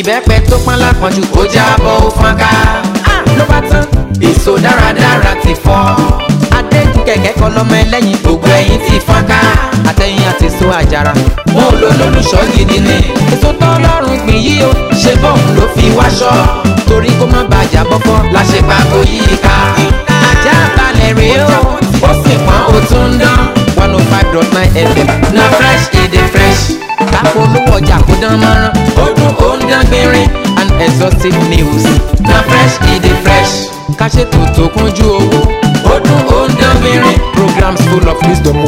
ìbẹ́pẹ tó pọ́n lápọ̀njù ó jábọ́ ó fọ́nká ah! ló bá tán èso dáradára ti fọ́ adéjú kẹ̀kẹ́ kan lọ́mọ ẹlẹ́yin gbogbo ẹ̀yìn ti fọ́nká àtẹ̀yìn àti èso àjàrà mo lò lólùṣọ́ gidi ni èso tọ́lọ́run gbìn yìí o ṣe bọ́ọ̀mù ló fi wáṣọ torí kó má bàjẹ́ bọ́kọ́ la ṣe pa kó balẹ̀ rè o ó sì pọ́n ó tún dán one oh five dot nine fm na fresh e dey fresh káfọ́ olówó ọjà kó dán mọ́rán ó dún ó ń dán gbinrin and exhaustive news na fresh e dey fresh ká ṣètò tó kúnjú owó ó dún ó ń dán gbinrin programs full of wisdom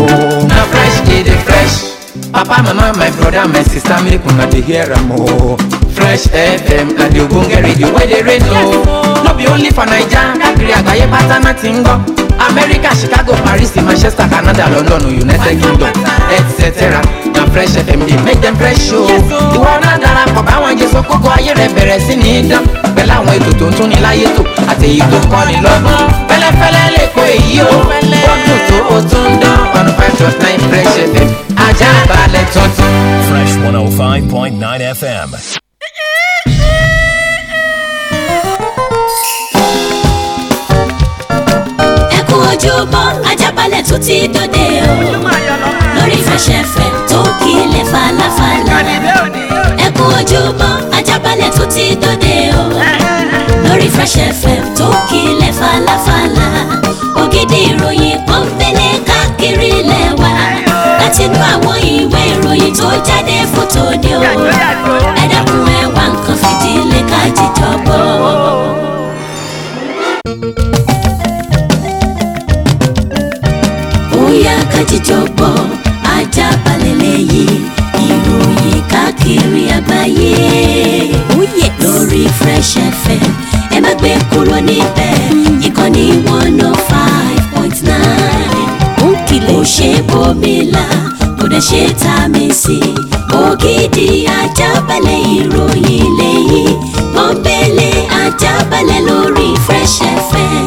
na fresh e dey fresh. Papa, mama, my brother, my sister, make una dey hear am o. Oh. Fresh FM na the ogbonge radio wey dey reign o. Oh. No be only for Naija, Kakiri Agbaye pata na ti n gbọ america chicago paris manchester canada london united kingdom etc na fresh fm dey make dem fresh o oh. ìwọ náà darapọ̀ báwọn jẹ sọ kókó ayé rẹ bẹ̀rẹ̀ sí ní dán pẹ̀lú àwọn ètò tó ń tún ní láyé tó àti èyí tó kọ́ni lọ́gbọ́n fẹ́lẹ́fẹ́lẹ́ lè po èyí o oh. gbọ́dọ̀ tó o tún dán one five dot nine fresh fm ajá balẹ̀ tuntun. fresh one oh five point nine fm. ojúbọ ajábalẹ̀ tó ti dòde o lórí fẹsẹ̀fẹ̀ tó kílẹ̀ falafala ẹ kú ojúbọ ajábalẹ̀ tó ti dòde o lórí fẹsẹ̀fẹ̀ tó kílẹ̀ falafala ògidì ìròyìn kan fẹlẹ̀ káàkiri lẹ́wà láti inú àwọn ìwé ìròyìn tó jáde fótó ni o ẹ dákun nǹkan fìdílé ká jíjọ gbọ́. ajíjọgbọ́ ajábalẹ̀ lẹ́yìn ìròyìn káàkiri àgbáyé. Ó oh, yẹ lórí Fresh FM ẹ má gbé kúrò níbẹ̀ ìkànnì one oh five point nine. Ó kìlẹ̀ ó ṣe bòmílà kò dẹ̀ ṣe tá a mi sí. Ògidì ajábalẹ̀ ìròyìn lẹ́yìn pọ́npẹ́lẹ́ ajábalẹ̀ lórí Fresh FM.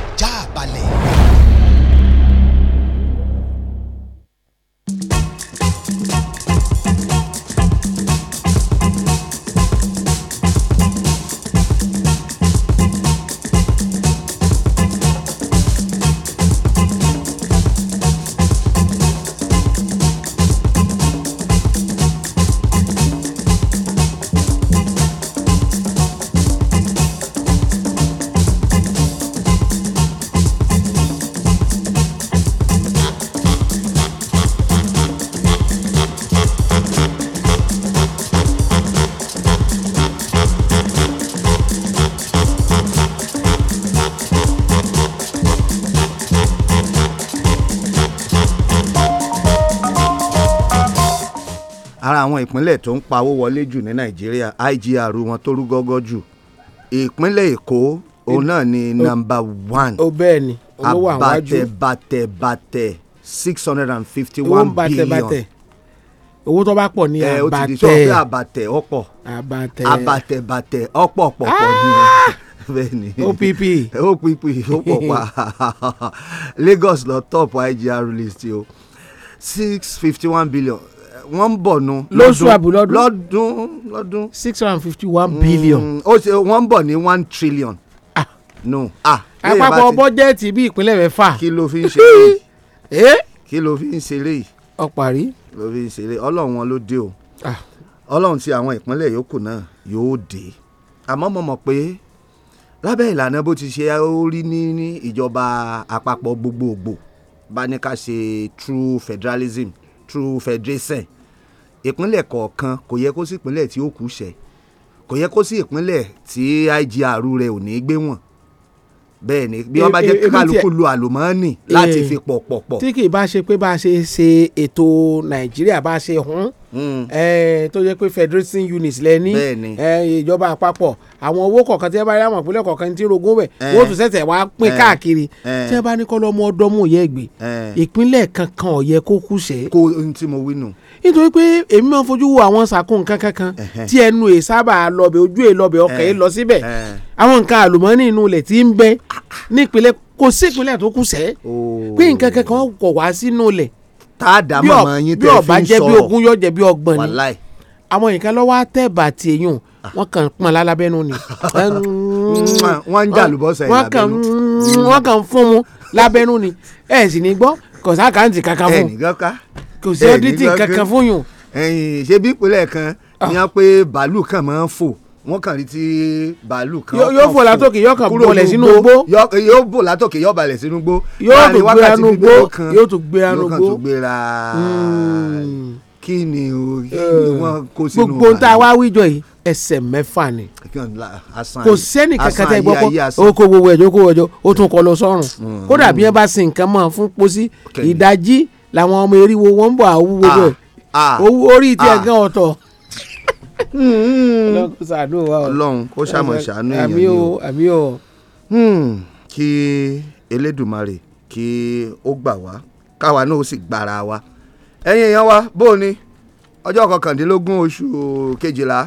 tó ń pawó wọlé jù ní nàìjíríà IGR wọn tó rú gọ́gọ́ jù ìpínlẹ̀ èkó òun náà ni nọ́mbà one abatẹbatẹbatẹ six hundred and fifty one billion owó tó bá pọ̀ ní abatẹ ẹ o ti di tó pé abatẹ ọ̀pọ̀ abatẹ abatẹbatẹ ọ̀pọ̀ pọ̀pọ̀ ah! ni bẹ́ẹ̀ni opp opp ó pọ̀ pa Lagos lọ top IGR list o six fifty one billion wọ́n ń bọ̀ nu. lóṣù àbò lọ́dún lọ́dún lọ́dún. six hundred and fifty one mm, billion. ó ṣe wọ́n ń bọ̀ ní one trillion. ah no ah. àpapọ̀ bọ́jẹ́ẹ̀tì bí ìpínlẹ̀ rẹ̀ fà. kí ló fi ń ṣe léyìí. Eh? kí ló fi ń ṣe léyìí. ọ̀parí. ló fi ń ṣe léyìí ọlọ́run wọn ló dé o. Ah. ọlọ́run ti àwọn ìpínlẹ̀ yòókù náà yóò dé. àmọ́ mo mọ̀ pé lábẹ́ ìlànà bó ti ṣe ó ní ìjọba àpapọ̀ gbogbogbò bá ní ká ṣe true federalism through federation ìpínlẹ̀ kọ̀ọ̀kan kò yẹ kó sí ìpínlẹ̀ tí ó kù ṣẹ̀ kò yẹ kó sí ìpínlẹ̀ tí IGR rẹ̀ ò ní gbé wọ̀n bẹ́ẹ̀ ni bí wọ́n bá jẹ́ kálukú lu àlùmọ́ọ́nì láti fi pọ̀ pọ̀ pọ̀. tí kì í bá ṣe pé bá a ṣe ṣe ètò Nàìjíríà bá a ṣe hun Mm. tó jẹ́ pé federating units lẹ́ni ìjọba àpapọ̀ àwọn owó kọ̀ọ̀kan tí ẹ bá rí àwọn ìpínlẹ̀ kọ̀ọ̀kan tí rogún bẹ̀ wọ́n tún ṣẹ̀ṣẹ̀ wá pín káàkiri tí ẹ bá ní kọ́ lọ́mọ ọdọ́mú ọ̀yẹ́ gbé ìpínlẹ̀ kankan ọ̀yẹ́ kó kúṣẹ́. kó n tí mo wí nù. nítorí pé èmi máa ń fojú wo àwọn sàkó nǹkan kankan tí ẹnu ẹ̀ sábà lọ́bẹ̀ ojú ẹ̀ lọ́bẹ̀ ọkàn ẹ̀ lọ síbẹ̀ àwọn nǹkan àlùmọ́nì inú ilẹ̀ tí ń bẹ nípínlẹ̀ kò sí ìpínlẹ̀ tó kúṣẹ́ pé nǹkan kankan kọ̀ wá sínú ilẹ̀ tá a dá màmá yín tẹ́ fi ń sọ̀rọ̀ bí ọba jẹ́ bí ogún yóò jẹ́ bí ọgbọ̀n ni àwọn nǹkan lọ́wọ́ àtẹ̀bà tí eyín ah. wọn kàn pọn lálábẹ́nu ni. wọ́n ń jà lùbọ́sà lábẹ́nu. wọ́n kàn ń fún mu lábẹ́nu ni ẹ sì ní gbọ́ kò sí àkáǹtì kankan fún kò sí ọ́dítì kankan fún yùn. ṣé bí ìpínlẹ̀ kan ah. ni wọ́n pé bàálù kan máa ń fò wọ́n kàn rí tí bàálù kan yóò fò látòkè yóò kàn bọ̀lẹ̀ sínú gbó yóò bò látòkè yóò balẹ̀ sínú gbó yóò tún gbé anú gbó yóò tún gbé anú gbó yóò tún gbéra hmm. kí ni eh, wọ́n kó sínú gbogbo ń ta wá wíjọ yìí ẹsẹ̀ mẹ́fà ni kò sẹ́ni kankan tẹ́ gbọ́ pọ́ oko wo ẹ̀jọ̀ oko ẹ̀jọ̀ ó tún kọ lọ sọ́run hmm. kódà bí wọ́n bá sin nǹkan mọ́ fún pósí ìdajì làwọn ọmọ eriwo wọn ń bọ̀ àwúwo bẹ́ẹ̀ ah, ah. orí ti ẹ̀gán ah. ọ̀tọ̀ ọlọ́run kò ṣàánú wa o ọlọ́run kò ṣàmọ̀ ṣàánú èèyàn ni o àmì o. Hmm, kí elédùmarè kí ó gbà wá káwa náà ó sì gbára wa ẹ̀yin èèyàn wa bó o ní ọjọ́ kọkàndínlógún oṣù kejìlá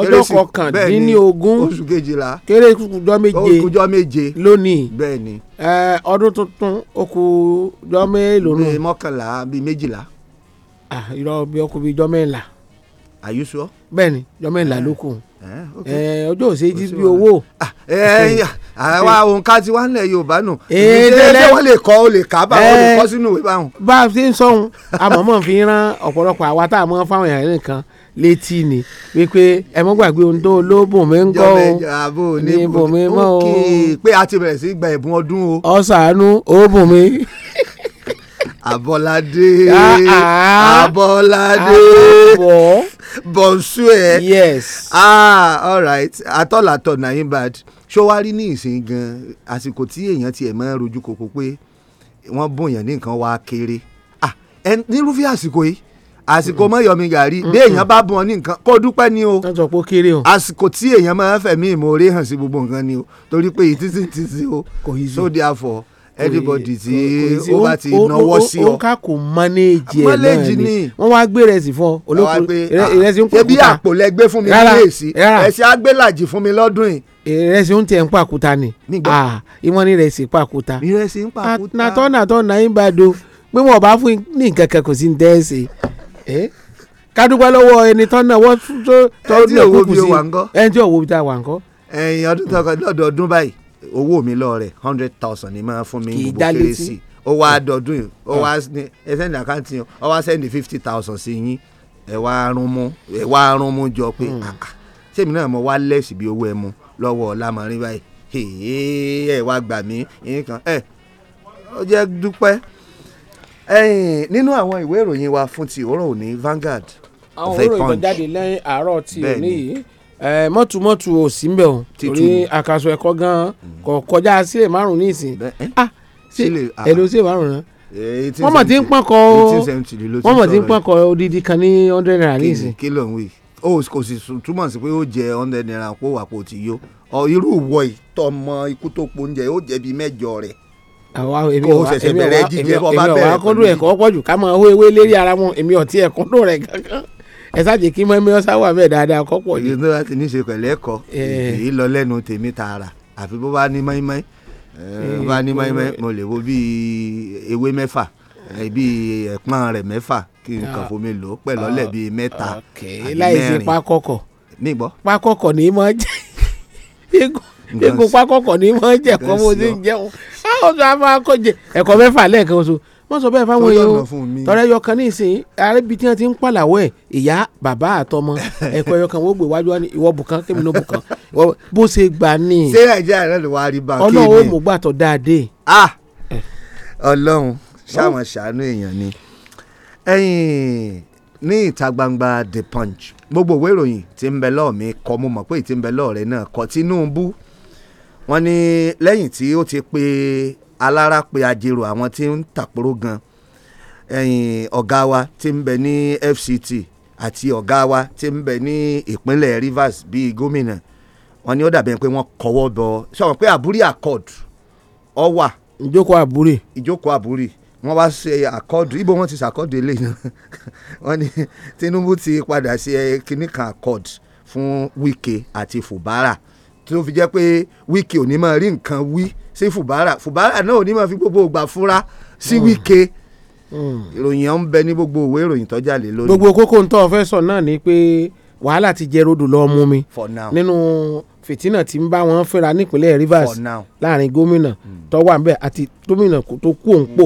ọjọ́ kọkàndínlógún oṣù kejìlá kéré kùjọ́ méje kùjọ́ méje lónìí bẹ́ẹ̀ni ọdún tuntun okùjọ́ mélòó nù. bíi mọ́kànlá bíi méjìlá. irọ́ bí ọkùnrin bíi jọ́ mẹ́rìnlá are you sure. bẹ́ẹ̀ni jọmọlá eh, ló kù eh, eh, ọjọ́ òsè jí bí owó. Ah, àwa òun ká ti wá nílẹ̀ yorùbá nù ìdílé wọn lè kọ́ ó lè kà á bá wọn lè kọ́ sínú ìwé báwọn. bá a ti ń sọ̀hún àmọ́mọ́ fi rán ọ̀pọ̀lọpọ̀ àwa tá a mọ́ fáwọn èèyàn nìkan létí ni wípé ẹ mọ́ gbàgbé ohun tó lóòbùn mi ń kọ́ o ní bùn mi mọ́ o. pé a ti bẹ̀rẹ̀ sí gba ẹ̀bùn ọdún o. ọ̀sánú òòbùn mi. àbọ̀ládé ah, ah. àbọ̀ládé bonsue. yes. ah all right atọ́làtọ̀ na him bad ṣọwárí ní ìsìn gan àsìkò tí èèyàn tiẹ̀ máa ń rojú koko pé wọ́n bùn ní nǹkan wá kéré ah nírúfẹ́ àsìkò yìí àsìkò mọ́yọ̀mí gàrí bí èèyàn bá bùn ọ ní nǹkan kó dúpẹ́ ni o àsìkò tí èèyàn máa ń fẹ̀mí ìmoore hàn sí gbogbo nǹkan ni o torí pé ìtítí títí o so therefore everybody tí ó bá ti náwó sí ọ. ó ká kò manage ẹ̀ náà ni wọ́n wá gbé rẹ̀ sí fún ọ olóko ah, ìrẹsì ń pàkúta. ebi àpò lẹ gbé fún mi ní èsì ẹ̀sì àgbélàjì fún mi lọ́dún yìí. ìrẹsì ń tẹ̀ ń pàkúta ni ah, ìwọ́n ní ìrẹsì pàkúta. ìrẹsì ń pàkúta. Ah, nàtọ́ nàtọ́ náà ń bá do pé wọn ò bá fún ní nǹkan kan kò sí ní tẹ́ẹ̀sì eh? kádúpẹ́ lọ́wọ́ ẹni tán náà wọ́n tó ní òkú kù sí ẹni tí òwò bíi ta wà ń kọ́. ọdún tó kọ báyìí owó mi lọ rẹ̀ hundred thousand ni máa fún mi gbogbo kérésì ó wá ah. dọdún yìí ó wá ah. ẹ sẹ́ni àkáǹtì yẹn ó wá sẹ́ni fifty thousand sí yín ẹ wá rún mú ẹ wá rún mú jọ pé sẹ́mi hmm. ah, náà mo wá lẹ́sì bí owó ẹ mu lọ́wọ́ ọ̀làmọ́rin báyìí ẹ wá gbà mí nǹkan ẹ ó jẹ́ dúpẹ́ nínú àwọn ìwé ìròyìn wa fún ti òórùn òní Vanguard àwọn òórùn ìbọn lẹ́yìn àárọ̀ tí òní yìí ẹ mọ́tùmọ́tù ò sí mbẹ́ o torí àkàsọ̀ ẹ̀kọ́ gan-an mm. kò kọjá sílẹ̀ márùn-ún ní ìsìn ẹ ló sílẹ̀ márùn-ún náà wọ́n mọ̀ tí ń pọ́n kọ wọ́n mọ̀ tí ń pọ́n kọ odidi kan ní hundred naira ní ìsìn. kí ló ń wí o kò sì túmọ̀ sí pé ó jẹ hundred naira kó wà pò tí yó irú ìwọ ìtọ́mọ ikú tó po oúnjẹ ó jẹbi mẹ́jọ rẹ̀ kó o ṣẹ̀ṣẹ̀ bẹ̀rẹ̀ jíjẹ kó o bá bẹ̀rẹ̀ pẹ̀lú. èmi ọ̀wá kọ́dún ẹ̀kọ́ pọ̀jù ká máa hó lérí ara wọn èmi ọ̀tí ẹ̀kọ́ dùn rẹ̀ gangan ẹ sáàjì kí mọ́mí ọ̀sá wà bẹ́ẹ̀ dáadáa kọ́pọ̀ yìí. èyí tó bá ti ní í ṣe pẹ̀lú ẹ̀kọ́ èyí lọ lẹ́nu tèmi tààrà àfi bó bá ní mọ́ínmọ́ín bó bá ní mọ́ínmọ́ín mo lè wo bíi ewé mẹ́fà bíi ẹ̀pọ́n rẹ̀ mẹ́fà kí n kàn ah. fomi lò ó pẹ̀lú ọ̀lẹ̀ bíi mẹ́ta àbí mẹ́rin. láì ṣe pákọ́kọ̀ pákọ́kọ̀ ní mọ́ jẹ́ egun pákọ́kọ̀ ní mọ́ jẹ́ ẹ̀kọ́ mo ti jẹun ẹ̀kọ́ mẹ́fà lẹ́ẹ̀kan oṣù wọ́n sọ bẹ́ẹ̀ fáwọn èèyàn tọrẹ yọkan ní ìsìn arábí tí wọ́n ti ń pàlàwọ́ ẹ̀ ìyá bàbá àtọmọ ẹ̀kọ́ yọkan wọ́n gbé wájú wa ní ìwọ bùkán kémi ní bùkán bó ṣe gbà ní. ṣé nàìjíríà náà ló wá rí bá kéde ọlọ́run ó mú gbàtọ̀ dáadé. Ah! Eh. ọlọ́run ṣáwọn oh. ṣàánú èèyàn ni ẹ̀yìn ní ìta gbangba the punch gbogbo ìwé ìròyìn tí ń bẹ lọ́ọ̀ mi kọ mo mọ̀ pé ìtì ń bẹ wọ́n ní lẹ́yìn tí ó ti pe alára pe àjèrò àwọn tí ń tàpóró gan ọ̀gá wa tí ń bẹ ní FCT àti ọ̀gá wa tí ń bẹ ní ìpínlẹ̀ Rivers bíi gómìnà wọn ni ó dàbẹ̀ pé wọ́n kọ́wọ́ bọ sọ̀rọ̀ pé àbúrí accord ọ wà. ìjókòó àbúrí. ìjókòó àbúrí wọ́n wá ṣe àkọ́ọ̀dù ibo wọ́n ti ṣàkọ́ọ̀dù eléyìí náà wọ́n ní Tinubu ti padà ṣe kinní kan accord fún Wike àti Fubara tó fi jẹ́ pé wíkì òní máa rí nǹkan wí sí fùbárà fùbárà náà òní máa fi gbogbo ògbà fura sí mm. wíkì mm. ìròyìn ọ̀hún bẹ ní gbogbo òwe ìròyìn tó jáde lórí. gbogbo kókó ń tọ́ fẹ́ sọ náà ni pé wàhálà ti jẹ rodò lọ́ọ́ mú mi nínú fìtínà tí ń bá wọn fẹ́ra nípínlẹ̀ Rivers láàrin gómìnà mm. tó wà ńbẹ̀ àti gómìnà tó kú òǹpò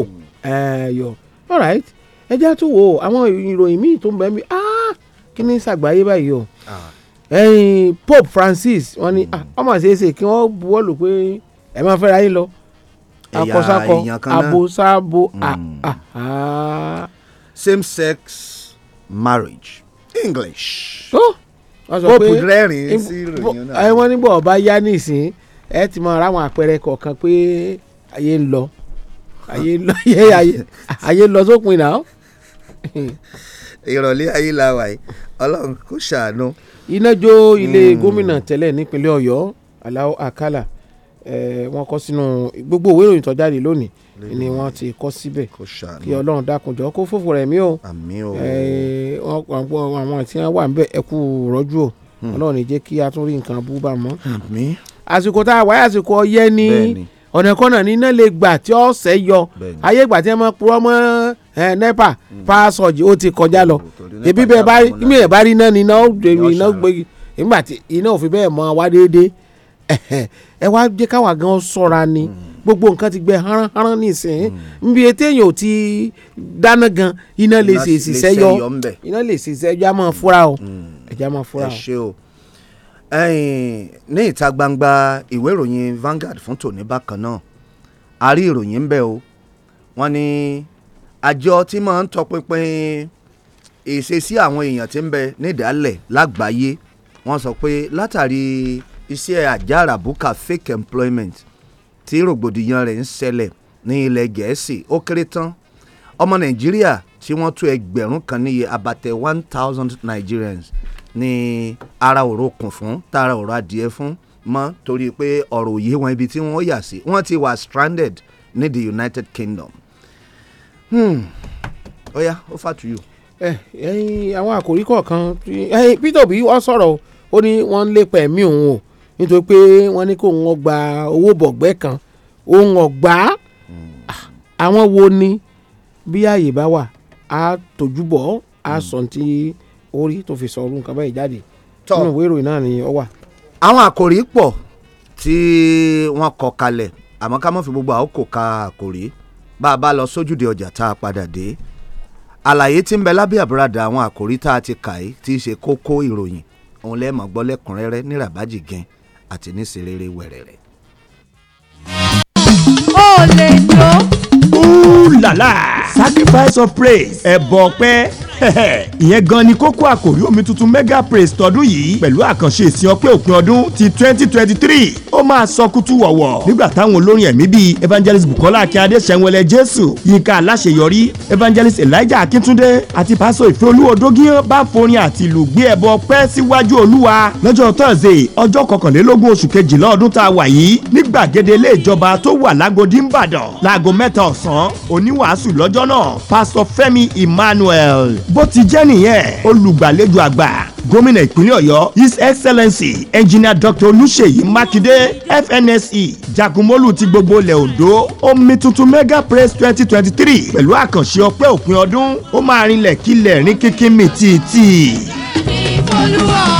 ẹ̀yọ all right ẹjẹ́ tó wò àwọn ìròyìn míì tó ń bẹ mi ah! kí ni sàgbáyé báyìí o. Ah ẹyin Pope Francis wọ́n ní ọmọ ah, ṣeéṣe kí wọ́n buwọ́ lù pé ẹ máa fẹ́ra yín lọ akọsákọ abosábo hmm. ah, ah, same sex marriage English. Oh? Pope rẹ́rìn sí ìròyìn náà. ẹ wọ́n nígbà ọba yá nísìn ẹ ti máa ráwọn àpẹẹrẹ kọ̀ọ̀kan pé ayé ń lọ ayé ń lọ ayé ń lọ sópin náà. ìrọ̀lẹ́ ayé la wà yìí ọlọ́run kò ṣàánú iná jó ilé hmm. gómìnà tẹ́lẹ̀ nípínlẹ̀ ọ̀yọ́ aláò àkàlà wọ́n kọ sínú gbogbo òwe ìròyìn tó jáde lónìí ni wọ́n ti kọ síbẹ̀ kí ọlọ́run dákunjọ kó fòfò rẹ̀ mí o àwọn tí wọ́n wà ń bẹ̀ ẹ̀kú rọ́jú o hmm. ọlọ́run ní jẹ́ kí a tún rí nǹkan bú bá mọ́. àsìkò tá a wáyé àsìkò ọyẹ́ ni ọ̀nà kọ́nà ní iná lè gbà tí ọ̀sẹ̀ yọ ayé ìgbà tí wọ́n máa purọ́ mọ́ nepa ó ti kọjá lọ ebi bẹẹ bá mi ẹ bá rí iná ni iná iná nígbà tí iná mọ wá déédéé ẹ wá jẹ́ káwa gan sọra ni gbogbo nǹkan ti gbẹ hánránhánrán nísìnyí nbi etí èèyàn ò ti dáná gan iná lè ṣe ìṣiṣẹ́ yọ iná lè ṣe ìṣiṣẹ́ máa fura o mm. ẹ̀jẹ̀ fura o. ní ìta gbangba ìwé ìròyìn fún tòní bákan náà a ìròyìn ń o wọn àjọ tí máa ń tọpinpin ìṣesí àwọn èèyàn tí ń bẹ nídàálẹ̀ lágbàáyé wọ́n sọ pé látàrí iṣẹ́ àjàràbùkà fake employment tí rògbòdìyàn rẹ̀ ń ṣẹlẹ̀ ní ilẹ̀ gẹ̀ẹ́sì ó kéré tán ọmọ nàìjíríà tí wọ́n tó ẹgbẹ̀rún kan níye abatẹ one thousand nigerians ní ara òro kùn fún tara òro adìẹ fún mọ́ torí pé ọ̀rọ̀ òye wọn ibi tí wọ́n yà sí wọ́n ti wà stranded ní the united kingdom ọ̀ya hmm. ó fà tuyù. Eh, àwọn àkòrí kọ̀ọ̀kan eh, Peter Obi wọ́n sọ̀rọ̀ ó ní wọ́n ń lépa ẹ̀mí òun o nítorí pé wọ́n ní kó wọ́n gba owó bọ̀gbẹ́ kan òun ọ̀gbá hmm. ah, àwọn wo ni bí ààyè bá wà á tọ́jú bọ̀ á sọ ti orí tó fi sọ ọdún nǹkan báyìí jáde nínú ìwé ìròyìn náà ni ó wà. àwọn àkòrí pọ̀ tí wọ́n kọ kalẹ̀ àmọ́ ká mọ̀ fi gbogbo àókò ka àkòrí bá a bá lọ sójúde ọjà tá a padà dé àlàyé tí ń bẹ lábẹ́ àbúradà àwọn àkòrí tá a ti kà í tí í ṣe kókó ìròyìn òun lẹ́ẹ̀mọ́ gbọ́ lẹ́kùnrẹ́rẹ́ ní ràbájì gan àti ní serere wẹ̀rẹ̀rẹ̀. ó lè jó. ooh la la sacrifice of praise ẹ̀bọ̀ pẹ́. ìyẹn gan ni kókó àkòrí omi tuntun mega praise tọdún yìí pẹ̀lú àkànṣe ìsìn ọpẹ́ òpin ọdún ti twenty twenty three ó máa sọ kútú wọ̀wọ̀ nígbà táwọn olórin ẹ̀mí bíi evangelist bukola akíade sẹ́wọ̀lẹ̀ jésù yínká aláṣeyọrí evangelist elijah akíntúndé àti pásọ ìfẹ́olúwo dógíyàn bá forin àti ìlú gbé ẹbọ pẹ́ síwájú olúwa lọ́jọ́ thursday ọjọ́ kọkànlélógún oṣù kejìlá ọdún tá a wà yìí ní gbàgede ilé ìjọba tó wà lágodi ńbàdàn láago mẹ́ta ọ̀sán oníwàásù lọ́jọ́ náà pásọ fẹ́mi emmanuel bó ti jẹ́ nìyẹn olùgbàlejò àgbà gómìnà ìpínlẹ̀ ọ̀yọ́ his excellency engineer dr olùṣèyí mákindé fnse jagunmólú ti gbogbo ilẹ̀ ondo omi tuntun mega Press twenty twenty three pẹ̀lú àkànṣe ọpẹ́ òpin ọdún ó máa rinlẹ̀ kílẹ̀ rin kíkí mi tìtì. olúwa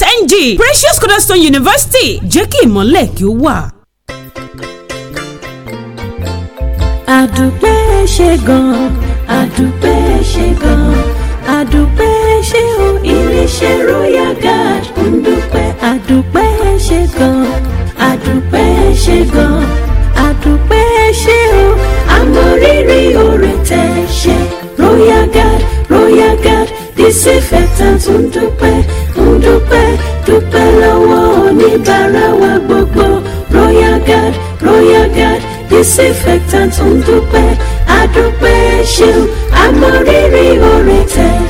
ng Precious Cornerstone University jẹ́ kí ìmọ̀lẹ̀ kí ó wà. àdùpẹ́ ṣe gan-an àdùpẹ́ ṣe gan-an àdùpẹ́ ṣe o iléeṣẹ́ royal guard ń dúpẹ́ àdùpẹ́ ṣe gan-an àdùpẹ́ ṣe gan-an àdùpẹ́ ṣe o àmọ̀rírì oore tẹ̀ ṣe royal guard royal guard disinfectant ń dúpẹ́ kún dúpẹ́ dúpẹ́ lọ́wọ́ oníbàárà wa gbogbo royal guard royal guard disinfectant ń dúpẹ́ àdúpẹ́ ṣeun amọ̀rírì orin tẹ̀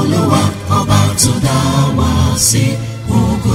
olúwa ọba tó dá wa sí ògo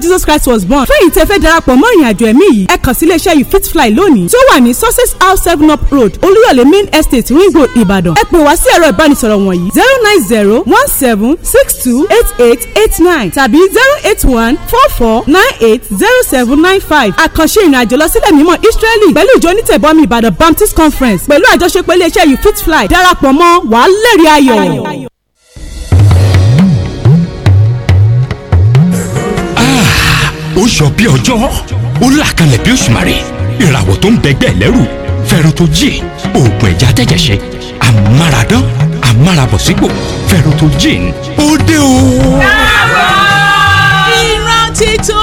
Jesus Christ was born fún èyí tẹ́ fẹ́ darapọ̀ mọ́ ìrìnàjò ẹ̀mí yìí ẹ kàn sí iléeṣẹ́ yìí fit fly lónìí tí ó wà ní success house seven up road olúyọ̀lé main estate ring road Ìbàdàn ẹ pè wá sí ẹ̀rọ ìbánisọ̀rọ̀ wọ̀nyí zero nine zero one seven six two eight eight eight nine tàbí zero eight one four four nine eight zero seven nine five àkànṣe ìrìnàjò lọ sílẹ̀ mímọ́ Israeli pẹ̀lú ìjọ onítẹ̀bọmi Ìbàdàn Baptist Conference pẹ̀lú àjọṣepọ̀ iléeṣẹ́ yìí fit fly darapọ̀ mọ́ wàá lẹ́rìí ayọ̀. yọ bí ọjọ́ ó làkalẹ̀ bí òṣùmàrè ìràwọ̀ tó ń bẹgbẹ́ lẹ́rù fẹ́ràn tó jí oògùn ẹ̀já tẹ̀jẹ̀ ṣe àmàràdán àmàràbọ̀sípò fẹ́ràn tó jí ó dé o. ìrántí tó.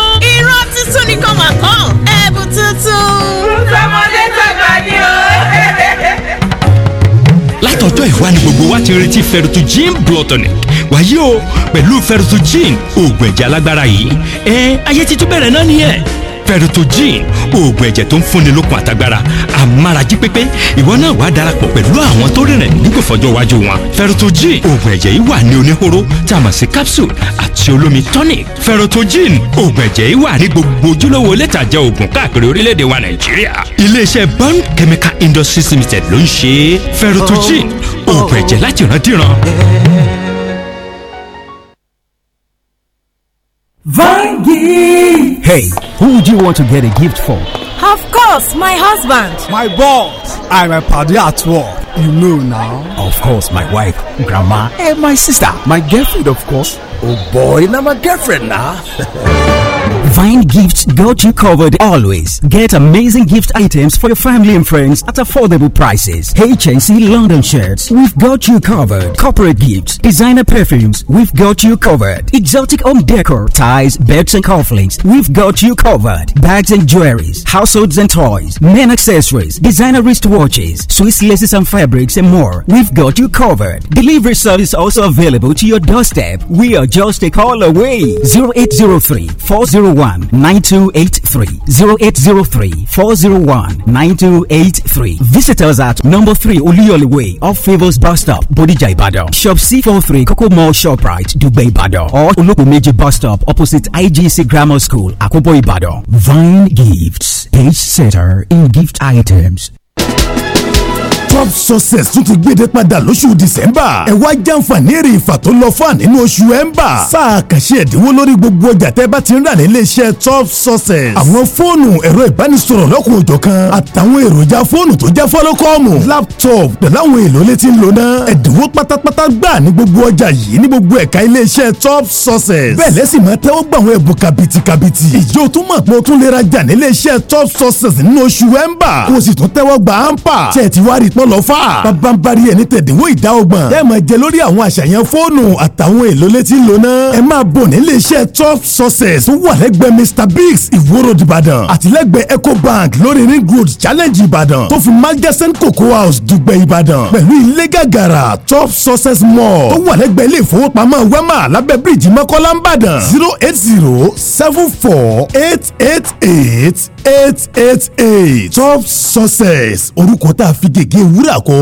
ọjọ́ ìwá ni gbogbo wa ti retí ferritin blood tonic wáyé o pẹ̀lú ferritin oògùn ẹ̀jẹ̀ alágbára yìí ẹ ayé ti tún bẹ̀rẹ̀ náà nìyẹn ferritojin oògùn ẹ̀jẹ̀ tó ń fúnni lókun àtagbára amárají pépé ìwọ náà wàá darapọ̀ pẹ̀lú àwọn tó rìnrìn nígbò fọjọ́ iwájú wọn ferritojin oògùn ẹ̀jẹ̀ yìí wà ní oníhóró tá capsule àti olómi tonic ferritojin oògùn ẹ̀jẹ̀ yìí wà ní gbogbo ojúlówó létàjẹ́ oògùn káàkiri orílẹ̀-èdè wa nàìjíríà iléeṣẹ́ bond chemical industries limited ló ń ṣe ferritojin oh, oògùn ẹ̀jẹ̀ láti ìran díran. Vangie. Hey, who would you want to get a gift for? Of course, my husband. My boss. I'm a party at work. You know now. Of course, my wife, grandma, and my sister. My girlfriend, of course. Oh boy, now my girlfriend now. Vine Gifts got you covered always. Get amazing gift items for your family and friends at affordable prices. HNC London shirts, we've got you covered. Corporate gifts, designer perfumes, we've got you covered. Exotic home decor, ties, beds and cufflinks, we've got you covered. Bags and jewelries, households and toys, men accessories, designer wristwatches, Swiss laces and fabrics and more. We've got you covered. Delivery service also available to your doorstep. We are just a call away. 0803 401 081 9283 0803 401 9283. Visit us at number 3 Oluyole Way off Favors Bus Stop, Bodija Ibadan. Shop C43 Coco Mall Shoprite, Dubai Ibadan. Or Olokumeji Bus Stop opposite IGC Grammar School, Akobo Ibadan. Vine Gifts, page setter in gift items. top success tún ti gbéde padà lóṣù december ẹ wá jàǹfààní èrè ìfà tó lọ fún ànínú oṣù ember sáà kàṣe ẹ̀dínwó lórí gbogbo ọjà tẹ́ bá ti ń rà nílé top success àwọn fóònù ẹ̀rọ ìbánisọ̀rọ̀ lọ́kùn òjọ̀ kan àtàwọn èròjà fóònù tó jẹ́ fọ́lọ́kọ́ọ̀mù laptop pẹ̀láwọn èlò létí ń lona. náà ẹ̀dínwó pátápátá gbà ní gbogbo ọjà yìí ní gbogbo ẹ̀ka ilé top success bẹ́ẹ̀ lẹ́sìn máa tẹ́wọ́ gbà àwọn ẹ̀bùn kàbìtìkàbìtì ìjọ tó mọ̀ pé o top success nínú oṣù ember kó o ampa tẹ̀ tí wá lọ́fà. babambari ẹni tẹ̀dínwó ìdá ọgbọ̀n. ẹ máa jẹ lórí àwọn àṣàyàn fóònù àtàwọn èlò létí lóná. ẹ máa bọ̀ nílé iṣẹ́ top success wà lẹ́gbẹ̀ẹ́ mr biggs ìwòrò ìbàdàn àtìlẹ́gbẹ̀ẹ́ ecobank lórí ring road challenge ìbàdàn tó fi magasin cocoa house dùgbẹ̀ ìbàdàn pẹ̀lú ilé gàgàrà top success mall tó wà lẹ́gbẹ̀ẹ́ ilé ìfowópamọ́ wema lábẹ́ bíríìjì mọ́kọ́lá ń bàdàn zero eight zero seven four eight eight eight eight eight eight top success orúkọ tá a fi gègé wúrà kọ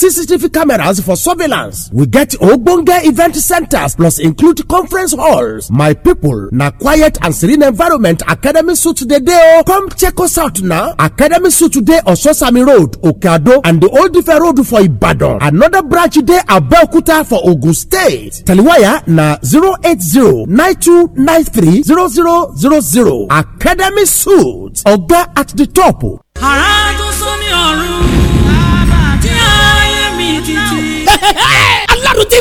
cctv cameras for surveillance we get ogbonge event centers plus include conference halls my people na quiet and serene environment academy suit dey dey o oh. come check us out now. academy suit on Sosami road okeado and the old ife road for ibadan another branch at abeokuta for ogun state taliwaya na zero eight zero nine two nine three zero zero zero zero academy suit ọgá at the top. àrà oh.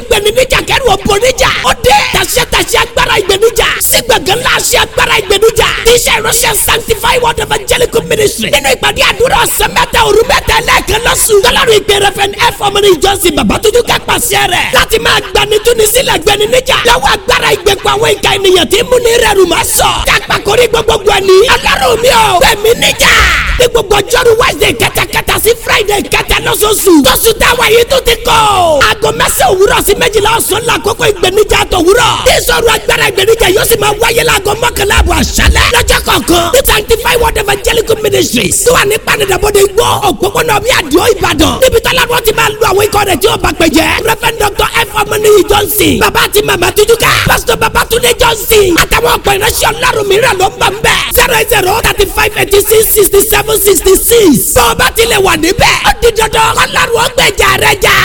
ìgbẹ̀niníjà kẹ́rù òbòníjà ó dé tàṣẹ tàṣẹ agbára ìgbẹ̀nijà sígbẹ̀gẹ́ ńlá àṣẹ agbára ìgbẹ̀nijà tíṣẹ Russian sanctify word evangelical ministry nínú ìpàdé àdúrà ọ̀sẹ̀ mẹ́ta òru mẹ́ta ẹlẹ́ẹ̀kan lọ́sùn tọ́lọ́run ìpè rẹ̀fẹ̀n f ọmọdé ìjọsìn bàbá tuntun ká pàṣẹ rẹ̀ láti máa gbani túni sílẹ̀ gbẹ̀niníjà lọ́wọ́ agbára ìgbẹ̀kọ̀ àwọn ìka ènìyàn tí múni rẹ̀ rù má sọ kápákórí gbogbogbò ẹni ọlọ́run mi ò gbẹ̀mí níjà ní gbogbo ọjọ́rú wednesday kẹtàkẹtà sí friday kẹtà lọ́sọ̀ọ̀sù tóṣù táwa yìí tó ti kọ́. aago mẹ́sẹ̀ òwúrọ̀ sí méjìlá ọ̀sán la kókó ìgbẹ́nijà àtọ̀wúrọ̀. ìsọ̀rọ̀ agbára ìgbẹ́nijà yóò sì máa wáyé láago mọ́kànlá àbọ̀ àṣálẹ̀. lọ́jọ́ kọ̀ọ̀kan ní sanctify word evangelical ministries tó wà ní panadabode igbó òpópónà bí àdìo ìbàdàn. níbi tọ́lá wọn ti máa lu àwọn ikọ̀ rẹ̀ tí ó bá pẹ̀jẹ́. reverend doctor f ọmọnìyí johnson bàbá àti màmá tujuka pastor babatunde johnson àtàwọn ọ̀pọ̀ ìránṣẹ́ ọlọ́run mìíràn ló ń bọ̀ ń bẹ̀. zero zero thirty five eighty six sixty seven seven sixty six. tó o bá wà níbẹ̀ ó di dandan kọ́ńtà ló ń gbẹ̀jà rẹ̀ jà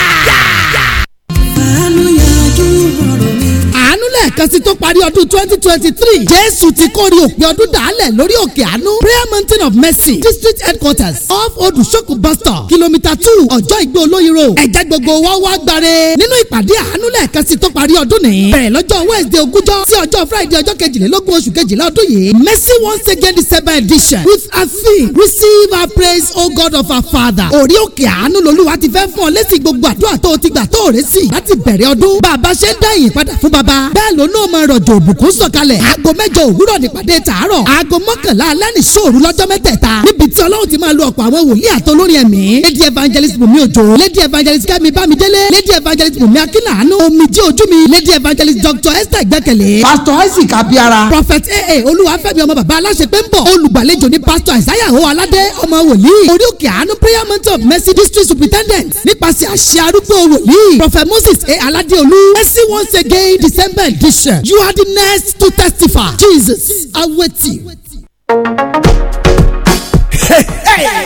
lẹ́ẹ̀kan sí tó parí ọdún twenty twenty three jésù ti kórè òpin ọdún dàálẹ̀ lórí òkè àánú prayer mountain of mercy district headquarters off odùsókù bus stop kilomita two ọjọ́ ìgbé olóyin road ẹ̀jẹ̀ gbogbo wa wá gbáre nínú ìpàdé àánú lẹ́ẹ̀kan sí tó parí ọdún nìyí bẹ̀rẹ̀ lọ́jọ́ wednesday ogúnjọ́ sí ọjọ́ friday ọjọ́ kejìlélógún oṣù kejìlá ọdún yìí mercy once again december edition with a theme receive our praise o god of our father orí òkè àánú lolúwa ti fẹ́ fún ọ lẹ́sìn gbogbo àdúrà tó o ti gbà tó o rẹ́ sí láti bẹ̀rẹ̀ ọdún bàbá ṣe bẹ́ẹ̀ ló náà máa rọ̀jò òbùkún sọ̀kalẹ̀ aago mẹ́jọ òwúrọ̀ nípàdé tààrọ̀ aago mọ́kànlá alánìṣòru lọ́jọ́ mẹ́tẹ̀ẹ̀ta níbi tí ọlọ́run ti máa lo ọ̀pọ̀ àwọn wòlíì àtolórí ẹ̀mí lady evangelist bùnmi òjò lady evangelist kẹ́mi bámidélé lady evangelist bùnmi akínlàánú omijì ojú mi lady evangelist dr esther gbẹ́kẹ̀lé pastor isaac abiara prophet Ee, olúwàfẹ́mi ọmọ bàbá aláṣẹ pé ń bọ̀ olùgbàlejò ní pastor isaiah o aládé ọmọ wòlíì orí òkè mercy district superintendent nípasẹ̀ àṣẹ prophet moses a aládéolú mercy once again december edition. You are the next to testify. Jesus, I wait you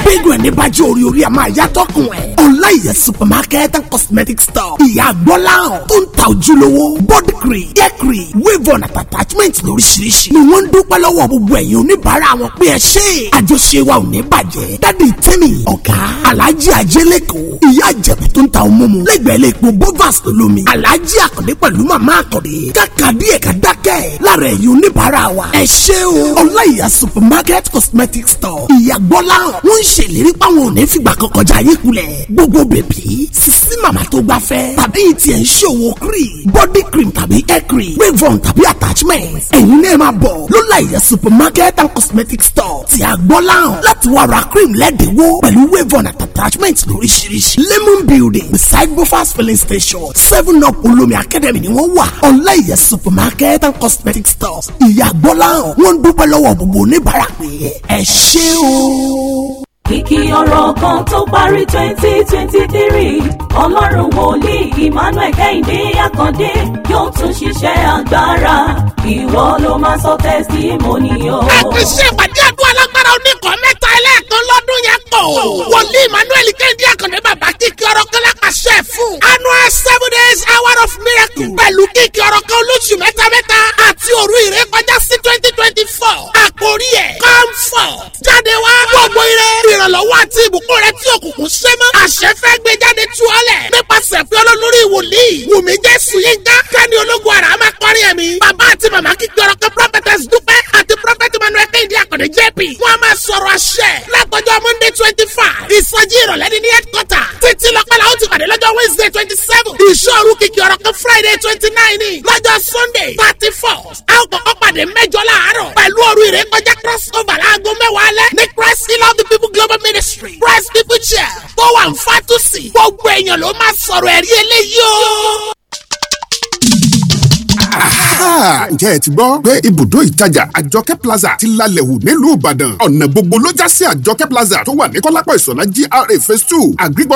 bí ìgbọ̀n ní bá jẹ́ orí orí ẹ̀ máa yàtọ̀ kùn ẹ̀. ọláìyẹ supermarket and cosmetic store ìyá gbọ́láhàn tó ń ta ojúlówó body cream hair cream wave on attachment lóríṣiríṣi ni wọ́n ń dúpẹ́ lọ́wọ́ gbogbo ẹ̀yin oníbàárà wọn pé ẹ ṣe àjọṣe wa ò ní bàjẹ́ dáàdi tẹ́mi ọ̀gá alájí ajẹ́lẹ́kọ̀ọ́ ìyá àjẹ̀bù tó ń ta ọmọ mu lẹ́gbẹ̀ẹ́ lè po bovas lómi alájí àkàndé pẹ̀lú màmá àkàndé kàkà díẹ̀ ká dákẹ́ lára ẹ̀yin oníbàárà wa ẹ ṣe o ọláìyá supermarket cosmetic store ìyá g Bọ́lá wọ́n ń ṣèlérí páwọn ò ní fìgbà kan kọjá yín kulẹ̀ gbogbo bèbí sísí màmá tó gbà fẹ́ tàbí tiẹ̀ ń ṣòwò cream body cream tàbí hair cream wave on tàbí attachment ẹ̀yin náà máa bọ̀ ló la ìyẹn supermarket and cosmetic store ti àgbọ́láhàn láti wá ra cream lẹ́dínwó pẹ̀lú wave on àti attachment lóríṣiríṣi lemon building beside bofas filling station seven up olómi academy ni wọ́n wà ọ̀la ìyẹn supermarket and cosmetic stores ìyàgbọ́láhàn wọ́n ń dúpẹ́ lọ́wọ́ gbogbo oníbàárà pé ẹ ṣé o kìkì ọ̀rọ̀ kan tó parí twenty twenty three ọlọ́run wòlíì emmanuel kẹ́hìndé àkàndé yóò tún ṣiṣẹ́ agbára ìwọ ló máa sọ tẹ́símọ́nì o. àti ṣe ìpàdé àdúrà lágbára oníkan lókìkí ọ̀rọ̀ kan friday twenty nine lọ́jọ́ sunday thirty first a ó kọ́kọ́ pàdé mẹ́jọ láàárọ̀ pẹ̀lú òru ìrékọjá cross over láago mẹ́wàá alẹ́ ní christ in love the people global ministry christ people chair tó wà ń fàtúsì gbogbo èèyàn ló máa sọ̀rọ̀ ẹ̀rí eléyìí o. ǹjẹ́ ẹ ti gbọ́ pé ibùdó ìtajà àjọkẹ́ plaza ti lalẹ̀ wù nílùú ìbàdàn ọ̀nà gbogbo ló já sí àjọkẹ́ plaza tó wà ní kọ́lápọ̀ ìsọ̀lá GRA phase two agric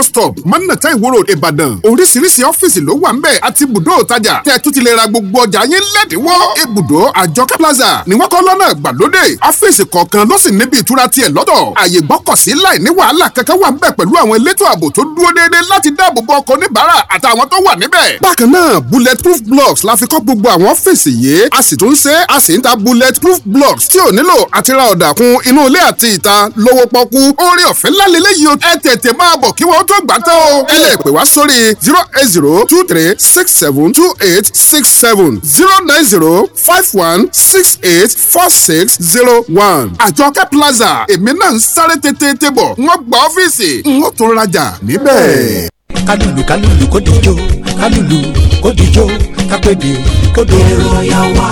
manata ìwòrò ìbàdàn oríṣiríṣi ọ́fíìsì ló wà ń bẹ̀ àti ibùdó ìtajà tẹ́ ẹ tún ti lè ra gbogbo ọjà yín lẹ́dínwó ibùdó àjọkẹ́ plaza ni wọ́n kọ́ lọ́nà ìgbàlódé ọ́fíìsì kọ̀ọ̀kan ló sì níbi ìtura tiẹ̀ lọ́dọ̀ àyè gbọ́kọ̀sí láì ní wàhálà kankan wà ń bẹ̀ pẹ̀lú àwọn elétò ààbò tó dúró déédéé láti dáàbò bo ọkọ̀ oníbàárà àtàwọn tó wà níbẹ̀. bákan náà bulletproof blocks la fi kọ́ gbogbo àwọn ọ́fíìsì yìí a sì tún ṣe é a sì ń ta bullet blocks tí ò nílò àti ra ọ̀dà kun inú ilé àti ìta lówó pọ́kú orí ọ̀fẹ́ lálẹ́lẹ́ yìí ẹ tètè máa bọ̀ kí wọ́n tó gbà tán o ẹ lè pè wá sórí zero eight zero two three six seven two eight six seven zero nine zero five one six eight four six zero one àjọkẹ́ plaza èmi náà ń sáré tètè tètè bọ̀ wọ́n gba ọ́fíìsì n ó rajà níbẹ̀ kálùlù kálùlù kó dijó kálùlù kó dijó kápẹ́dé kó dòdò. èrò yà wá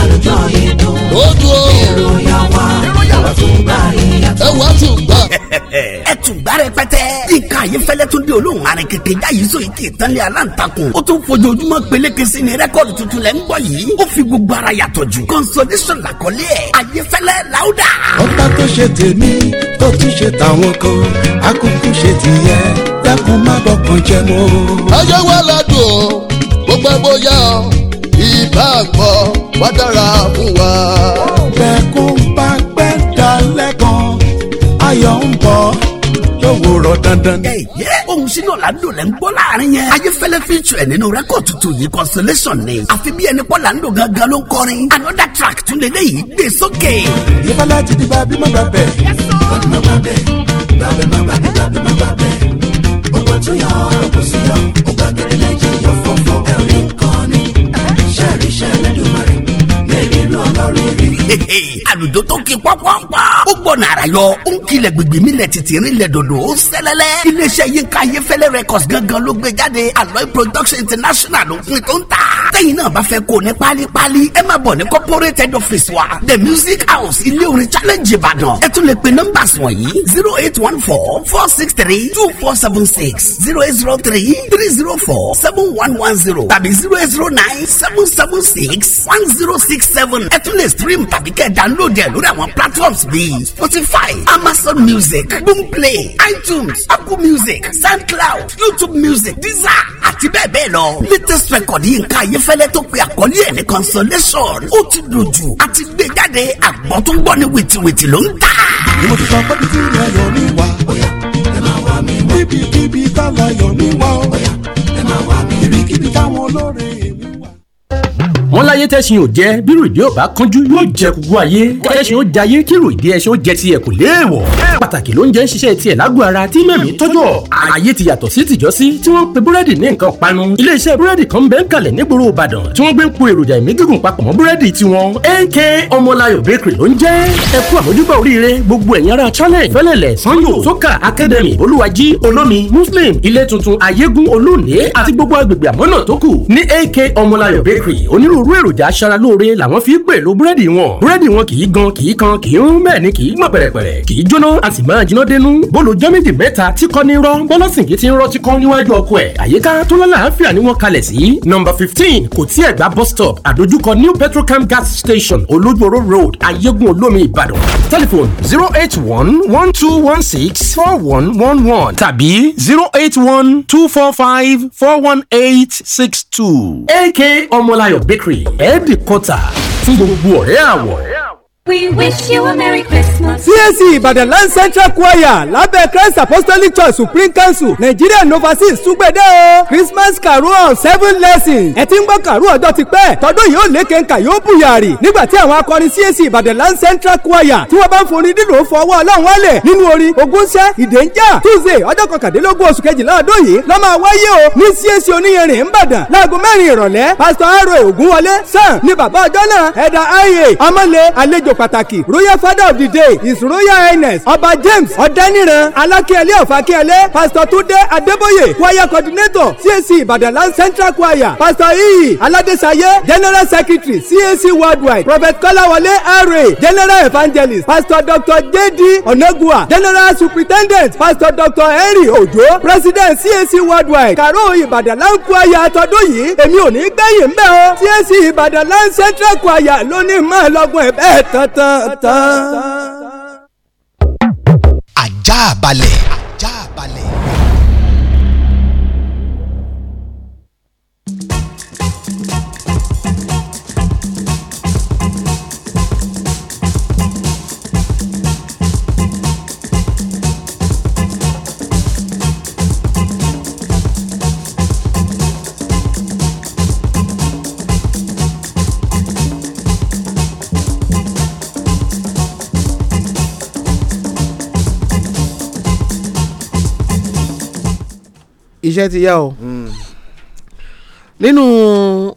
àlùjọ yìí dùn èrò yà wá ẹ wá tún gbà. ẹ tún gbà rẹpẹtẹ. ìka yìí fẹlẹ tún di olóhùn arìnkèké jáyé so yìí kì í tán lé aláǹtakùn. ó tún fojoojúmọ́ peléke sí ni rẹ́kọ̀dì tuntun lẹ́ ń gbọ́ yìí. ó fi gbogbo ara yàtọ̀ jù. consolation làkọlé ẹ̀ ayé fẹlẹ́ làwùdà. ọba tó ṣe tèmi tó tún ṣe tàwọn kan akókó ṣe tìyẹ dákun má bọkàn jẹ mọ́. ayé wa ládùn gbogbo ẹ bóyá ìbá àgbọ̀ wá dára fún wa. bẹ́ẹ̀ kún ayọ̀ ń bọ̀ lówùrọ̀ dandan. ohun sínú ọ̀làǹdò lẹ́ ń gbọ́ láàrin yẹn. ayéfẹ́lẹ́ fíjù ẹ̀ nínú rẹ́kọ̀d tuntun yìí constellation ni. àfi bí ẹni pọ́ làǹdò gangan ló ń kọrin. another track tún lè léyìí gbé sókè. ìyẹ́fẹ́lẹ́ ti di bá bímọ bàbẹ̀. bàbẹ̀ bàbẹ̀ bàbẹ̀ bàbẹ̀ bàbẹ̀ bàbẹ̀ ògbó tún yọ ọ̀rọ̀ kò sí yọ. hehehe àlùjọ tó Ki pọ́npọ́npọ́ ó gbọ́ nàrà yọ ó ń kilẹ̀ gbègbè mi lẹ̀ títí rin lẹ̀ dòdò ó ń sẹ́lẹ̀lẹ̀ iléeṣẹ́ Yinka Ayéfẹ́lẹ́ records gangan ló gbé jáde Aloy production international ló pin tó ń ta tẹ́yìn náà bá fẹ́ kó ní pálípálí ẹ máa bọ̀ ní corporate office wa the music house ilé orin challenge Ìbàdàn ẹ tún lè pe numbers wọ̀nyí zero eight one four four six three two four seven six zero eight zero three three zero four seven one one zero tàbí zero eight zero nine seven seven six one zero six seven ẹ tún lè stream tàbí kẹ́ download ẹ̀ lórí àwọn platforms bíi spotify amazon music boomplay itunes apple music soundcloud youtube music deezer àti bẹ́ẹ̀ bẹ́ẹ̀ lọ. latest record yìí nǹkan ayéfẹ́lẹ́ tó pe àkọlé ẹ̀ ní consolation ó ti dojú àti gbé jáde àgbọ̀ tó ń gbọ́ ní wìtìwìtì ló ń tà. ìwọ ti sọ pé títí rẹ yọ mí wá. ẹ máa wá mi wá. ibikíbi tá a la yọ wá. ẹ máa wá mi wá. ibikíbi táwọn olóore èmi wá wọn láyé tẹ́sìn ò jẹ́ bí ròde ò bá kánjú yóò jẹ gbogbo ayé kẹ́sìn ó jayé kí ròde ẹṣin ó jẹ tiẹ̀ kò léèwọ̀ pàtàkì ló ń jẹ́ ń ṣiṣẹ́ tiẹ̀ lágbo ara tí mẹ́mí tọ́jọ́ ayé ti yàtọ̀ sí tìjọ́sí tí wọ́n pe búrẹ́dì ní nǹkan panu iléeṣẹ́ búrẹ́dì kan bẹ́ẹ̀ kalẹ̀ nígboro Ìbàdàn tí wọ́n gbé ń po èròjà ìmí gígùn papọ̀ mọ́ búrẹ́dì tiwọn AK Ọmọláyọ̀ bakery ló ń jẹ́ ẹ kú àmójúbà oríire challenge fẹ́lẹ̀lẹ̀ sango soka academy olúwají olómi muslim ilé tuntun ayégún olóòní àti gbogbo agbègbè àmọ́nà tó kù AK Ọmọláyọ̀ bakery onírú onírúurú èròjà aṣaralóore làwọn fi pèlò búrẹ́dì wọn búrẹ́dì wọn kì gan kì kan kì í rún ni kì í pẹ̀rẹ̀pẹ̀rẹ̀ kì jóná a sì máa jiná dénú bólú jọ́ méjì mẹ́ta tí kọ́ ní rọ́ bọ́lọ́sìnkì ti ń rọ́ ti kọ́ níwájú ọkọ ẹ̀ àyíká tó lálàáfíà ni wọ́n kalẹ̀ sí nọ́mbà fifteen kò tí ẹ̀gbá bus stop àdójúkọ new petrocam gas station olójúoró road ayégun olómi ìbàdàn telephone zero eight one one two one six four one one one tàbí zero eight one two four five four one eight six two. AK ọmọláyọ̀ bakery bakery ẹ́ẹ́dì kọ́tà fún gbogbo ọ̀rẹ́ àwọ̀. We wish you a Merry Christmas. CAC Ìbàdàn Land Central Choir lábẹ́ Christ Apostolic Church Supreme Council Nigeria Novasis Súgbẹ́dẹ́ o. Christmas Carol Seven Lessons. Ẹ ti ń gbọ́ kàrú ọjọ́ ti pẹ́. Tọdún yìí ó lékè nkà yóò bùyàrì. Nígbà tí àwọn akọrin CAC Ìbàdàn Land Central Choir tí wọ́n bá ń forin dídùn fọwọ́ ọlọ́run wálẹ̀ nínú orin Ogúnṣẹ́ Ìdẹ́njà Tuesday ọjọ́ kọkàndínlógún oṣù kejìlá ọdún yìí lọ́ máa wáyé o ní CAC oníyanrìn Ìbàdàn láago mẹ́rin ìrọ̀lẹ́ Pásítọ̀ Aro Ògúnwọlé sàn ni bàbá ọjọ́ náà ẹ̀dà IA Amọ́lé pàtàkì royal father of the day is royal highness ọba james ọ̀dẹ́niran alákíẹ̀lẹ́ of akíẹ̀lẹ́ pastor túndé adébóyè choir coordinator cac ìbàdàn land central choir pastor iyì e e Aladesaye, general secretary cac worldwide prophet kọ́láwọlé ra general evangelist pastor dr jd onagua general superintendent pastor dr henry ojo president cac worldwide karo ìbàdàn land choir tọdún yìí èmi ò ní gbẹ̀yìn mbẹ́ o cac ìbàdàn land central choir ló ní mọ́ ọlọ́gbọ́n ẹ̀ bẹ́ẹ̀ tán ta ta. ajá balẹ̀. yẹn ti yá o nínú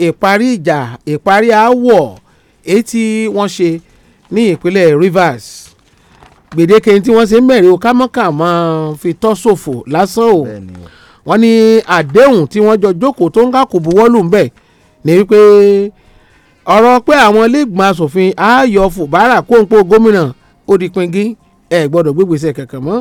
ìparí ìjà ìparí aáwọ̀ èyí tí wọ́n ṣe ní ìpínlẹ̀ Rivers gbèdéke tí wọ́n ṣe ń bẹ̀rẹ̀ o kámọ́kàmọ́ fi tọ́ ṣòfò lásán o wọ́n ní àdéhùn tí wọ́n jọ jókòó tó ń ká kò buwọ́lù ń bẹ̀ ni wípé ọ̀rọ̀ pé àwọn iléègbìmọ̀ asòfin ayọ̀ fòbárà kóńpó gómìnà ó di pingi ẹ̀ gbọ́dọ̀ gbégbèsè kankan mọ́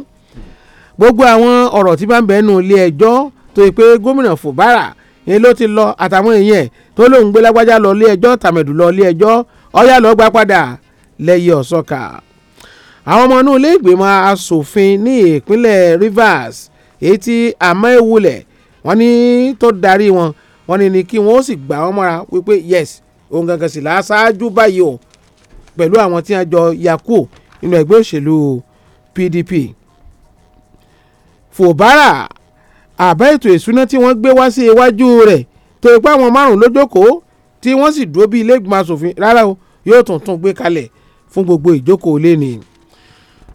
gbogbo àwọn ọ̀rọ̀ tí bá ń bẹ́ẹ̀ nù ilé ẹjọ́ tó yẹ pé gómìnà Fubara ni ló ti lọ àtàwọn èèyàn tó lóun gbé lágbájá lọ ilé ẹjọ́ tàmẹ̀dù lọ ilé ẹjọ́ ọ̀yà lọ gbà padà lẹ́yìn ọ̀sọ́ka. àwọn ọmọ inú ilé ìgbìmọ̀ asòfin ní ìpínlẹ̀ Rivers èyí tí Amaewule wọ́n ní tó darí wọn wọ́n ní ni kí wọ́n sì gbà wọ́n mọ́ra wípé yes òun gangan sì láṣáájú báyìí o pẹ̀lú àwọn tí wọ́n jọ yakú nínú ẹgbẹ́ òṣèlú PDP fòbárà àbá ètò ìṣúná tí wọ́n gbé wá sí iwájú rẹ̀ tó ipá àwọn márùn ló jókòó tí wọ́n sì dúró bí ilé ìgbìmọ̀ asòfin rárá o yóò tuntun gbé kalẹ̀ fún gbogbo ìjókòó lẹ́ni.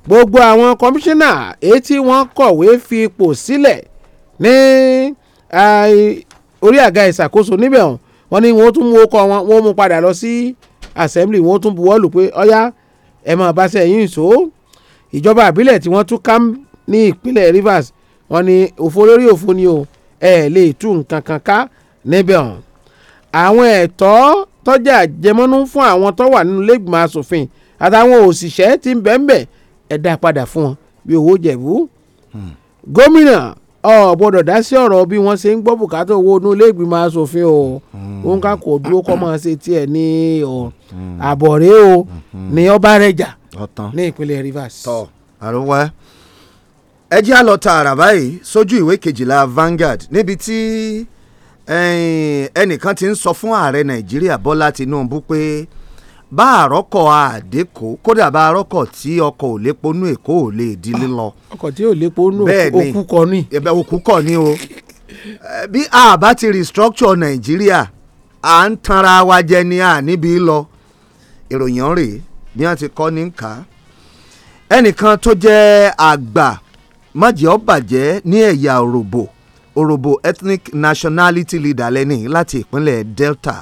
gbogbo àwọn kọmíṣánná èyí tí wọ́n kọ̀wé fi ipò sílẹ̀ ní orí àga ìṣàkóso níbẹ̀ hàn wọ́n ní wọ́n tún mú ọkọ̀ wọn wọ́n mú padà lọ sí assembly wọ́n tún buwọ́ lù pé ọ̀yá ẹ̀ máa bá sẹ́yìn ìṣó ìjọba àbílẹ̀ tí wọ́n tún ká ní ìpínlẹ̀ Rivers wọ́n ní òfo lórí òfo ni o ẹ lè tú nǹkan kan ká níbẹ̀ ọ̀hún. àwọn ẹ̀tọ́ tọ́jà jẹmọ́nú fún àwọn tó wà nínú lẹ́gbìmọ̀ asòfin àtàwọn òṣìṣẹ́ tí ń bẹ́ńbẹ̀ ẹ̀ dá padà fún wọn bí owó jẹ̀bú. Hmm. gómìnà ọ̀gbọ́dọ̀ dá sí ọ̀rọ̀ bí wọ́n ṣe ń gbọ́ bùkátà owó inú lẹ́gbìmọ̀ asòfin o òun hmm. ká kò dúró kọ́ máa ṣe tiẹ̀ ní àbọ̀rẹ́ o hmm. ní ọba rẹjà ní ìpínlẹ̀ Rivers. tọ́ àrùn wá ẹ jẹ́ àlọ́ tààrà báyìí sójú ìwé kejìlá Vanguard níbi tí ẹnìkan ti ń sọ fún ààrẹ Nàìjíríà Bọ́lá Tinubu pé bá àrọ́kọ̀ àdékò kódà bá àrọ́kọ̀ tí ọkọ̀ ò lépo nú Èkó ò lè di lílọ. ọkọ̀ tí ò lépo nú òkú kọ ni. ẹ̀bẹ̀ òkú kọ ni o bí a bá ti restructure Nàìjíríà à ń tanra wa jẹ ni a níbi lọ ìròyìn rèé bí wọ́n ti kọ́ ní ká ẹnìkan tó jẹ́ àgbà má jẹ́ ó bàjẹ́ ní ẹ̀yà òròbó òròbó ethnic nationality leader lẹ́ni láti ìpínlẹ̀ Delta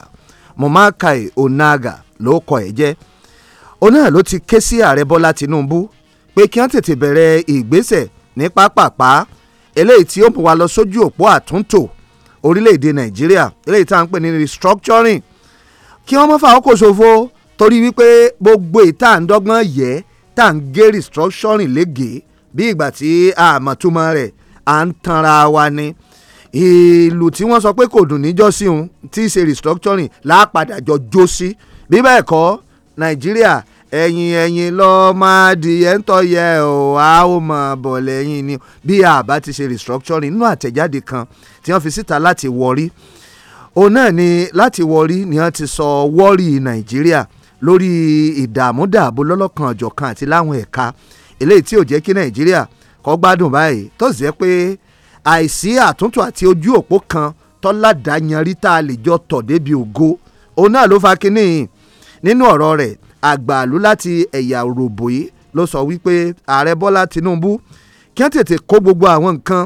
Momakai Onaga ló kọ ẹ̀ jẹ́ òun náà ló ti ké sí ààrẹ Bọ́lá Tinubu pé kí wọ́n tètè bẹ̀rẹ̀ ìgbésẹ̀ ní pápápá eléyìí tí ó mú wa lọ sójú òpó àtúntò orílẹ̀-èdè Nàìjíríà eléyìí tá à ń pè ní restructuring kí wọ́n mọ́ fà ọkọ̀ ṣòfò torí wípé gbogbo ìta à yẹ tá à ń gé restructuring légèé bí ìgbà tí àmọ̀túmọ̀ rẹ̀ à ń tanra wa ni ìlú tí wọ́n sọ pé kò dùn níjọ́sí òun tí í ṣe restructuring láàpadà jọ jó sí bí bẹ́ẹ̀ kọ́ nàìjíríà ẹ̀yìn ẹ̀yìn lọ́ọ́ máa di ẹ̀ńtọ́ yẹ ọ́ a ó máa bọ̀ lẹ́yìn ni bí àbá ti ṣe restructuring nínú àtẹ̀jáde kan tí wọ́n fi síta láti wọrí òun náà ni láti wọrí ni wọ́n ti sọ wọ́rí nàìjíríà lórí ìdààmú dààbò lọ́lọ́kan ọ̀jọ̀kan àti láwọn ẹ̀ka e eléyìí tí ò jẹ́ kí nàìjíríà kọ́ gbádùn báyìí tó sì jẹ́ pé àìsí àtúntò àti ojú òpó kan tọ́ládàáyanrí tá a lè jọ tọ̀ débi ògo òun náà ló fa kínní nínú ọ̀rọ̀ rẹ̀ àgbàlú láti ẹ̀yà òròbó yìí ló sọ wípé ààrẹ bọ́lá tinubu kí wọ́n tètè kó gbogbo àwọn nǹkan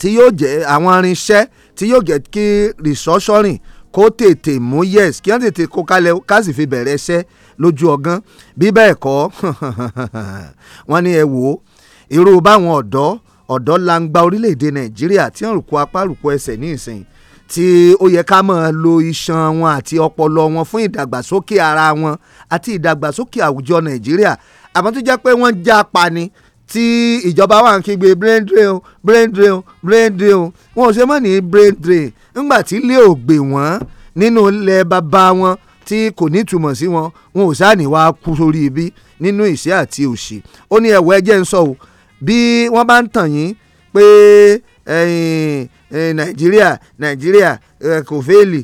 tí yóò jẹ́ àwọn irinṣẹ́ tí yóò jẹ́ kí rìsọ́sọ́rìn kó tètè mú yes kí wọ́n tètè kó kalẹ̀ ká sì fi bẹ̀rẹ̀ iṣẹ́ lójú ọgán bí bẹ́ẹ̀ kọ́ wọ́n ní ẹ wò ó irú báwọn ọ̀dọ́ ọ̀dọ́ langba orílẹ̀-èdè nàìjíríà tí ń rùkú apá rùkú ẹsẹ̀ ní ìsìn tí ó yẹ ká máa lo iṣan wọn àti ọpọlọ wọn fún ìdàgbàsókè ara wọn àti ìdàgbàsókè àwùjọ nàìjíríà àmọ́ tó jẹ́ pé wọ́n já pani tí ìjọba wa ń kígbe brain drain brain drain brain drain wọn ò ṣe mọ́ ní brain drain ńgbà tí ilé ò gbé wọ́n nínú ilẹ̀ bàbá wọn tí kò ní túmọ̀ sí wọn wọn ò sáà ní wá kú sórí ibi nínú ìṣẹ́ àti òṣì ó ní ẹ̀wọ̀ ẹjẹ́ ń sọ o bí wọ́n bá ń tàn yín pé nàìjíríà nàìjíríà kò fẹ́ẹ̀lì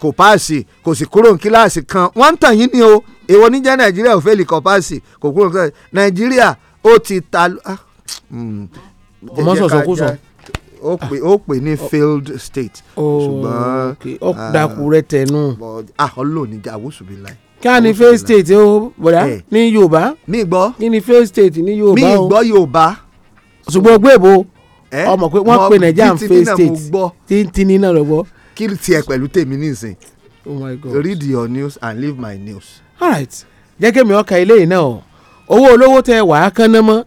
kò páàsì kò sì kúrò ní kíláàsì kan wọ́n ń tàn yín ni o èwo ní jẹ́ nàìjíríà ò fẹ́ẹ̀lì kò páàsì kò kúrò ní kíláàsì nàìjíríà ó ti ta. Ah, hmm. ọmọ sọ̀sọ̀ kú sọ ó pè ó pè ní failed state. Oh, ṣùgbọ́n ó ah, dàkú rẹ tẹnu. ah ọlọ́run ní àwòsùnmí láì. ká ní failed state ó bọ̀dá eh. ní yorùbá. mi gbọ́ kí ni failed state ní yorùbá o. mi gbọ́ yorùbá. ṣùgbọ́n gbé èbó eh? ọmọ pé wọ́n pe nàìjíríà failed state tíntìní náà lọ gbọ́. kí tiẹ̀ pẹ̀lú tèmi nísìn. oh my god read your news and leave my news. All alright jẹ́ kí mi ọkà ilé yìí náà owó olówó tẹ wàá kán ná mọ́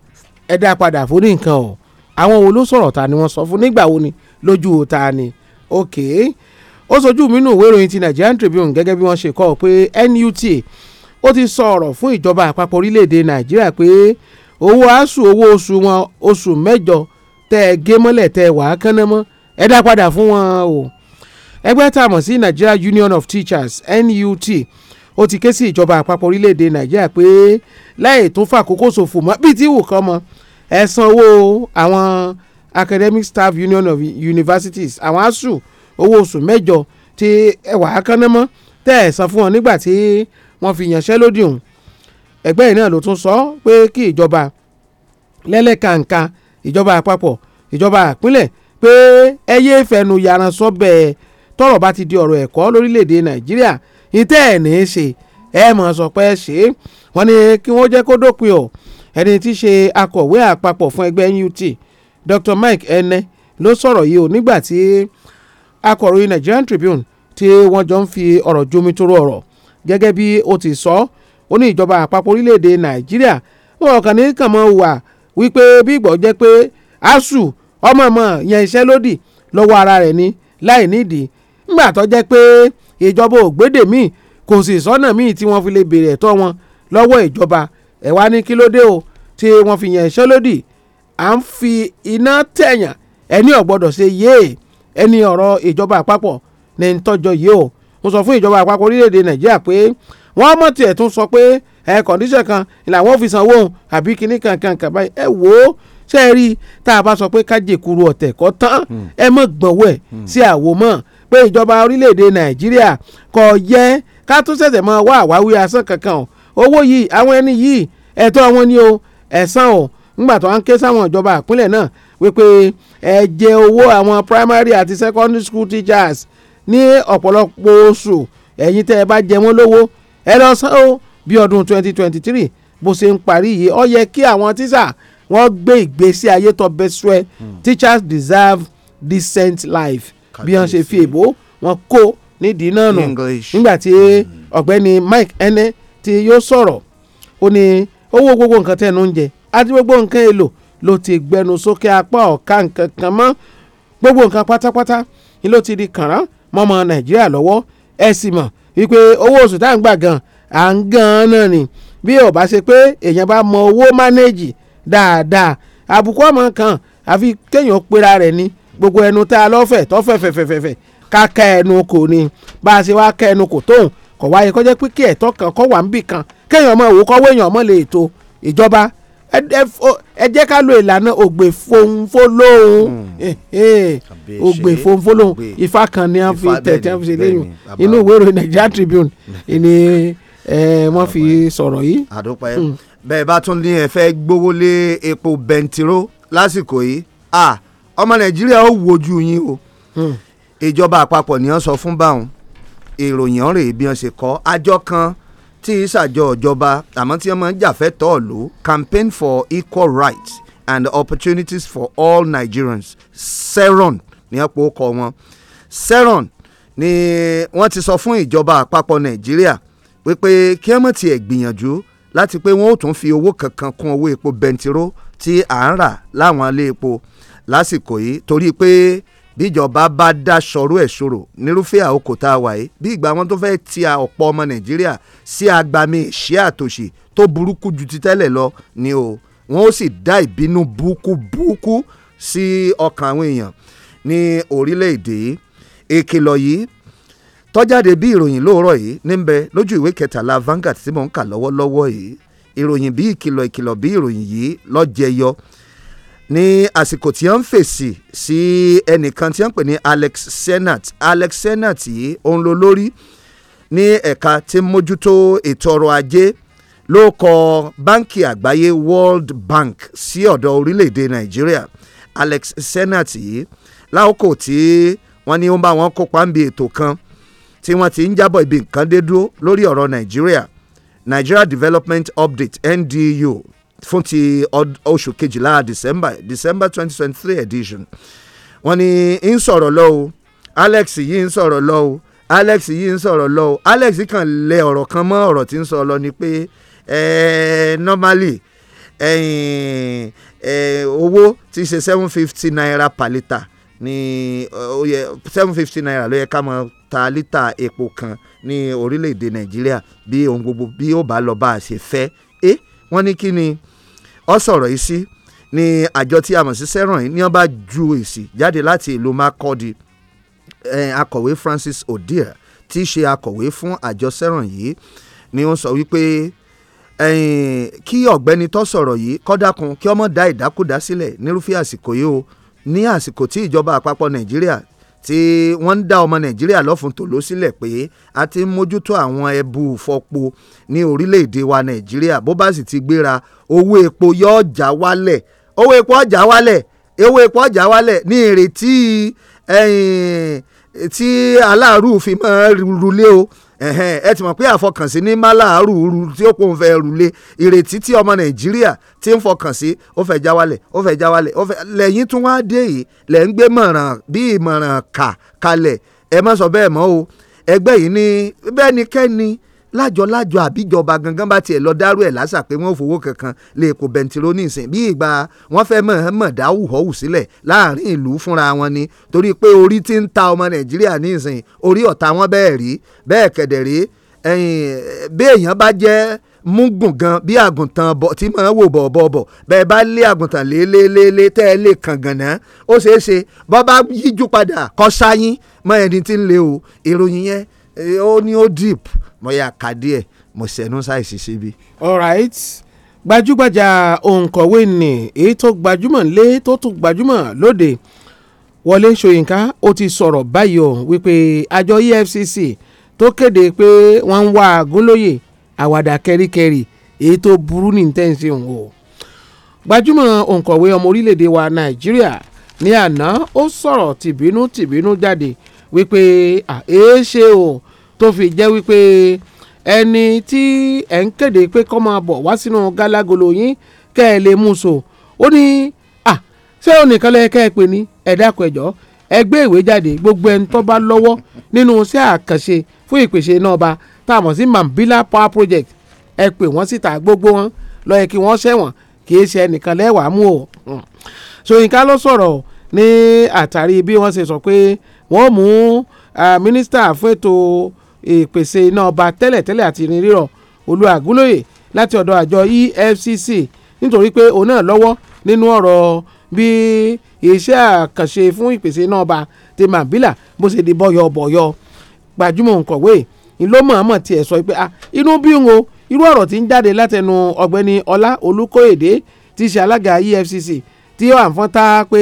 ẹ dá padà fún ní nǹkan oh àwọn wo ló sọ̀rọ̀ ta ni wọ́n sọ fún nígbà wo ni lójú ta ni ok ó sojú mi nù ìwé ìròyìn ti Nigerian Tribune gẹ́gẹ́ bí wọ́n ṣe kọ pé NUTA ó ti sọ ọ̀rọ̀ fún ìjọba àpapọ̀ orílẹ̀-èdè Nàìjíríà pé owó asù owó oṣù wọn oṣù mẹ́jọ tẹ́ ẹ gé mọ́lẹ̀ tẹ́ ẹ wàá kánná mọ́ ẹ dá padà fún wọn o ẹgbẹ́ tá a mọ̀ sí Nigeria Union of Teachers NUT ó ti ké sí ìjọba àpapọ̀ orílẹ̀-èdè Nàìjíríà pé láì tún fàkókò ṣòfò mọ́ bíi tí wù kán mọ́ ẹ sanwó àwọn academic staff union of universities àwọn asu owó oṣù mẹ́jọ tí ẹwà akánámọ́ tẹ́ ẹ̀ san fún wọn nígbà tí wọ́n fi yànṣẹ́ lódì ọ̀hún ẹgbẹ́ yìí náà ló tún sọ pé kí ìjọba lẹ́lẹ́kàǹkà ìjọba àpapọ̀ ìjọba àpínlẹ̀ pé ẹ yéé fẹnu yaran sọ́bẹ̀ tọ́rọ̀ bá ti di ọ̀rọ̀ ẹ̀kọ́ lórílẹ̀‐èdè nàìjíríà ìtẹ́ ẹ̀ ní í ṣe ẹ mọ̀ sọ pé ẹ ṣe é wọ́n ní kí wọ́n jẹ́ kó dópin ọ̀ ẹni tí í ṣe akọ̀wé àpapọ̀ fún ẹgbẹ́ NUT Dr Mike Ene ló sọ̀rọ̀ yìí ó nígbà tí akọ̀ròyìn Nigerian Tribune tí wọ́n jọ ń fi ọ̀rọ̀ jomitoro ọ̀rọ̀ gẹ́gẹ́ bí ó ti sọ ó ní ìjọba àpapọ̀ orílẹ̀-èdè Nàìjíríà wọn kàn ní kàn mọ́ wà wípé bí ìgbọ́ jẹ́ pé ASUU ọmọ ọmọ yan iṣẹ́ lódì lọ́wọ́ ara rẹ̀ ni láì nídìí ńgbà tó jẹ́ pé ìjọba ògbédè míì kò sì sọ́nà míì tí wọ́n fi lè béèrè ẹ̀tọ́ wọn lọ́wọ́ ìjọba ẹ̀ wá ní kí ló dé o tí wọ́n fi yàn iṣẹ́ lódì à ń fi iná tẹ̀yàn ẹni ọ̀gbọ́dọ̀ ṣe yéè ẹni ọ̀rọ̀ ìjọba àpapọ̀ ní ń tọ́jọ yìí o mo sọ fún ìjọba àpapọ̀ orílẹ̀-èdè nàìjíríà pé wọ́n mọ̀ tiẹ̀ tún sọ pé ẹ kọ̀ǹdíṣẹ̀ kan làwọn fi sanwó òun àbí kinní kankan kan báyìí ẹ wò ó ṣe é rí tá a bá sọ pé kájèkuru ọ̀tẹ̀ kọ́ tán hmm. ẹ mọ̀ gbọ̀nwẹ̀ hmm. sí àwo mọ̀ pé ìjọba orílẹ̀-èdè nàìjíríà kò yẹ ká tún ṣẹ̀ṣẹ̀ mọ́ wá àwáwí asán kankan o owó yìí àwọn ẹni yìí ẹ̀tọ́ wọn ni o ẹ̀sán o ńgbà tó ń ké sáwọn ìjọba àpínlẹ̀ náà wípé ẹ owó àwọn primary àti secondary school teachers ní ọ̀pọ̀lọpọ̀ oṣù ẹ̀yin tẹ́ ẹ bá jẹ wọ́n lówó ẹ lọ san o bí ọdún 2023 bó ṣe ń parí yìí ó yẹ kí àwọn tíṣà wọ́n gbé ìgbésí ayé tó bẹ́ sùẹ́ hmm. teachers deserve decent life bí wọ́n ṣe fi èbó wọn kó nídìí náà nù nígbà tí hmm. ọ̀gbẹ́ni Mike Ene tí yóò sọ̀rọ̀ ó ní owó gbogbo nǹkan tẹnu ń jẹ àti gbogbo nǹkan èlò ló ti gbẹnu sókè apá ọ̀ka nǹkan kan mọ́ gbogbo nǹkan pátápátá ni ló ti di kànrán mọ́mọ nàìjíríà lọ́wọ́ ẹ sì mọ̀ wípé owó oṣù tá à ń gbà gan à ń gan náà ni bí ò bá ṣe pé èèyàn bá mọ owó mánéèjì dáadáa àbùkù ọmọ kan àfi kéèyàn pera rẹ̀ ni gbogbo ẹnu tá a lọ́fẹ̀ẹ́ tọ́fẹ̀fẹ̀fẹ̀fẹ̀ ká ká ẹnu kò ní bá a ṣe wá ká ẹnu kò tóun kọ̀ wáyé kọjá pé kí ẹ̀tọ́ kan kọ́ wà ń bì kan kéèyàn ọmọ òwò kọ́wé èèyàn ọmọ lè tó ìjọba ẹ jẹ́ ká lo ìlànà ògbè fòǹfòlóhùn hmm. ògbè fòǹfòlóhùn ifá kan ni wọ́n fi tẹ̀tẹ̀ fi ṣe léyìn inú ìwé ìròyìn Nigeria Tribune ni wọ́n fi sọ̀rọ̀ yìí. àdópa ẹ hmm. bẹ́ẹ̀ bá tún ní ẹ fẹ́ gbówó lé epo bẹntiró lásìkò yìí ọmọ Nàìjíríà ó wojú yín o hmm. ìjọba àpapọ̀ ni wọ́n sọ fún báwọn ìròyìn rèé bí wọ́n ṣe kọ́ àjọ kan tí ìṣàjọ ìjọba àmọ́ tí wọ́n máa ń jàfẹ́tọ̀ọ́ lò campaign for equal rights and opportunities for all Nigerians SERON ní ọ̀pọ̀ ọkọ̀ wọn SERON ni wọ́n ti sọ fún ìjọba àpapọ̀ Nàìjíríà wípé kí wọ́n ti ẹ̀ gbìyànjú láti pé wọ́n ó tún fi owó kankan kún owó epo bẹntiró tí à ń rà láwọn ilé epo lásìkò yìí torí pé bíjọba bá dá sọ̀rọ̀ ẹ̀ ṣòro nírúfẹ́ àkókò tá a wà yìí bí ìgbà wọn tó fẹ́ ti ọ̀pọ̀ ọmọ nàìjíríà sí agbami ìṣe àtòṣì tó burúkú ju ti tẹ́lẹ̀ lọ ni o wọn ó sì dá ìbínú burúkú burúkú sí ọkàn àwọn èèyàn ní orílẹ̀-èdè yìí ìkìlọ̀ yìí tọ́jáde bí ìròyìn lóòrọ̀ yìí níbẹ̀ lójú ìwé kẹtàlá Vanguard tí mò ń kà lọ́wọ́lọ́wọ́ yìí ìròyìn bí ìkìlọ̀ ìkìlọ̀ bí ìròyìn yìí ló ní àsìkò tí wọ́n ń fèsì sí ẹnìkan tí wọ́n ń pè ní Alex Senat Alex Senat yìí òun ló lórí ní ẹ̀ka tí mójútó ètò ọrọ̀ ajé ló kọ báǹkì àgbáyé World Bank sí ọ̀dọ̀ orílẹ̀-èdè Nàìjíríà Alex Senat yìí láòkò tí wọ́n ní ó ń bá wọn kópa ń bi ètò kan tí wọ́n ti ń jábọ̀ ibi nǹkan dé dúró lórí ọ̀rọ̀ Nàìjíríà Nigeria Development Update NDU fún ti oṣù kejìlá december december twenty twenty three edition wọ́n ní ń sọ̀rọ̀ lọ o alex yìí ń sọ̀rọ̀ lọ o alex yìí ń sọ̀rọ̀ lọ o alex kàn lẹ ọ̀rọ̀ kan mọ́ ọ̀rọ̀ tí ń sọ lọ ni pé normally eh, eh, owó ti ṣe seven fifty naira per litre ní seven fifty naira ló yẹ ká mọ ta lítà epo kan ní orílẹ̀-èdè nàìjíríà bí ohun gbogbo bí ó bá lọ bá a ṣe fẹ́ wọ́n ní kí ni ọ sọ̀rọ̀ yìí sí ní àjọ tí a mọ̀ sí sẹ́ràn yìí ní wọ́n ju èsì jáde láti ìlú Makurdi akọ̀wé Francis Odeer tí í ṣe akọ̀wé fún àjọ sẹ́ràn yìí ni wọ́n sọ wípé kí ọ̀gbẹ́ni tó sọ̀rọ̀ yìí kọ́dákun kí ọmọ da ìdákúdá sílẹ̀ nírúfẹ́ àsìkò yìí o ní àsìkò tí ìjọba àpapọ̀ Nàìjíríà tí wọ́n ń dá ọmọ nàìjíríà lọ́fun tòló sílẹ̀ pé a ti ń mójútó àwọn ẹbu ìfọpo ní orílẹ̀-èdè wa nàìjíríà bó bá sì ti gbéra owó epo yọ ọjà wálẹ̀ owó epo ọjà wálẹ̀ owó epo ọjà wálẹ̀ ní ìrètí tí aláàrú fi máa rulé o ẹ ti mọ̀ pé àfọkànsí ní málàárù rú tí ó kún fẹ́ rúlé ìrètí tí ọmọ nàìjíríà ti ń fọkàn sí ó fẹ́ já wálẹ̀ ó fẹ́ já wálẹ̀ lẹ́yìn tún wá dé yìí lẹ́ ń gbé mọ̀ràn bí kà kalẹ̀ ẹ ẹgbẹ́ yìí ni lájọ-lájọ àbíjọba gangan bá tiẹ̀ lọ dárú ẹ̀ lásà pé wọ́n fowó kankan lè kó bẹntiró ní ìsìn bí ìgbà wọ́n fẹ́ mọ̀ ọ́n mọ̀ dáhù họ́hù sílẹ̀ láàrin ìlú fúnra wọn ni torí pé orí ti ń ta ọmọ nàìjíríà ní ìsìn orí ọ̀tá wọn bẹ́ẹ̀ rí bẹ́ẹ̀ kẹ̀dẹ̀ rí bí èèyàn bá jẹ́ múngùn gan bí àgùntàn tí màá wò bọ̀bọ̀bọ̀ bẹ́ẹ̀ bá lé àgùntàn lélélélé tẹ́ ẹ lè kàn gànà ó ṣeé ṣe bọ́ bá yíjú padà kọ́ sáyín mọ́ ẹni tí ń lé o ìròyìn yẹn ó ní ó deep mo yà ká díẹ̀ mo sẹ́nu ṣàìṣiṣẹ́ bí. all right gbajúgbajà òǹkọ̀wé ni èyí tó gbajúmọ̀ lé tó tún gbajúmọ̀ lóde Wọlé Ṣóyínká ó ti sọ̀rọ̀ báyìí o wípé àjọ EFCC tó kéde pé wọ́n ń wá Agúnlóyè àwàdà kẹ́ríkẹ́rí èyí tó burú ní tẹ́ǹsì òun o gbajúmọ̀ òǹkọ̀wé ọmọ orílẹ̀-èdè wa Nàìjíríà ní àná ó sọ̀rọ̀ tìbínú tìbínú jáde wípé àéṣe o tó fi jẹ́ wípé ẹni tí ẹ̀ ń kéde pé kó máa bọ̀ wá sínú gálágolo yín kẹ́ ẹ lè mú so ó ní à ṣé òun nìkan lẹ́yìn kẹ́ ẹ pè ní ẹ̀dá pẹ̀jọ́ ẹ ìwé jáde gbogbo ẹni tó bá lọ́wọ́ nínú iṣẹ́ àkànṣe fún ìpèsè náà ba tá a mọ̀ sí Mambila Power Project ẹ pè wọ́n síta gbogbo wọn ló yẹ kí wọ́n ṣẹ̀wọ̀n kì í ṣe ẹnìkan lẹ́wàá mú o. Hmm. Ṣóyínká ló sọ̀rọ̀ ní àtàrí bí wọ́n ṣe sọ pé wọ́n mú mínísítà fún ètò ìpèsè iná ọba tẹ́lẹ̀tẹ́lẹ̀ àti irin rírọ̀ Olú Àgúnlóyè láti ọ̀dọ̀ àjọ EFCC nítorí pé òun náà lọ́wọ́ nínú ọ̀rọ̀ bí iṣẹ́ àkànṣe fún ìpèsè iná ọba ti Mambila bó ṣe di bọ́yọ̀bọ̀yọ gbajúmọ̀ òǹkọ̀wé ló mọ̀ọ́mọ̀ tiẹ̀ sọ pé inú bí n o irú ọ̀rọ̀ tí ń jáde látẹnu ọ̀gbẹ́ni Ọlá Olúkóyèdé tí í ṣe alága EFCC tí ó àǹfọ́n tá a pé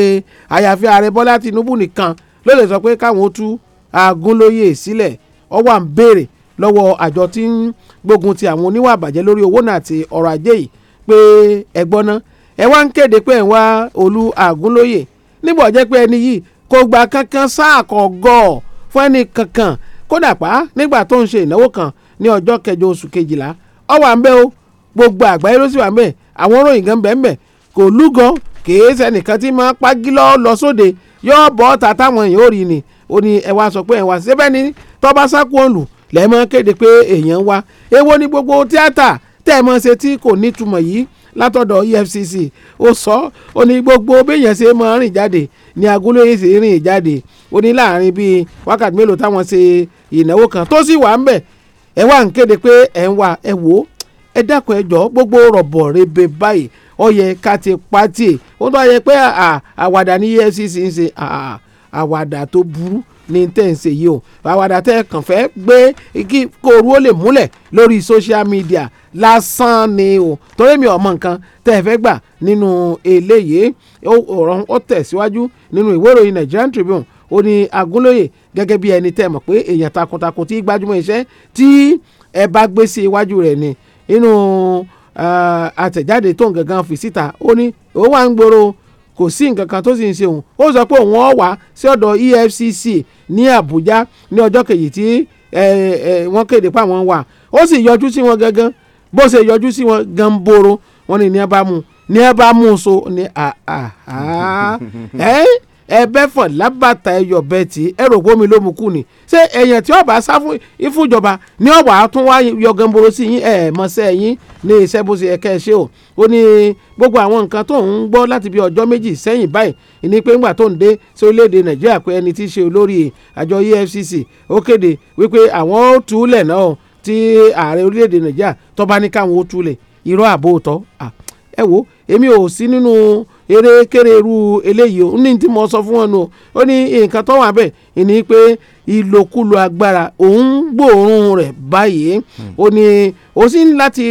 àyàfi ààrẹ Bọ́lá Tinubu nìkan ló lè sọ pé káwọn ó tú Àgúnlóyè sílẹ̀ ọ wà ń béèrè lọ́wọ́ àjọ tí ń gbógun ti àwọn oníwà àbàjẹ́ lórí owó náà àti ọrọ̀ ajé yìí pé ẹ̀gbọ́n náà ẹ wá ń kéde pé ẹ̀ ń wá olú àgúnlóyè níbo jẹ́ pé ẹni yìí kò gba kankan sáà kan gọ̀ọ́ fún ẹni kankan pa nígbà tó ń ṣe kan ní ọjọ́ kẹjọ oṣù kejìlá wà ń o gbogbo àgbáyé ló sì wà ń àwọn gan bẹ́ẹ̀ bẹ́ẹ̀ kò lúgọ tí máa lọ sóde yóò bọ́ ta táwọn èèyàn ò rí ni ó ní ẹ wá sọ pé ẹ wá síbẹ̀ ni tọ́ba sákò òǹlù lẹ́ẹ̀mọ́ kéde pé èèyàn wá èwo ni gbogbo tíátà tẹ́ ẹ mọ́ ṣe tí kò nítumọ̀ yìí látọ̀dọ̀ EFCC ó sọ ó ní gbogbo béèyàn ṣe máa rìn jáde ní agolo yìí sì rìn jáde ó ní láàrin bíi wákàtí mélòó táwọn ṣe ìnáwó kan tó sì wà ń bẹ̀ ẹ wá ń kéde pé ẹ ń wá ẹ wò ó ẹ dákun ẹ jọ gbogbo rọ̀bọ̀ rebe báyìí ó yẹ ká ti pàtì ó tó yẹ pé àwàdà ní EFCC ń ṣe àwàdà tó burú ní tẹ̀sẹ̀ yìí o àwàdà tẹ̀ kàn fẹ́ gbé kí kóoru ó lè múlẹ̀ lórí social media lásán ni o torí mi ọmọ nǹkan tẹ̀ fẹ́ gbà nínú eléyìí ọ̀rọ̀ ó tẹ̀síwájú nínú ìwé ìròyìn Nigerian Tribune ó ní Agúnlóyè gẹ́gẹ́ bí ẹni tẹ̀ mọ̀ pé èèyàn takuntakun tí gbajúmọ̀ iṣẹ́ tí ẹ bá gbé sí iwájú rẹ̀ ni inú ah, àtẹ̀jáde tó ń gangan fi síta ó ní òun wà ń gbòòrò kò sí nǹkan kan tó sì ń ṣe òun ó sọ pé òun ọ̀ wá sí ọ̀dọ̀ EFCC ní Àbújá ní ọjọ́ kejì tí wọ́n kéde pa wọ́n wà ó sì yọjú sí wọn gangan bó ṣe yọjú sí wọn gamboro wọn ni ní ẹ bá mú ní ẹ bá mú so ní àhà ẹbẹ́fọ̀ lábàtà ẹyọ bẹ́ẹ̀ tí ẹrò gómi ló mú kù ni ṣé èèyàn tí ọba sá fún ìfúnjọba ní ọba tún wá yọgànboro sí yín ẹ mọ̀ṣẹ́ yín ní iṣẹ́ bó ṣe ẹ̀kẹ́ ṣe o ó ní gbogbo àwọn nǹkan tó ń gbọ́ láti bí ọjọ́ méjì sẹ́yìn báyìí ní pé ńgbà tó ń dé sí orílẹ̀-èdè nàìjíríà pé ẹni tí í ṣe olórí àjọ EFCC ó kéde wípé àwọn ó túlẹ̀ náà tí ààrẹ orílẹ̀ nàìjíríà tó ní káwọn ó túlẹ̀ irọ́ àbóòtọ́ ẹ wo èmi ò sí nínú eré kéré irú eléyìí ó ní tí mo sọ fún wọn nù ó ní nǹkan tó wà bẹ́ẹ̀ ìní pé ìlòkulò agbára òun gbòòrùn rẹ̀ báyìí hmm. ó ní ó sì ń láti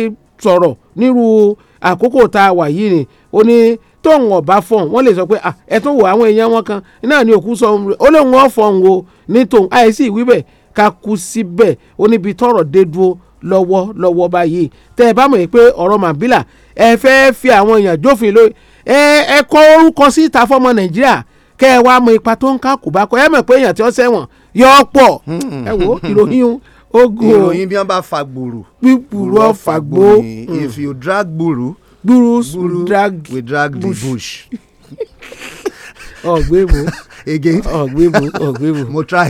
sọ̀rọ̀ nírú àkókò tá a wà yìí ni ó ní tóun ọba fọhùn wọn lè sọ pé ẹ tún wò àwọn èèyàn wọn kan náà ni òkú sọ ó lóun wọn fọhùn o ní tòun àìsí ìwíbẹ̀ ká síbẹ̀ ó níbi tọ́rọ̀ dé dúró lọ́wọ́lọ́wọ́ báyìí tẹ́ ẹ bá mọ̀ pé ọ̀rọ̀ màbílà ẹ fẹ́ fi àwọn èèyàn jófin lórí ẹ kọ orúkọ síta fọmọ nàìjíríà kẹ ẹ wá mọ ipa tó ń ká kò bá kọ ẹ mọ̀ pé èèyàn tí ó sẹ́wọ̀n yọ pọ̀ hmm. ẹ wo ìròyìn ogun ìròyìn bí wọ́n bá fa gbòòrò gbòòrò ọ̀fà gbòòrò if you drag gbòòrò gbòòrò we drag the bush ọ̀gbẹ́ wo again. ọ̀gbẹ́bù ọ̀gbẹ́bù. mo try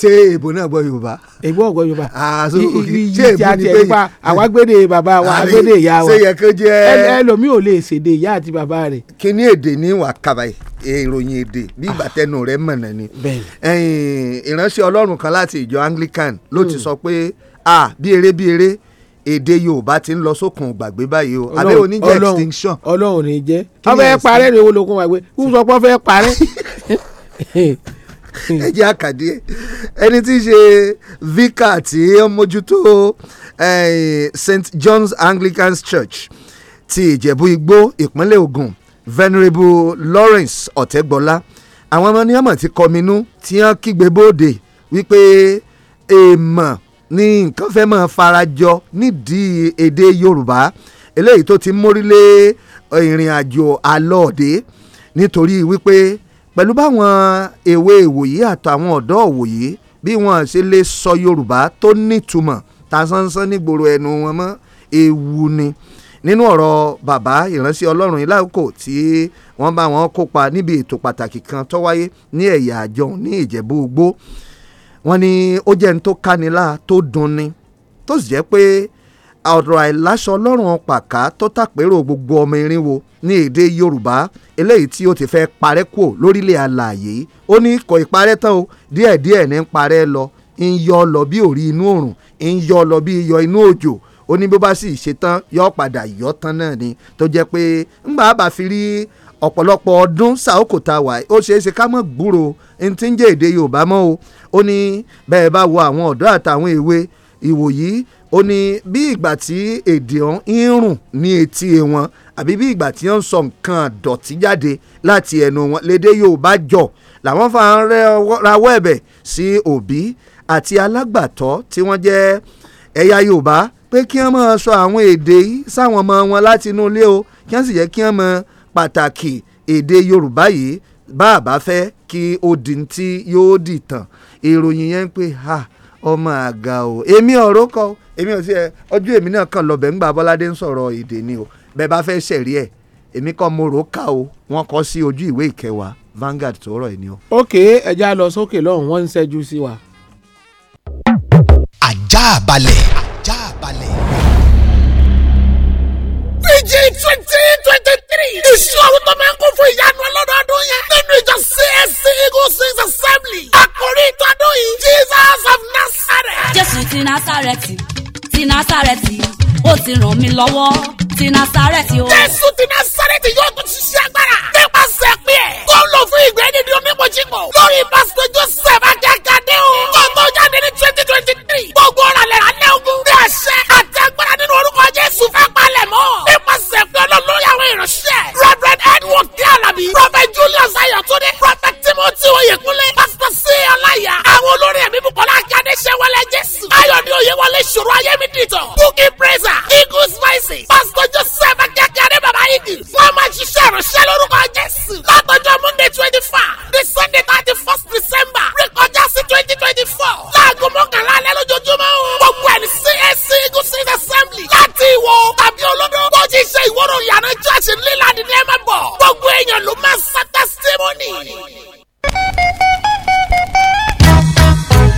ṣé èbò náà gbọ́ yorùbá. èbò ọ̀gbọ́ yorùbá. àṣọ ah, òkè ṣé èbò ni pé àwa gbédè bàbá wa gbédè ìyá wa. ṣé yẹ kó jẹ́. ẹlòmíì ò lè ṣèdè ìyá àti bàbá rẹ̀. kí ni èdè ní wà kàbàyè ìròyìn èdè bí ìgbàtẹnu ah. rẹ̀ mọ̀nà ni. ìránṣẹ́ ọlọ́run kan láti ìjọ anglican ló ti hmm. sọ pé ah bí eré bí eré èdè yorùbá ti ń lọ sókun gbàgbé báyìí o abẹ́ òní jẹ́ extinction. ọlọ́run ò ní jẹ́ ọmọ ẹ parẹ́ ni owó lókun wà gbé kó sọ pé fẹ́ parẹ́. ẹ jẹ́ àkàdé ẹni tí í ṣe vicar tí ó St John's Anglican Church ti Ìjẹ̀bú Igbó ìpínlẹ̀ Ògùn Venerable Lawrence Ọ̀tẹ́gbọ́lá àwọn ọmọ ní ọmọ ti kọminú tí wọ́n kígbe bóde wípé èèmọ̀ ni nǹkan fẹ́ máa farajọ nídìí èdè Yorùbá eléyìí tó ti mórílé ìrìn àjò àlọ́ọ̀dẹ́ nítorí wípé pẹ̀lú báwọn èwe ìwòyí àtàwọn ọ̀dọ́ òwòyí bí wọ́n ṣe lè sọ Yorùbá tó nítumọ̀ ta sánsán nígboro ẹnu wọn mọ́ ewu ni nínú ọ̀rọ̀ bàbá ìránṣẹ́ Ọlọ́run ìlàkó tí wọ́n bá wọn kópa níbi ètò pàtàkì kan tó wáyé ní ẹ̀yà àjọun ní Ìjẹ̀bú Igbó wọ́n ní ó jẹ́ ní tó kánilá tó dunni tó sì jẹ́ pé ọ̀rọ̀ àìláṣọ ọlọ́run pàká tó tàpérò gbogbo ọmọ irinwó ní èdè yorùbá eléyìí tí ó ti fẹ́ parẹ́ kù lórílẹ̀ àlàyé ó ní kò ìparẹ́ tán o díẹ̀díẹ̀ ní ń parẹ́ lọ ń yọ ọ lọ bí òrí inú òrùn ń yọ ọ lọ bí yọ inú òjò ó ní bó bá sì ṣe tán yọ padà yọ tán náà ni tó jẹ́ pé ńgbà bá fi rí ọ̀pọ̀lọpọ̀ ọdún sàókò tá a wà ó ṣeé ṣe ká mọ̀ gbúrò ntí ń jẹ́ èdè yorùbá mọ́ o ó ní bẹ́ẹ̀ bá wo àwọn ọ̀dọ́ àtàwọn èwe ìwòyí ó ní bí ìgbà tí èdè ọ̀hún ń rùn ní etí wọn àbí bí ìgbà tí wọ́n ń sọ nǹkan àdọ̀tí jáde láti ẹnu wọn lédè Yorùbá jọ làwọn fa ń rawọ́ ẹ̀bẹ̀ sí òbí àti alágbàtọ́ tí wọ́n jẹ́ ẹ̀yà Yorùbá pé kí wọ́n máa sọ àwọn èdè yìí sáwọn ọmọ wọn láti inú ilé o kí wọ́n sì yẹ kí wọ́n mọ pàtàkì èdè Yorùbá yìí bá a bá fẹ́ kí ó ti yóò dìtàn ìròyìn yẹn ń pè ha. Ah, ọmọ àga o èmi ọ̀rọ̀ kọ èmi ò sí ẹ ọjọ́ èmi náà kàn lọ́bẹ̀ ńgbà bọ́ládé ń sọ̀rọ̀ èdè ni o bẹ́ẹ̀ bá fẹ́ ṣẹ̀rí ẹ̀ èmi kọ́ mo rò ó kà o wọ́n kọ́ sí ojú ìwé ìkẹwàá Vanguard tó rọ̀ ẹ̀ ni o. ókè ẹja lọ sókè lọ́hùn wọ́n ń ṣẹ́jú sí wa. ajá balẹ̀ ajá balẹ̀. pg twenty three. iṣu àwọn tó máa ń kún fún ìyanu ọlọ́dọọdún yẹn. nínú ìjọ CSC Eagle Saints Assembly. àkórí ìtọ́dún yìí Jesus of Nazareth. Jésù ti Nazareti ti Nazareti ó ti ràn mí lọ́wọ́ ti Nazareti o. Jésù ti Nazareti yóò tún ṣiṣẹ́ agbára. nípasẹ̀ pé ẹ̀. tó ń lò fún ìgbẹ́ nídìí omi mojìmọ̀. lórí pásítọ̀ Joseph Akíákadé o. kó tó jáde ní twenty twenty three. gbogbo ọ̀rọ̀ àlẹ́ àlẹ́ ogun. bí àṣẹ àtẹ́gbẹ́ra nínú orúkọ Jésù fẹ́ palẹ̀ mọ́ àwọn ìránṣẹ́ reverend edward Galabi, alabi julius Ayotunde, prophet timothy oyekunle pastor c ọláyà àwọn olórí ẹ̀mí bukola akíndéṣẹ́wọlé jésù ayọ̀dẹ oyewọlé ṣòro ayémídìtọ̀ bukki praiser eagle spices pastor joseph akíakíadé baba igi wọ́n máa ṣiṣẹ́ ìránṣẹ́ lórúkọ jésù látọjọ́ monday twenty five the sunday thirty first december rékọjá sí twenty twenty four láago mọ́kànlá alẹ́ lójoojúmọ́ gbogbo ẹ̀ ní cac eagle spices family. láti ìwọ tàbí olódó. bó ti ṣe ìwọ́rọ̀ ìyànà jọ́ọ̀ṣì ńlẹ́lá ni ẹ máa bọ̀. gbogbo èèyàn ló máa ń sá testimony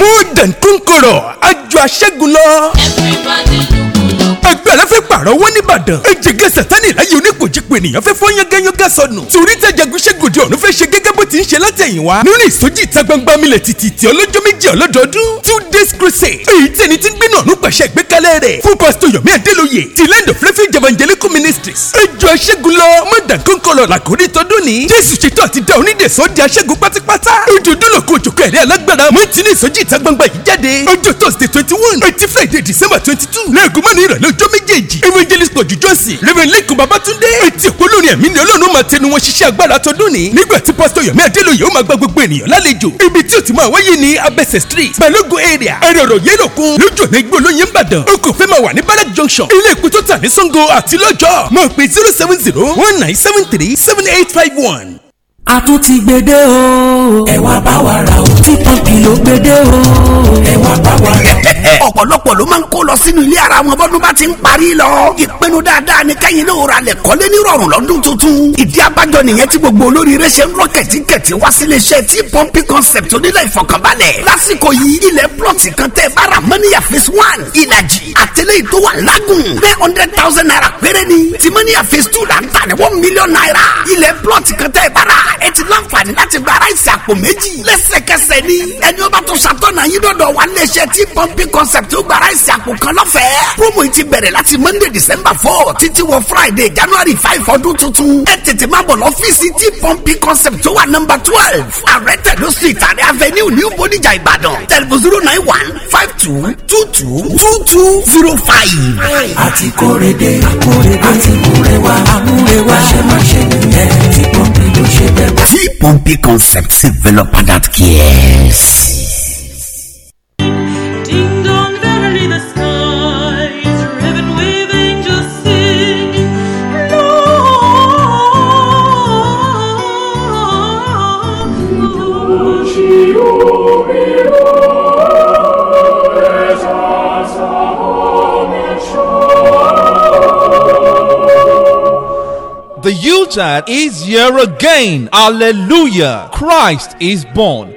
more than conqueror àjọ aṣẹ́gun lọ. everybody lose agbára fẹ́ pààrọ̀ owó nìbàdàn ejìgẹ́ sátani láyé oníkòjìpò ènìyàn fẹ́ fọ́ yángẹ́yángá sọnù torí tẹ́jagunṣẹ́gòdì ọ̀run fẹ́ ṣe gẹ́gẹ́ bó ti ń ṣe látẹ̀yìnwá nínú ìsọjí ìta gbangba milẹ̀ títì tí ọlọ́jọ́ méjì ọlọ́dọọdún two days crusade èyí tí ẹni tí ń gbénà ọ̀nù pàṣẹ ìgbékalẹ̀ rẹ̀ fún pásítọ̀ yomi adélóye ti land of refuge evangelical ministries ẹjọ́ aṣẹ́gun lọ mọ̀dàkọ́kọ́lọ̀ làkúrí tọdún ni jésù ṣètò àti dá onídẹ̀sọ́ di aṣẹ́gun pátápátá ìdúndúnlọ̀ kò jòkó ẹ̀rí alágbára mọ́ ti ní ìsọjí ìta gbangba ọjọ́ méjèèjì evangelist pọ̀jù jọ́sìn reverend lẹ́kùn babatunde etí òkú olórin ẹ̀mí ni ọlọ́run máa tẹnu wọn ṣiṣẹ́ agbára tọdún ni nígbà tí pásítọ̀ yomi adélòye ó máa gba gbogbo ènìyàn lálejò ibi tí ó ti máa wáyé ní abẹ́sẹ̀ street balógun area ẹ̀rọ ọ̀rọ̀ yẹn lòkun lójú ọ̀nà igbó olóyin ń bàdàn o kò fẹ́ máa wà ní barak junction ilé ìpín tó tà ní zero seven zero one nine seven three seven eight five one a tún ti gbede o. ẹ wá bá wa ra o. tí pọ́ǹpì ló gbede o. ẹ wá bá wa ra o. ọ̀pọ̀lọpọ̀ ló máa ń kó lọ sínú ilé ara wọn bọ́dún bá ti ń parí lọ. ìpinnu dáadáa ni kẹ́yìn náà ra lẹ̀ kọ́lé ní rọ̀rùn lọ́dún tuntun. ìdí abájọ nìyẹn tí gbogbo olóríire ṣe ń rọ wá sílé iṣẹ́ tí pọ́ǹpì concept onílẹ̀ ìfọ̀kànbalẹ̀. lásìkò yìí one ìlàjì àtẹlẹ́ ìtò wà lágùn three hundred thousand naira péré ni tìmọ́níyà phase two là ń one million naira ilẹ̀ plọ̀tì kan tẹ bára ẹ ti láǹfààní láti gba ráìsì àpò méjì lẹ́sẹ̀kẹsẹ̀ ni ẹni ó bá tó ṣàtọ̀nà yín dọ̀dọ̀ wa níléeṣẹ́ tí pọ́ńpì concept ó gba ráìsì àpò kan lọ́fẹ̀ẹ́ promo yìí ti bẹ̀rẹ̀ láti monday december four títí wọ friday january five ọdún tuntun ẹ tètè má bọ̀ lọ́fíìsì tí pọ́ńpì concept ó wà nọ́mbà twelve ààrẹ tẹ̀lé street àrẹ avenue new bonija ìbàdàn tẹlifù zero nine one five two two two two two zero five. àti kórede àkórede àti múrewa àmúrewa àṣemáṣe nìyẹn tí pọ́ńpì ló ṣe bẹ́ẹ̀. T-Pompey Concepts, developer that cares. the Yuletide is here again. Hallelujah. Christ is born.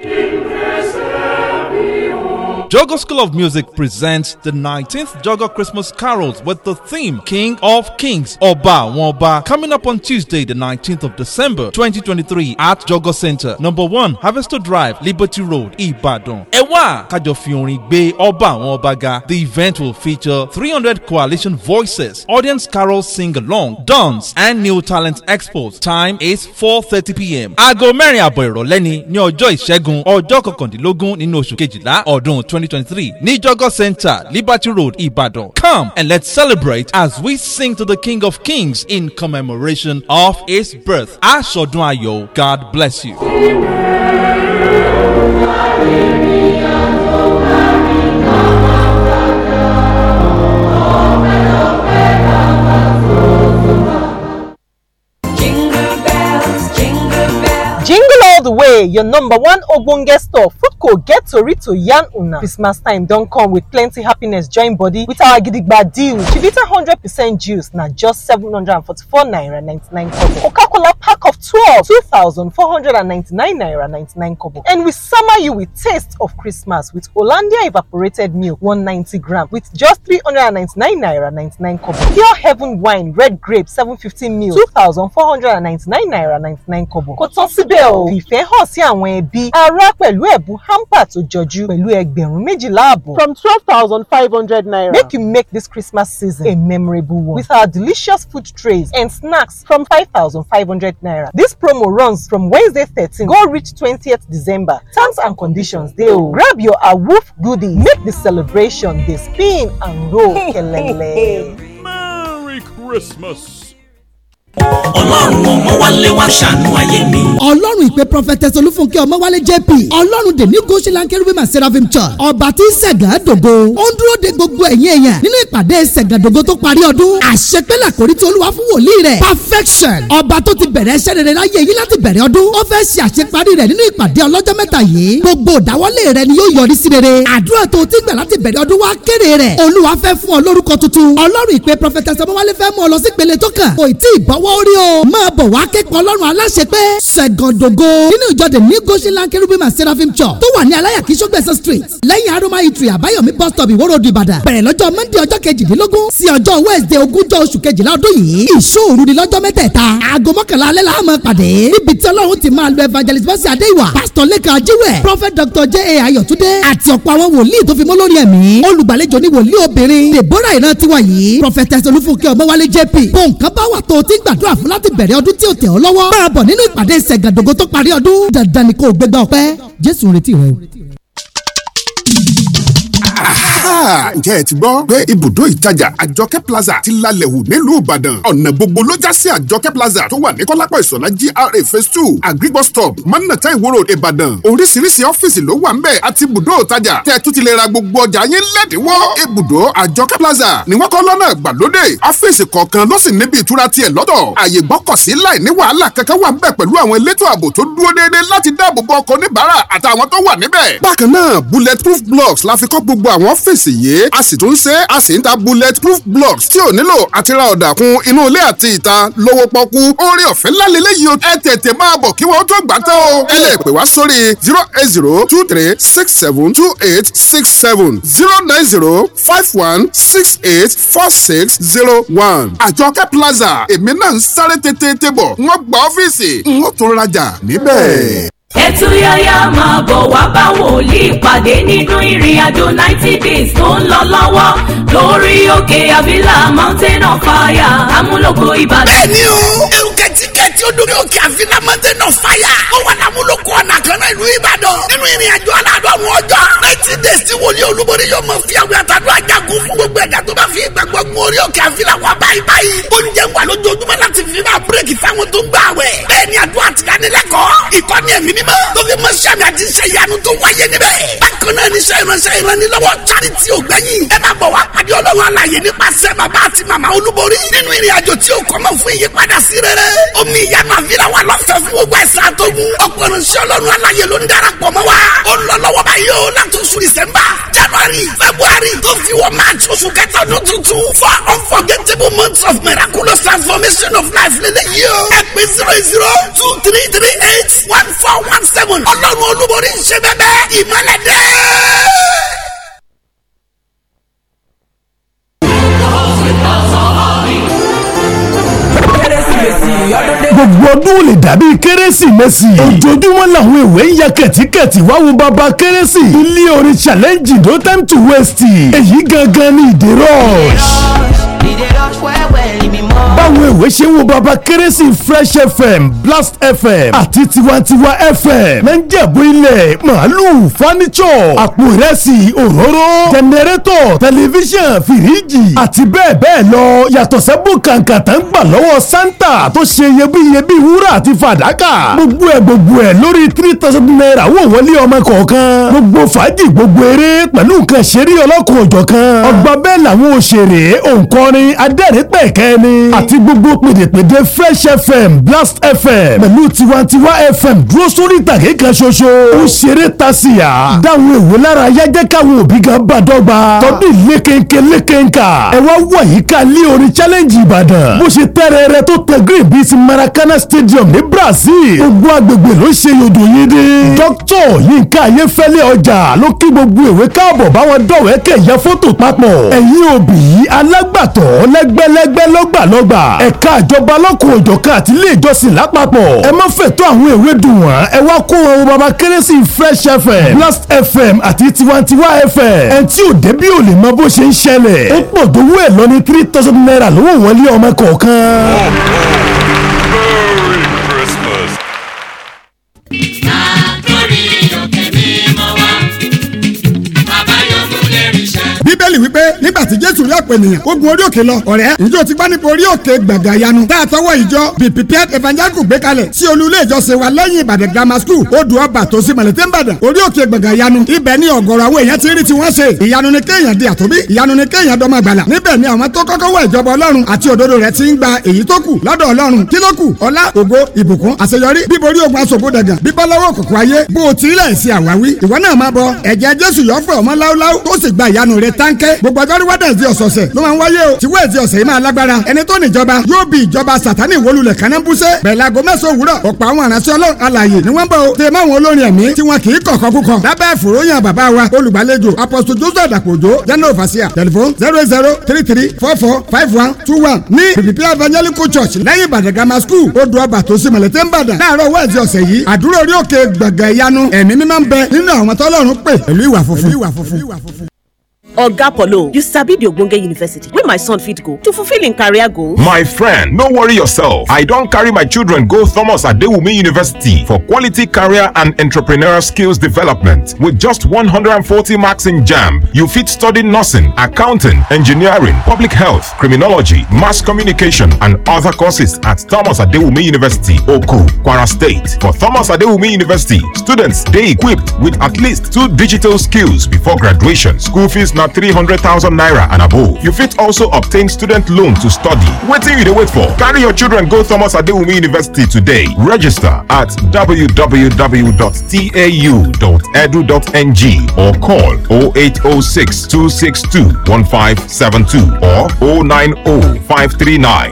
Jogo School of Music presents the 19th Jogo Christmas Carols with the theme King of Kings Oba Woba coming up on Tuesday, the 19th of December 2023 at Jogo Center, number one, Harvester Drive, Liberty Road, Ibadan. Ewa Kajofiori Bay Oba Wobaga. The event will feature 300 coalition voices, audience carols, sing along, dance, and new talent expos. Time is 4:30 p.m. Aago mẹ́rin àbọ̀ ìrọ̀lẹ́ ni ní ọjọ́ or ọjọ́ kọkàndínlógún nínú oṣù kejìlá ọdún 2023. 2023, Nijogo Center, Liberty Road, Ibadan. Come and let's celebrate as we sing to the King of Kings in commemoration of his birth. Ashodun Ayo, God bless you. Hey, your number one ogbonge store, Foodco get tori to yarn una. Christmas time don come with plenty happiness join body with our gidigba deal. Chivita percent juice na just seven hundred and forty-four naira ninety-nine kobo. Coca-Cola pack of twelve, two thousand four hundred and ninety-nine naira ninety-nine kobo. And we summer you with taste of Christmas with Olandia evaporated milk one ninety gram with just three hundred and ninety-nine naira ninety-nine kobo. Pure Heaven wine red grape 750 ml ninety-nine naira ninety-nine kobo. Kò tán síbẹ̀ o. Fìfẹ́ hàn sí àwọn ẹbí ará pẹ̀lú ẹ̀bùn hamper tó jọjú pẹ̀lú ẹgbẹ̀rún méjìlá àbọ̀ from twelve thousand five hundred naira. Make you make this Christmas season a memorable one with our delicious food trays and snacks from five thousand five hundred naira. This promo runs from Wednesday thirteen go reach twentieth December. Terms and conditions dey o. Grab your awoof goodies make the celebration dey spin and roll kelele. Merry Christmas ọlọ́run ọmọwálé wa ṣàánú ayé mi. ọlọ́run ìpè prọfẹtẹsì olúfúnkẹ́ ọmọwálé jp ọlọ́run dèní gosìlá kérúbì mà seraphim church ọba tí sẹ̀gà dògo ó ń dúró de gbogbo ẹ̀yìn èèyàn nínú ìpàdé sẹ̀gà dògo tó parí ọdún àṣepẹ́lẹ̀ àkórí tí olúwa fún wòlíì rẹ̀ perfection ọba tó ti bẹ̀rẹ̀ iṣẹ́ rere láyé yìí láti bẹ̀rẹ̀ ọdún ó fẹ́ ṣe àṣeparí rẹ̀ nínú ìpàdé ọlọ́jọ́ mẹ́ta yìí gbogbo ìdáwọ́lé rẹ̀ ni yóò yọrí sí rere àdúrà tó ti gbà láti bẹ̀rẹ̀ ọdún wá kéré rẹ̀ olúwa fẹ́ fún ọ lórúkọ tuntun ọlọ́run ìpè prọfẹtẹsì ọmọwálé fẹ́ mú lọ́wọ́ orí o máa bọ̀ wá kẹ́kọ̀ọ́ ọlọ́run aláṣẹ pé sẹ̀gàndògo nínú ìjọ the new goshenland kerubim and seraphim church tó wà ní aláyàkí sọ́gbẹ́sẹ̀ street lẹ́yìn aroma itri àbáyọ̀mí bus stop ìwó road ìbàdàn bẹ̀rẹ̀ lọ́jọ́ monday ọjọ́ kejìdínlógún sí ọjọ́ wednesday ogúnjọ́ oṣù kejìlá ọdún yìí ìṣòro ni lọ́jọ́ mẹ́tẹ̀ẹ̀ta aago mọ́kànlá alẹ́ la máa pàdé níbi tí ọlọ́run ti máa lo evangelist bọ́sì adéwà pastor lẹ́kan ajíwẹ̀ prophet dr j a ayọ̀túndé àti ọ̀pọ̀ àwọn wòlíì tó fi mọ́ lórí ẹ̀mí olùgbàlejò ní wòlíì obìnrin deborah ìran tiwa yìí prophetess olúfúnkẹ́ ọmọwálé jp bóńkà bá wà tó ti gbà gbàdúrà fún láti bẹ̀rẹ̀ ọdún tí ó tẹ̀ ọ́ lọ́wọ́. bá bọ̀ nínú ìpàdé ìṣẹ̀gàdógó tó parí ọdún. dandan ni kò gbégbá ọpẹ́ jésù retí rẹ o ǹjẹ́ ẹ ti gbọ́ pé ibùdó ìtajà àjọkẹ́ plaza ti lálẹ́ wù nílùú ìbàdàn ọ̀nà gbogbo ló já sí àjọkẹ́ plaza tó wà ní kọ́lápọ̀ ìsọ̀lá GRA phase two agribus stop mọ́nàtà ìwòrò ìbàdàn oríṣiríṣi ọ́fíìsì ló wà ń bẹ̀ àti ibùdó ìtajà tẹ́ tún ti lè ra gbogbo ọjà yín lẹ́dínwó ibùdó àjọkẹ́ plaza ni wọ́n kọ́ lọ́nà ìgbàlódé ọ́fíìsì kọ̀ọ̀kan ló sì níbi ìtura tiẹ̀ lọ́dọ̀ àyè gbọ́kọ̀sí láì ní wàhálà kankan wà ń bẹ̀ pẹ̀lú àwọn elétò ààbò tó dúró déédéé láti dáàbò bo ọkọ̀ oníbàárà àtàwọn tó wà níbẹ̀. bákan náà bulletproof blocks la fi kọ́ gbogbo àwọn ọ́fíìsì ọ́fíìsì yìí a sì tún ṣe a sì ń ta bullet proof blocks tí ò nílò àti ra ọ̀dà kun inú ilé àti ìta lówó pọ́kú orí ọ̀fẹ́ lálẹ́lẹ́ yìí ẹ tètè máa bọ̀ kí wọ́n tó gbà tán o ẹ wá sórí zero eight zero two three six seven two eight six seven zero nine zero five one six eight four six zero one àjọkẹ́ plaza èmi náà ń sáré tètè tètè bọ̀ wọ́n gba ọ́fíìsì n ó rajà níbẹ̀ ẹtúyáyá máa bọ̀ wá bá wòlíì pàdé nínú ìrìn àjò ninety days tó ń lọ lọ́wọ́ lórí òkè àbílà mountain of fire amúlòkọ ìbàdàn. bẹ́ẹ̀ni o ìjẹ tí ó dórí òkè àfínà mọ́tẹ́nà fáyà. ó wà lámúlòkọ ọ̀nà kan náà ìlú ìbàdàn. nínú ìrìn àjò aládọ́run ọjọ́. ninety days tí wòlíì olúborí yóò mọ fi àwọn àtàdúrà jagun fún gbogbo ẹ̀dá tó bá fi ìgbàgbọ́ gun orí òkè àfínà wà báyìí báyìí. oúnjẹ wà lójoojúmọ́ láti fi máa bírèkì fáwọn tó ń gbà wẹ̀. bẹ́ẹ̀ ni àdúrà ti dánilẹ́kọ̀ọ́. ìkọ́ni ẹ̀mí mímọ́ tó fi mọ́ sàmì àti iṣẹ́ ìyanu tó wáyé níbẹ̀. bákan náà níṣẹ́ ìránṣẹ́ ìrànlọ́wọ́ charity ògbẹ́yìn. ẹ máa bọ̀ wá pàdé ọlọ́run alàyè nípasẹ̀ bàbá àti màmá olúborí. nínú ìrìn àjò tí ó kọ́mọ fún ìyípadà ní ìyanu àfihàn wa lọ́fẹ̀ẹ́ fún gbogbo ẹ̀sìn àtọ́gùn. ọ̀pọ̀ ìrìnsẹ̀ ọlọ́run aláyè ló ń darapọ̀ mọ́ wa. ó lọ lọ́wọ́ báyìí o láti oṣù december january february tó fi wọ march oṣù kẹta ọdún tuntun for unforgettable months of miraculous transformation of life lélẹ̀ yìí o. ẹ zero zero two three three eight one four one seven ọlọ́run olúborí ń ṣe bẹ́ẹ̀ bẹ́ẹ̀ ìmọ̀lẹ́dẹ́. gbogbo ọdún lè dàbí kérésìmesì. ojoojúmọ́ làwọn èwe ń ya kẹ̀tíkẹ̀tì wá wo baba kérésì. ilé orin challenge no time to waste. èyí gangan ni ìdè rush báwo ìwé ṣe ń wo baba kérésì fresh fm blast fm àti tiwantiwa fm náà ń jẹ̀bú ilẹ̀ màálù fánítsọ̀ àpò ìrẹsì òróró jẹnẹrétọ̀ tẹlifíṣàn fìríjì àti bẹ́ẹ̀ bẹ́ẹ̀ lọ yàtọ̀ sẹ́bù kàǹkà tá ń gbà lọ́wọ́ santa tó ṣe iyebíye bíi wúrà àti fàdákà gbogbo ẹ̀ gbogbo ẹ̀ lórí three thousand naira wò wọlé ọmọ kọ̀ọ̀kan gbogbo fàájì gbogbo eré pẹ̀lú nǹkan ṣeré ọlọ́kùnrin ọ̀jọ̀kan ọgbà bẹ́ẹ̀ làwọn òṣèré òǹkọrin adẹ́rìn-pẹ̀kẹ́ ni àti gbogbo pèdèpèdè fresh fm blast fm pẹ̀lú tiwantiwa fm dúró sórí ìtàgé kan ṣoṣo ó ṣeré tasiya dáhùn èwo lára yájẹ́ káwọn òbí gan bá dọ́gba tọdún ìlékeńké lékeńká ẹ wá wọ̀ yìí ká lé orin challenge ìbàdàn bó ṣe tẹ́rẹ̀ rẹ tó tẹ green bíi maracana stadium ní brazil gbogbo agbègbè ló ṣe yòdò yìí dé dókítọ̀ yínká ayéfẹ́lẹ́ ọjà ló kí gbogbo ìwé káàbọ̀ báwọn dọ̀wẹ́kẹ̀ ya fótò papọ̀ ẹ̀yin òbí alágbàtọ́ ọ̀hún lẹ́gbẹ́lẹ́gbẹ́ lọ́gbàlọ́gbà ẹ̀ka ìjọba lọ́kùn òjọ̀kan àti ilé ìjọsìn lápapọ̀ ẹ má fẹ̀tọ́ àwọn èwe dùn wọ́n ẹ wá kó wọn wo baba kérésì fresh fm blast fm àti tiwantiwa fm ẹn tí ò débí ò lè mọ bó ṣe ń ṣẹlẹ̀ ó pọ̀ tó wú ẹ̀ lọ ní three thousand naira lówó wọlé ọmọ kọ̀ọ̀kan. ọ̀pọ̀lọpọ̀ ènìyàn kó gun orí òkè lọ ọ̀rẹ́ ìjọ ti gbá nípa orí òkè gbàgà yanu tá a tọwọ́ ìjọ be prepared evangelical gbé kalẹ̀ sí olú ìjọsìn wa lẹ́yìn ìbàdàn grammar school odò ọba tó sí mọ̀lẹ́tẹ́ ìbàdàn orí òkè gbàgà yanu ibẹ̀ ni ọ̀gọ̀rọ̀ àwọn èèyàn ti rí tí ṣe ìyanu ni kéèyàn di àtòbí ìyanu ni kéèyàn dọ́mọ gbàlà níbẹ̀ ni àwọn tó kọ́kọ́ wọ ìjọba ọlọ́run àti òdodo rẹ̀ ti ń gba èyí tó kù lọ́dọ̀ ọlọ́run kí ló kù ọlá ògo ìbùkún àṣeyọrí bíborí ogun aṣogo dàgà bíbọ́láwọ́ òkùnkùn ayé bó o ti ilẹ̀ sí àwáwí ìwọ náà máa bọ ẹ̀jẹ̀ jésù yọ fún ọmọ láúláú tó sì gba ìyanu rẹ̀ táńkẹ́ gbogbo ọjọ́ rí wádàá ọ̀sẹ̀ ló máa ń wáyé o tí wẹ́ẹ̀sì ọ̀sẹ̀ yìí máa lágbára ẹni tó níjọba yóò bí ìjọba sàtánì wólulẹ̀ kánábùsẹ̀ bẹ̀lẹ̀ aago mẹ́sàn-án òwúrọ̀ ọ̀pọ̀ àwọn àránṣẹ́ ọlọ́run alààyè ni wọ́n bọ̀ o tèmọ́ àwọn olórin ẹ̀mí tí wọn kì í kọ̀kọ́ kúkọ lábẹ́ ìfòròyìn bàbá wa olùgbàlejò apostle joseph dàpọ̀jọ́ jẹ́nà òfàṣíà tẹlifon zero zero three three four four five one two one ní pípí evangelical church lẹ́yìn ìbàdàn grammar school odò ọba tó sì mọ̀lẹ́tẹ̀ ń bàdàn láàárọ̀ wẹ́ẹ̀sì ọ̀sẹ̀ yìí àdúrà orí òkè gbọ̀ngàn ìyanu ẹ̀mí mímọ́ ń bẹ nínú àwọn tọ́lọ́run pè pẹ̀lú ìwà funfun. oga polo you sabi di ogbonge university Where my son fit go to fulfill in career goals. my friend no worry yourself i don't carry my children go thomas adewumi university for quality career and entrepreneurial skills development with just 140 marks in jamb you fit study nursing accounting engineering public health criminology mass communication and other courses at thomas adewumi university oku kwara state for thomas adewumi university students stay equipped with at least two digital skills before graduation school fees 300,000 naira and above. You fit also obtain student loan to study. Waiting you to wait for. Carry your children go Thomas Adewumi University today. Register at www.tau.edu.ng or call 0806 262 1572 or 090 539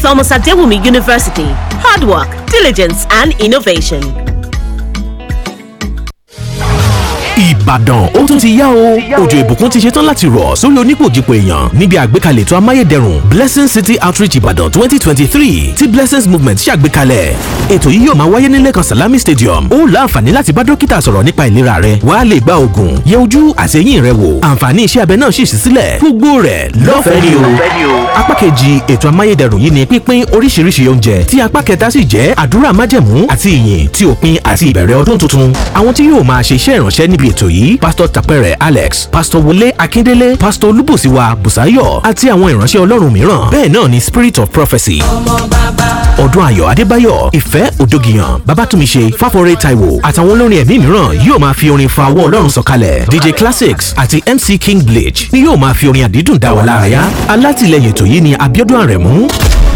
Thomas Adewumi University. Hard work, diligence, and innovation. Ìbàdàn ó tún ti yá o òjò ìbùkún ti ṣetán láti rọ̀ sórí onípòjìpò èèyàn níbi àgbékalẹ̀ ètò amáyédẹrùn Blessing City Outreach Ìbàdàn twenty twenty three ti Blessings Movement ṣàgbékalẹ̀ ètò yìí yóò máa wáyé ní Lẹ́kan Salami Stadium ó láǹfààní láti bá dókítà sọ̀rọ̀ nípa ìlera rẹ wàá lè gba oògùn yẹ ojú àti eyín rẹ wò àǹfààní iṣẹ́ abẹ náà sì sí sílẹ̀ gbogbo rẹ̀ lọ́fẹ̀ẹ́ ni o apá kejì ètò amáyédẹrùn yìí ni pínpín oríṣiríṣi oúnjẹ tí apá kẹta sì jẹ́ àdúrà májẹ̀mú àti ìyìn tí òpin àti ìbẹ̀rẹ̀ ọdún tuntun àwọn tí níbi ètò yìí pásítọ̀ Tapẹ́rẹ̀ Alex Pastor Wole, Akíndélé Pastor Olúbùsíwà Busayo. àti àwọn ìránṣẹ́ Ọlọ́run mìíràn bẹ́ẹ̀ náà ni Spirit of Prophecy. ọmọ b Ọdúnayọ̀ Adébáyọ̀ Ìfẹ́ Òdògìyàn Babátúmiṣe Fáforé Táíwò àtàwọn olórin ẹ̀mí mìíràn yóò máa fi orin fa ọwọ́ Ọlọ́run sọ̀kalẹ̀ DJ Classics àti MC King Bleach ni yóò máa fi orin àdídùn dá wa lárayá alátìlẹyìn ètò yìí ni Abíọ́dún Àrẹ̀mú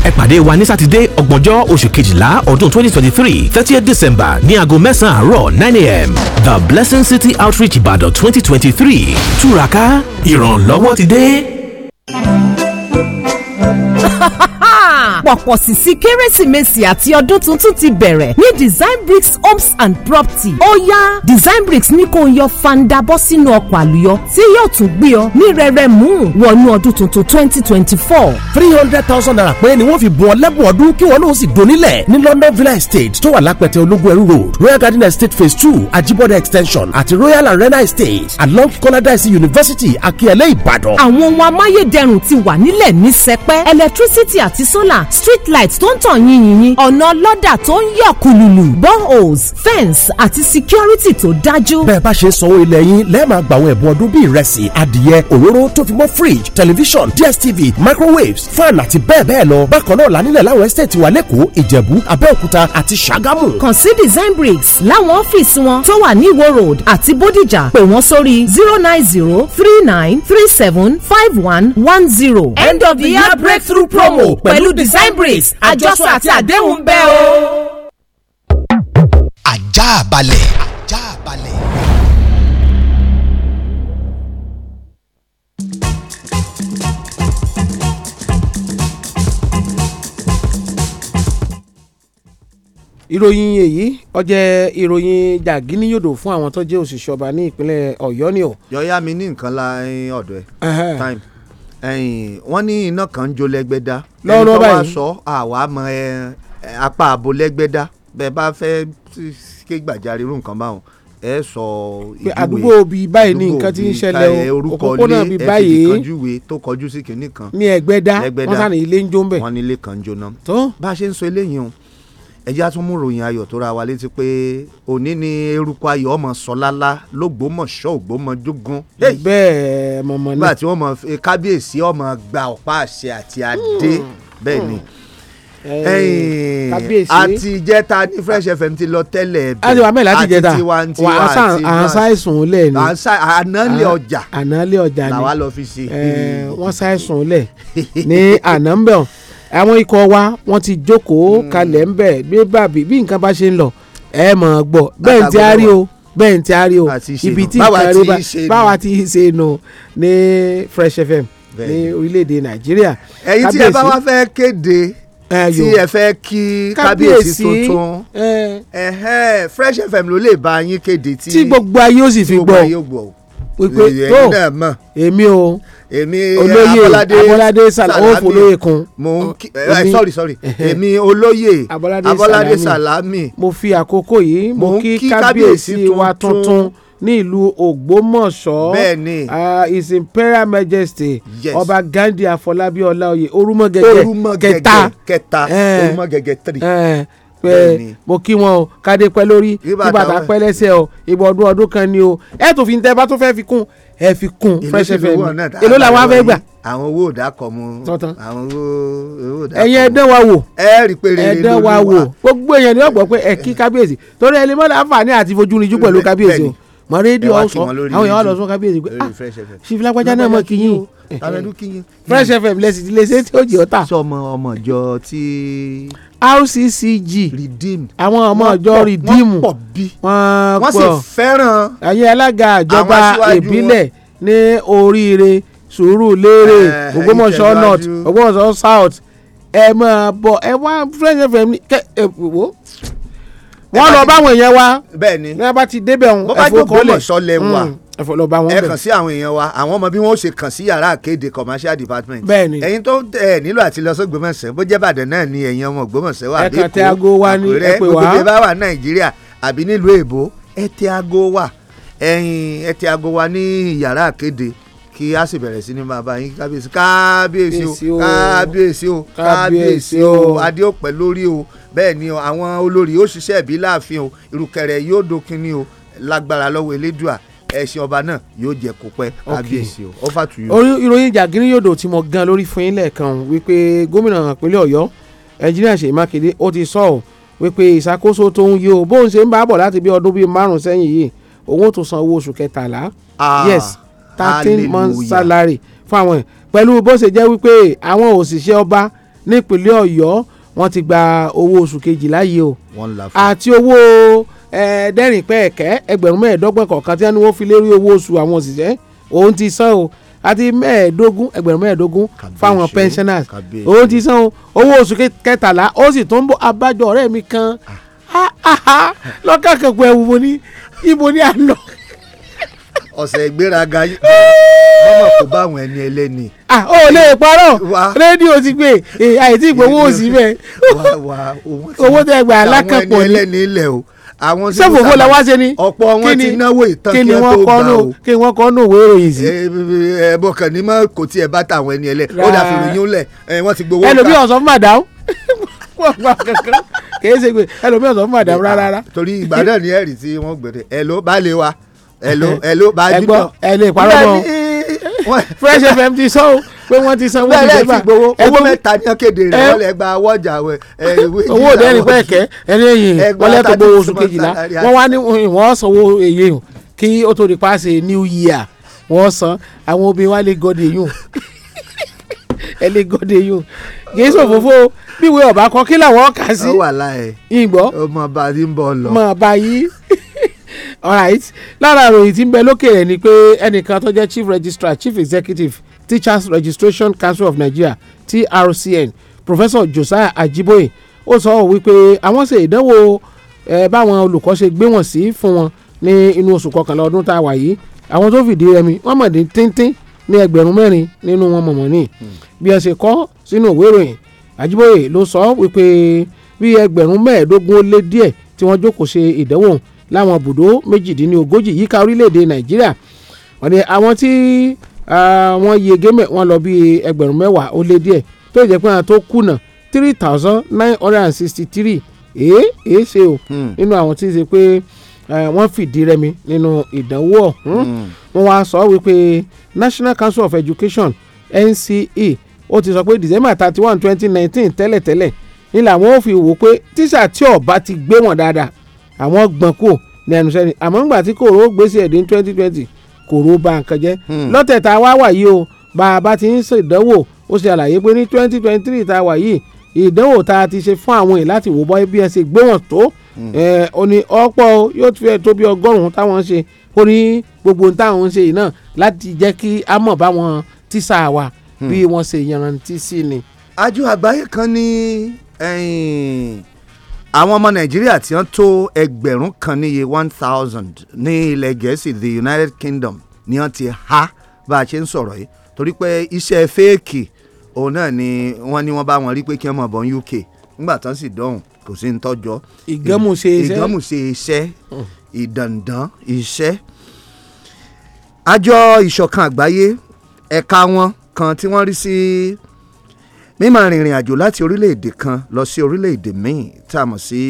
ẹ pàdé wa ní sátidé ọgbọ̀njọ́ oṣù kejìlá ọdún twenty twenty three december ní aago mẹ́sàn-án àárọ̀ nine a.m. the blessing city outreach ìbàdàn 2023 twenty three túraká ìrànlọ́wọ́ ti dé. pọ̀pọ̀ sí sí kérésìmesì àti ọdún tuntun ti bẹ̀rẹ̀ ní design bricks homes and property ó yá design bricks ní kò ń yọ fanda bọ́ sínú ọkọ̀ àlùyọ tí yóò tún gbé ọ ní rẹ̀rẹ̀ mú wọnú ọdún tuntun twenty twenty four. three hundred thousand naira pé ni wọ́n fi bu ọlẹ́bùn ọdún kí wọ́n lóun sì donílẹ̀ ní London Villa Estate tó wà lápẹ̀tẹ̀ ológun ẹrú road Royal Garden Estate phase two Ajibode extension àti Royal Arena Estate along Koladaisi University Akiele Ìbàdàn. àwọn ohun amáyédẹrùn ti wà nílẹ̀ ní sẹpẹ́ ẹlẹtírísítì àti solar street light tó ń tàn yìnyín ọ̀nà lọ́dà tó ń yọ̀ kùlùlù boreholes fence àti security tó dájú. bẹ́ẹ̀ bá ṣe sanwó ilẹ̀ yín lẹ́ẹ̀máa gba àwọn ẹ̀bùn ọdún bíi ìrẹsì adìyẹ òróró tó fi mọ́ fridge television dstv microwaves fan àti bẹ́ẹ̀ bẹ́ẹ̀ lọ bákan náà lanílẹ̀ láwọn estate wa lẹ́kọ̀ọ́ ìjẹ̀bú abẹ́òkúta àti ṣàgámù. kàn sí design bricks láwọn ọ́fíìsì wọn tó wà ní ìwó road àti bódìjà pè wọ́n sórí zero nine zero three nine three seven five one one zero. end of the year breakthrough promo pẹ̀lú design Shine Breeze àjọsọ àti àdéhùn bẹ́ẹ̀ o. ajá balẹ̀. ajá balẹ̀. ìròyìn èyí ó jẹ́ ìròyìn jàgínníyòdò fún àwọn tó jẹ́ òṣìṣẹ́ ní ìpínlẹ̀ Ọ̀yọ́ ni o. yọ̀ọ́yá mi ní nǹkan la ọ̀dọ̀ ẹ̀ time wọ́n ní iná kan ń jó lẹ́gbẹ́dá ẹni tó wá sọ àwa mọ apá àbò lẹ́gbẹ́dá bẹ́ẹ̀ bá fẹ́ ké gbàjarè irú nǹkan báwọn ẹ sọ ìjúwe àdúgbò bíi báyìí ní nǹkan tí ń ṣẹlẹ̀ òpópónà bíi báyìí ìkànjúwe tó kọjú sí kìnnì kan ní ẹgbẹ́dá wọ́n sàn ní ilé ń jó ń bẹ̀ wọ́n ní ilé kan jóná bá a ṣe ń sọ eléyìí o ẹjẹ́ àtúmúròyìn ayọ̀ tó ra wa létí pé òní ni eruku ayọ̀ ọmọ sọlálá lọ́gbọ́mọṣọ́ ògbómọdógún. bẹ́ẹ̀ mọ̀mọ́ nígbà tí wọ́n mọ eh, kábíyèsí ọmọ gba ọ̀pá àṣẹ àti adé hmm. bẹ́ẹ̀ ni. Hmm. Eh, kábíyèsí àti ìjẹta ní Fresh FM ti lọ tẹ́lẹ̀ ẹ̀bẹ̀ àti wàá mẹ́lẹ̀ àti ìjẹta wà á ṣàìsùn lẹ̀ ni ànálẹ̀ ọjà ànálẹ̀ ọjà ni làwa lọ fi ṣe. Eh, wọ́n ṣàìsùn lẹ̀ ní ànámbẹ̀ọ́ àwọn ikọ̀ wa wọ́n ti jókòó hmm. kalẹ̀ ń bẹ̀ bí bàbí bí nǹkan bá ṣe ń lọ ẹ mọ̀ ọ́ gbọ́ bẹ́ẹ̀ ti á rí o bẹ́ẹ̀ ti á rí o ibi tí nǹkan rí báwa ti ṣe nù ní Fresh FM ní orílẹ̀-èdè Nàìjíríà. ẹ̀yin tí ẹ bá wá fẹ́ kéde tí ẹ fẹ́ kí kábíyèsí tuntun Fresh FM ló lè bá yín kéde tí gbogbo ayé ó sì fi gbọ́ wípé tó èmi o eh, olóyè abọ́ládé sàlámì ó fòlóye kun. mo ń ẹ eh, sorry sorry èmi olóyè abọ́ládé sàlámì. mo fi àkókò yìí mo kí kábíyèsí wa tuntun ní ìlú Ògbómọ̀ṣọ́ bẹ́ẹ̀ni uh, his imperial majesty Yes, ọba yes. Gandhi Afọlábí Ọláoyè orúmọgẹgẹ kẹta kẹta eh. orúmọgẹgẹ three pé mo kí wọn o kádé pẹ́ lórí ìbàdàn pẹ́ lẹ́sẹ̀ o ìbò ọdún ọdún kan ni o ẹ tó fi ń tẹ́ bá tó fẹ́ fi kún ẹ fi kún fresh fm èló làwọn afẹ́ gbà. àwọn owó òdà kọ mu àwọn owó òdà kọ mu. ẹ̀yin ẹdán wa wò ẹdán wa wò gbogbo èèyàn ni wọ́n gbọ́ pé ẹ kí kábíyèsí torí ẹ lè mọ àti fojúrinjú pẹ̀lú kábíyèsí o mọ rédíò ọsàn àwọn èèyàn wà lọ sọ kábíyèsí pé ah ṣìfìlágbájá náà mọ kìyìn fresh fm lẹsẹ tí ó jẹ ọta. sọmọ ọmọ ìjọ tí rccg redeemed àwọn ọmọ ọjọ́ redeemed wọ́n pọ̀ bí wọ́n sì fẹ́ràn ẹ̀yin alága ìjọba ìbílẹ̀ ní oríire Sùúrùlérè Ògbómọ̀ṣọ́ north Ògbómọ̀ṣọ́ south ẹ máa bọ̀ ẹ wá Fresh FM kẹ ẹ wò wọ́n lọ báwọn èèyàn wa bẹ́ẹ̀ ni bí wọ́n bá ti débẹ̀ ọ̀hún ẹ̀fọ́ kọ́lẹ̀ bó bá jókòó mọ̀ṣọ́ lẹ́wà mm ẹ̀fọ́ lọ́ọ́ bá wọn bẹ̀rẹ̀. ẹ kàn sí àwọn èèyàn wa àwọn ọmọ bí wọn ó ṣe kàn sí yàrá àkéde commercial department. bẹ́ẹ̀ni ẹ̀yin tó ẹ nílò àti lọ sí Ògbómọ̀ṣọ́ bó jẹ́ Ìbàdàn náà ni ẹ̀yin ọmọ Ògbómọ̀ṣọ́ wà bí kò wa gbogbo bẹ́ẹ̀ bá wà Nàìjíríà àbí nílùú èbó ẹ tẹ aago wà ẹ̀yin ẹ tẹ aago wà ní yàrá àkéde kí a sì bẹ̀rẹ̀ sí ní máa bá yín kábíyèsí kábíyèsí o kábíyèsí o kábíyèsí o adé lórí o bẹ́ẹ̀ ni àwọn olórí yóò ṣiṣẹ́ ìbí láàfin o ìrùkẹ̀rẹ̀ yóò dokin ni o lágbára lọ́wọ́ elédùà ẹ̀sìn ọba náà yóò jẹ́ kó pẹ́ kábíyèsí o over to you. ìròyìn jàgírí yòdò tí mo gan lórí fún yín lẹ́ẹ̀kan wípé gómìnà ìpínlẹ̀ ọ̀yọ́ ẹnjíníà ṣèyí mákindé ó ti sọ ọ́ wípé ìṣàkóso tó ń yí o bóun ṣe ń bá bọ̀ láti bí ọdún bíi márùn-ún sẹ́yìn yìí owó tó san owó oṣù kẹtàlá ah, yes thirteen months salary fún àwọn ẹ̀ pẹ̀lú bó ṣe jẹ́ wípé àwọn òṣìṣẹ́ ọba nípínlẹ̀ ọ̀yọ́ wọ́n ti gba owó oṣù kejìlá yìí o àti owó dẹ́rìn pẹ́ ẹ̀kẹ́ ẹgbẹ̀rún mẹ́ẹ̀ẹ́dọ́gbọ̀n kọ̀ọ̀kan tí wọ́n ní wọ́n fi lérí owó oṣù àwọn òṣìṣẹ́ òun ti san o àti mẹ́ẹ̀ẹ́dógún ẹgbẹ̀rún mẹ́ẹ̀ẹ́dógún fáwọn pensioners òun ti san o owó oṣù kẹtàlá ó sì tún bọ́ abájọ ọ̀rẹ́ mi kan ah. lọ́kàkàn pé ẹ̀wù mo ní ibo ní àná ọ̀sẹ̀ ìgbéraga mọ́mọ́ kò bá àwọn ẹni ẹlẹ́ni. ó lè parọ́ rédíò ti gbé àìtí ìgbowó òsì bẹ́ẹ̀ owó tẹ gbà lákàpọ̀ ní. àwọn ẹni ẹlẹ́ni ilẹ̀ o àwọn tí mo sábà ọ̀pọ̀ wọn ti náwó ìtàn kí wọ́n kọ́ nù wéèrè yìí sí. Eh, eh, eh, ẹ bọ kàn ní mọ kò tiẹ̀ bá tàwọn ẹni ẹlẹ ó dà fìrì yín lẹ wọ́n ti gbowó ká. ẹlòmíì ọ̀sán fún màdàm wọ́n gba kankan kìí ṣe pé ẹlòmíì ọ̀sán fún màdàm rárá. Ah, torí ìgbà náà ni ẹ̀rì tí wọ́n gbèrè ẹ̀ ló bá lè wa ẹ̀ ló bá jùlọ. ẹ ẹ lè parọ́ mọ́ Fresh FM ti sọ́ọ́ pé wọ́n ti sanwó ti dé bá owó mẹ́ta ní akéde rẹ̀ wọ́n lè gba awọ́jà wẹ̀ ìwé ìjìyà owó ìdẹ́rìn pẹ́ẹ́kẹ́ ẹni ẹ̀yìn wọ́n lẹ́tọ̀ gbowó oṣù kejìlá wọ́n wá ní wọ́n sanwó èyí kí ó tó di paṣẹ new year wọ́n san àwọn obìnrin wa lè gọ́dẹ yùn ẹ lè gọ́dẹ yùn kì í ṣòfófó bí ìwé ọ̀bá kan kí làwọn kà sí ìgbọ́ ọmọ bá yí ń bọ̀ lọ mọ̀ bá yí alright lára ìròyìn tí ń bẹ lókè rẹ̀ ni pé ẹnìkan tó jẹ́ chief registrar chief executive teachers registration council of nigeria trcn professor josiah ajiboye ó sọ wípé àwọn ṣe ìdánwò ẹ báwọn olùkọ́ ṣe gbé wọn sí fún wọn ní inú oṣù kọkànlá ọdún tá a wà yìí àwọn tó fìdí rẹmi wọ́n mọ̀ ní tíntín ní ẹgbẹ̀rún mẹ́rin nínú wọn mọ̀mọ́ ní hmm. bí ẹ ṣe kọ́ sínú ìwé ìròyìn ajiboye ló sọ wípé bí ẹgbẹ̀rún mẹ́ẹ̀ẹ́dógún ó lé díẹ̀ tí wọ́n jókòó ṣe ìdánwò láwọn bùdó méjìdínlógójì yíká orílẹ̀-èdè nàìjíríà wọ́n ní àwọn tí Ah, wọ́n yege mẹ́ wọ́n lọ bí ẹgbẹ̀rún mẹ́wàá ó lé díẹ̀ tó jẹ́ pé tó kùnà three thousand nine hundred and sixty three èé èé ṣe o hmm. nínú àwọn tí ń ṣe pé eh, wọ́n fìdí rẹmi nínú ìdánwò ọ̀hún hmm. wọ́n wá sọ wípé National Council of Education NCE ó ti sọ pé December thirty one twenty nineteen tẹ́lẹ̀tẹ́lẹ̀ ni làwọn ò fi wò pé tíṣà tí ọba ti gbé wọn dáadáa àwọn gbọ̀n kù ní ẹnu sẹ́ni àmọ́ ńgbà tí kòró gbèsè ẹ̀dín twenty twenty kòró ba nǹkan jẹ́ hmm. lọ́tẹ̀ tá a wá wà yìí o bá a bá ti ń ṣèdánwò ó ṣe àlàyé pé ní twenty twenty three tá a wà yìí ìdánwò tá a ti ṣe fún àwọn yìí láti wò bọ́ bí ẹ ṣe gbé wọn tó hmm. ó ní ọ̀pọ̀ yóò ti fẹ́ tó bí ọgọ́rùn-ún táwọn ṣe ó ní gbogbo táwọn ṣe yìí náà láti jẹ́ kí a mọ̀ bá wọn tíṣà wa hmm. bí wọ́n ṣe yanrantí sí ni. àjọ àgbáyé kan ní àwọn ọmọ nàìjíríà tí wọ́n tó ẹgbẹ̀rún kan níye one thousand ní ilẹ̀ gẹ̀ẹ́sì the united kingdom ni wọ́n ti há bá a ṣe ń sọ̀rọ̀ yìí torí pé iṣẹ́ fẹ́ẹ̀kì òun náà ni wọ́n ní wọ́n bá wọn rí pé kí wọ́n mọ̀ bọ́ uk nígbà tán sì dọ̀hùn kò sí ntọ́jọ́ ìgánmùṣe iṣẹ́ ìgánmùṣe iṣẹ́ hmm. ìdàndàn iṣẹ́ àjọ ìṣọ̀kan àgbáyé ẹ̀ka wọn kan tí wọ́n rí sí. Si mímọ rìnrìn àjò láti orílẹ̀-èdè kan lọ sí orílẹ̀-èdè míì tá a mọ̀ sí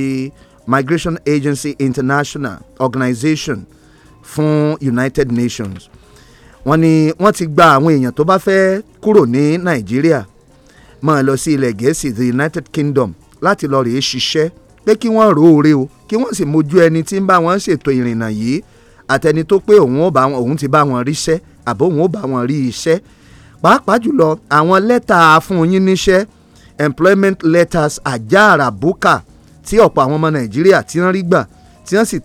Migration Agency International Organization fún United Nations wọ́n ní wọ́n ti gba àwọn èèyàn tó bá fẹ́ kúrò ní Nàìjíríà máa lọ sí ilẹ̀ Gẹ̀ẹ́sì the United Kingdom láti lọ rèé ṣiṣẹ́ pé kí wọ́n rò ó re o kí wọ́n sì mójú ẹni tí ń bá wọn ṣètò ìrìnnà yìí àtẹni tó pé òun ó òun ti bá wọn ríṣẹ́ àbó òun ó bá wọn rí iṣẹ́ pàápàá jùlọ àwọn lẹ́tà afúnyín níṣẹ́ employment letters àjàrà bùkà tí ọ̀pọ̀ àwọn ọmọ nàìjíríà tí wọ́n rí gbà tí wọ́n sì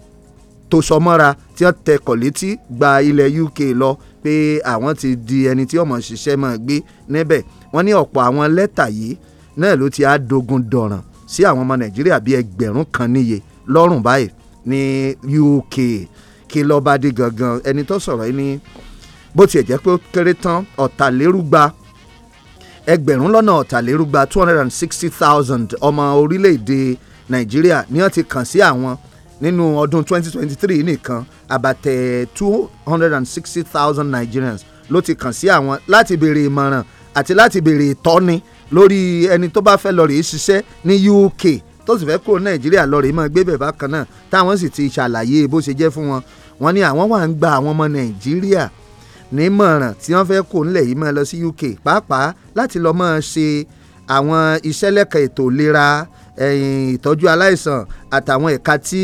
tó sọ mọ́ra tí wọ́n tẹkọ̀ létí gba ilẹ̀ UK lọ pé àwọn ti di ẹni tí ọmọ ṣiṣẹ́ máa gbé níbẹ̀ wọ́n ní ọ̀pọ̀ àwọn lẹ́tà yìí náà ló ti á dogun dọ̀ràn sí àwọn ọmọ nàìjíríà bíi ẹgbẹ̀rún kan níye lọ́rùn báyìí ní UK kí lọ́ọ́ bá dé gangan ẹni tó sọ̀rọ̀ yìí ní bó tiẹ̀ jẹ́ pé ó kéré tán ọ̀tàlérúgba ẹgbẹ̀rún lọ́nà ọ̀tàlérúgba two hundred and sixty thousand ọmọ orílẹ̀-èdè nàìjíríà ni wọ́n ti kàn sí àwọn nínú ọdún twenty twenty three nìkan àbàtẹ̀ two hundred and sixty thousand Nigerians ló ti kàn sí àwọn láti béèrè ìmọ̀ràn àti láti béèrè ìtọ́ni lórí ẹni tó bá fẹ́ lọ rèé ṣiṣẹ́ ní UK tó sì fẹ́ kúrò nàìjíríà lọ rèé mọ́ gbé bẹ̀ bákan náà táwọn sì ti ṣàlàyé bó ṣe jẹ́ fún wọn wọ́n ní àwọn wà ń gba àwọn ọmọ nàìjíríà nímọ̀ràn tí wọ́n fẹ́ kó ńlẹ̀ yìí máa lọ sí UK pàápàá láti lọ́ọ́ máa ṣe àwọn iṣẹ́ lẹ́ka ètò ìlera ìtọ́jú aláìsàn àtàwọn ẹ̀ka tí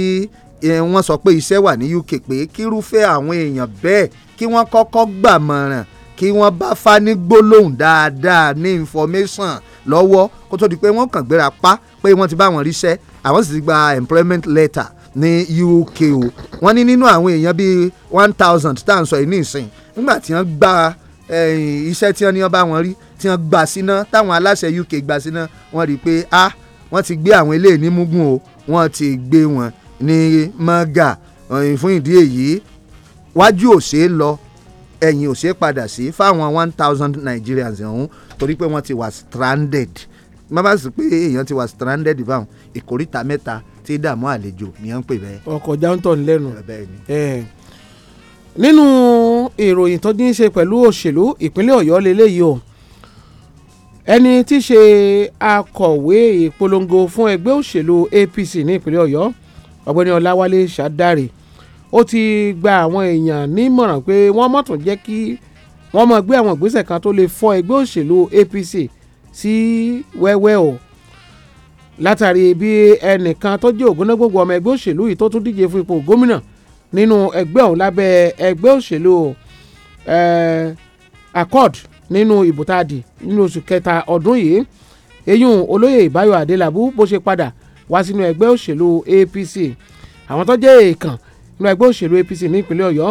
wọ́n sọ pé iṣẹ́ wà ní UK pé kírúfẹ́ àwọn èèyàn bẹ́ẹ̀ kí wọ́n kọ́kọ́ gbàmọ̀ràn kí wọ́n bá fani gbólóhùn dáadáa ní information lọ́wọ́ kó tó di pé wọ́n kàn gbéra pa pé wọ́n ti bá wọn ríṣẹ́ àwọn sì ti gba employment letter ní UK o wọ́n ní nínú àwọn èèyàn bíi one thousand tá à ń sọ yìí ní ìsìn nígbà tí wọ́n gba eh, iṣẹ́ tí wọ́n ní wọ́n bá wọn rí tí wọ́n gbà síná táwọn aláṣẹ UK gbà síná wọ́n rí i pé ah wọ́n ti gbé àwọn eléyìí ní mugun o wọ́n ti gbé wọn ní mọ́gà eh, fún ìdí èyí wájú ò lọ ẹ̀yìn ò padà sí fáwọn one thousand Nigerians ọ̀hún torí pé wọ́n ti wà stranded Mama bá sì pé èèyàn ti wà stranded báwọn ìkórìtà mẹ́ta tí dààmú àlejò ni à ń pè bẹ́ẹ̀. ọkọ̀ jántọ̀ lẹ́nu nínú ìròyìn tó ní í ṣe pẹ̀lú òṣèlú ìpínlẹ̀ ọ̀yọ́ lélẹ́yìí o ẹni tí í ṣe akọ̀wé ìpolongo fún ẹgbẹ́ òṣèlú APC ní ìpínlẹ̀ ọ̀yọ́ ọ̀gbẹ́ni ọláwálé ṣàdárì ó ti gba àwọn èèyàn nímọ̀ràn pé wọ́n mọ̀tún jẹ́ kí wọ́n máa gbé àwọn ìgbésẹ̀ kan tó lè fọ́ ẹgbẹ́ òṣèlú APC sí wẹ́wẹ́ o látàrí bí ẹnìkan tó jẹ́ ògúnnágbòǹgbò ọmọ ẹgbẹ́ òṣèlú yìí tó tún díje fún ipò gómìnà nínú ẹgbẹ́ ọ̀hún lábẹ́ ẹgbẹ́ òṣèlú accord nínú ìbò tá a dì nínú oṣù kẹta ọdún yìí eyín olóyè ìbáyọ̀ adélábù bó ṣe padà wá sínú ẹgbẹ́ òṣèlú apc àwọn tó jẹ́ èèkàn nínú ẹgbẹ́ òṣèlú apc ní ìpínlẹ̀ ọ̀yọ́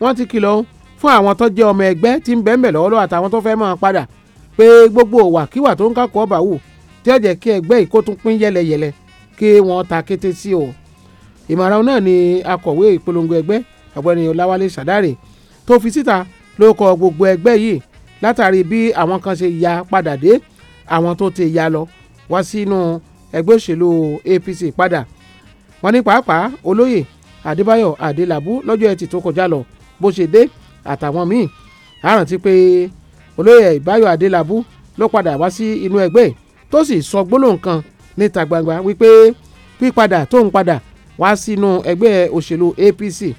wọ́n ti kìlọ̀ fún àwọn tó jẹ́ ọmọ ẹgbẹ́ tí ń bẹ́ẹ̀ mẹ́ lọ́wọ́lọ́wọ́ àtàwọn tó fẹ́ máa padà pé gbogbo wàkíwà tó ń kákọ́ ọ̀bà wù tí ó jẹ́ kí ẹgbẹ́ yìí kó tún pín yẹlẹyẹlẹ kí wọ́n ta kété sí o ìmọ̀ràn náà ni akọ̀wé ìpolongo ẹgbẹ́ ọ̀gbẹ́ni ọláwálé sàdáre tó fi síta ló kọ gbogbo ẹgbẹ́ yìí látàrí bí àwọn kan ṣe ya padà dé àwọn tó ti ya lọ wá sínú ẹgbẹ́ òṣèlú APC padà wọ́n ní pàápàá olóyè adébáyọ̀ adélabú lọ́jọ́ ẹtì tó kọjá lọ bó ṣe dé àtàwọn míì a pé olóyè ìbáyọ̀ adélabú ló padà wá sí inú ẹgbẹ́ yìí tó sì sọ gbólóhùn kan níta gbangba wípé pípadà tó ń padà wá sínú ẹgbẹ́ òṣèlú APC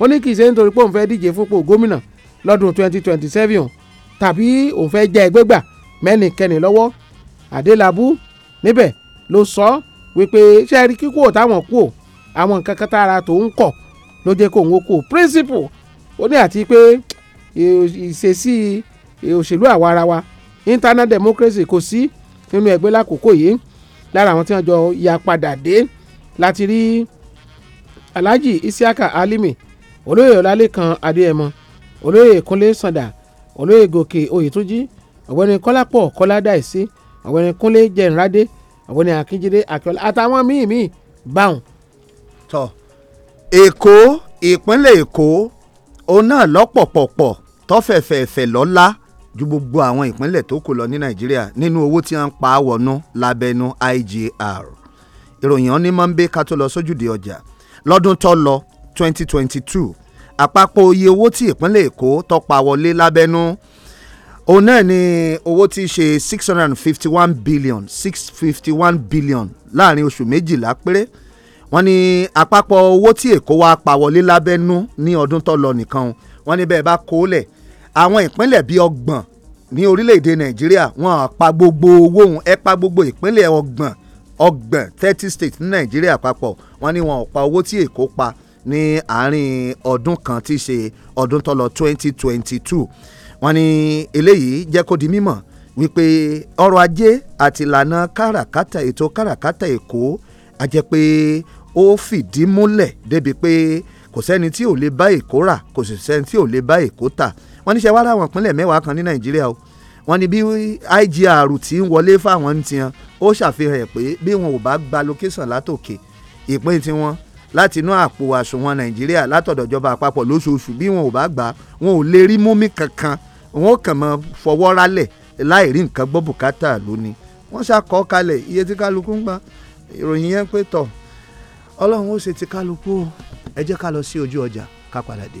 ó ní kì í ṣe nítorí pé òun fẹ́ díje fúnpò gómìnà lọ́dún 2027 tàbí òun fẹ́ jẹ́ ẹgbẹ́ gbà mẹ́nìkẹ́nì lọ́wọ́ Adélabú níbẹ̀ ló sọ wípé ṣe é rí kíkú táwọn kú ò àwọn nǹkan kan tára tòun kọ̀ ló jẹ́ kó òun kú principle ó ní àti pé ìṣesí òṣèlú àwa ara wa internal democracy kò sí si, nínú ẹgbẹ́ lákòókò yìí lára àwọn tí wọ́n jọ ya padà dé láti rí Alhaji Isiaka Alimi olóyè Ọlálékan Adéyẹmọ olóyè Kúnlé Sàndà olóyè Gòkè Oyètúnjí ọ̀gbẹ́ni Kọ́lápọ̀ Kọ́ládàísí ọ̀gbẹ́ni Kúnlé Jẹ̀nradé ọ̀gbẹ́ni Akínjídé Akíọ́lá àtàwọn míì míì báwọn. tọ Èkó ìpínlẹ̀ Èkó òun náà lọ́pọ̀pọ̀pọ̀ tọ́fẹ̀fẹ̀fẹ̀ lọ́la ju gbogbo àwọn ìpínlẹ̀ tó kù lọ ní nàìjíríà nínú owó tí wọ́n ń pa wọnú lábẹ́nú IGR ìròyìn ọ́n ní mọ́ńbé ká tó lọ sójúde ọjà lọ́dún tó lọ 2022 àpapọ̀ iye owó tí ìpínlẹ̀ èkó tó pa wọlé lábẹ́nú òun náà ni owó tí í ṣe 651 billion 651 billion láàrin oṣù méjìlá péré wọ́n ní àpapọ̀ owó tí èkó wá pa wọlé lábẹ́nú ní ọdún tó lọ nìkan wọ́n ní bẹ́ẹ̀ bá kó lẹ̀ àwọn ìpínlẹ̀ bíi ọgbọ̀n ní orílẹ̀-èdè nàìjíríà wọ́n pa gbogbo owó òun ẹ pa gbogbo ìpínlẹ̀ ọgbọ̀n ọgbọ̀n thirty states ní nàìjíríà papọ̀ wọ́n ní wọn ò pa owó tí èkó pa ní àárín ọdún kan tí í ṣe ọdún tó lọ twenty twenty two wọ́n ní eléyìí jẹ́ kó di mímọ̀ wípé ọrọ̀ ajé àti ìlànà káràkátà ètò káràkátà èkó a jẹ́ pé ó fìdí múlẹ̀ débi pé kò sẹ́ni tí ò lè bá èkó rà kò sì sẹ́ni tí ò lè bá èkó tà wọ́n ní ṣe wá láwọn ìpínlẹ̀ mẹ́wàá kan ní nàìjíríà o wọ́n ní bí IGR ti ń wọlé fáwọn ní tiwọn ó ṣàfihàn ẹ̀ pé bí wọn ò bá gba location látòkè ìpín tiwọn láti inú àpò àsùnwọ̀n nàìjíríà látọ̀dọ̀ ìjọba àpapọ̀ lóṣooṣù bí wọn ò bá gbà wọn ò lè rí múmi kankan wọn ò kàn mọ́ fọwọ́ rálẹ̀ láì rí nǹkan gbọ́ bùkátà lónìí wọ́n ṣàkọ́ kalẹ̀ iye tí kálukú ń gbà ìròyìn yẹn pé tọ̀ ọlọ́run ó ṣe ti kálukú ẹ jẹ́ ká lọ sí ojú ọjà ká padà dé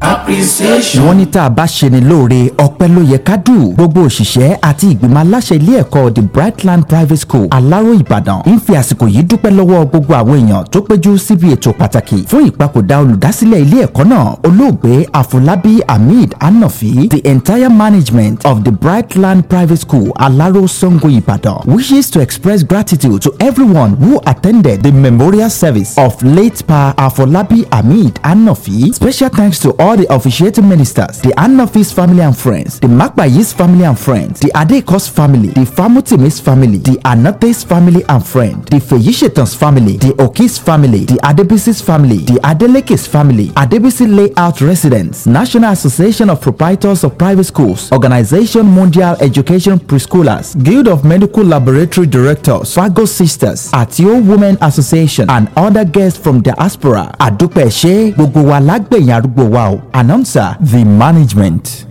appreciation. wọ́n ní tá a bá ṣe ni lóore ọpẹ́ ló yẹ ká dù. gbogbo òṣìṣẹ́ àti ìgbìmọ̀ aláṣẹ ilé ẹ̀kọ́ the brightland private school alaro ìbàdàn ń fi àsìkò yìí dúpẹ́ lọ́wọ́ gbogbo àwọn èèyàn tó péjú síbi ètò pàtàkì fún ìpapòdà olùdásílẹ̀ ilé ẹ̀kọ́ náà olóògbé afolabi hamid anafi the entire management of the brightland private school alaro sango ìbàdàn wishes to express gratitude to everyone who attended the memorial service of late pa afolabi hamid anafi special thanks to all all the officiating ministers, the Anafis family and friends, the Makbayis family and friends, the Adekos family, the Famutimis family, the Anates family and friend, the Feyishetans family, the Okis family, the Adebisis family, the Adelekis family, Adebisi Layout Residents, National Association of Proprietors of Private Schools, Organization Mondial Education Preschoolers, Guild of Medical Laboratory Directors, Fago Sisters, Atio Women Association, and other guests from diaspora. Àdúpẹ́ ṣe gbogbo wa lágbẹ̀yìn announcer, the management.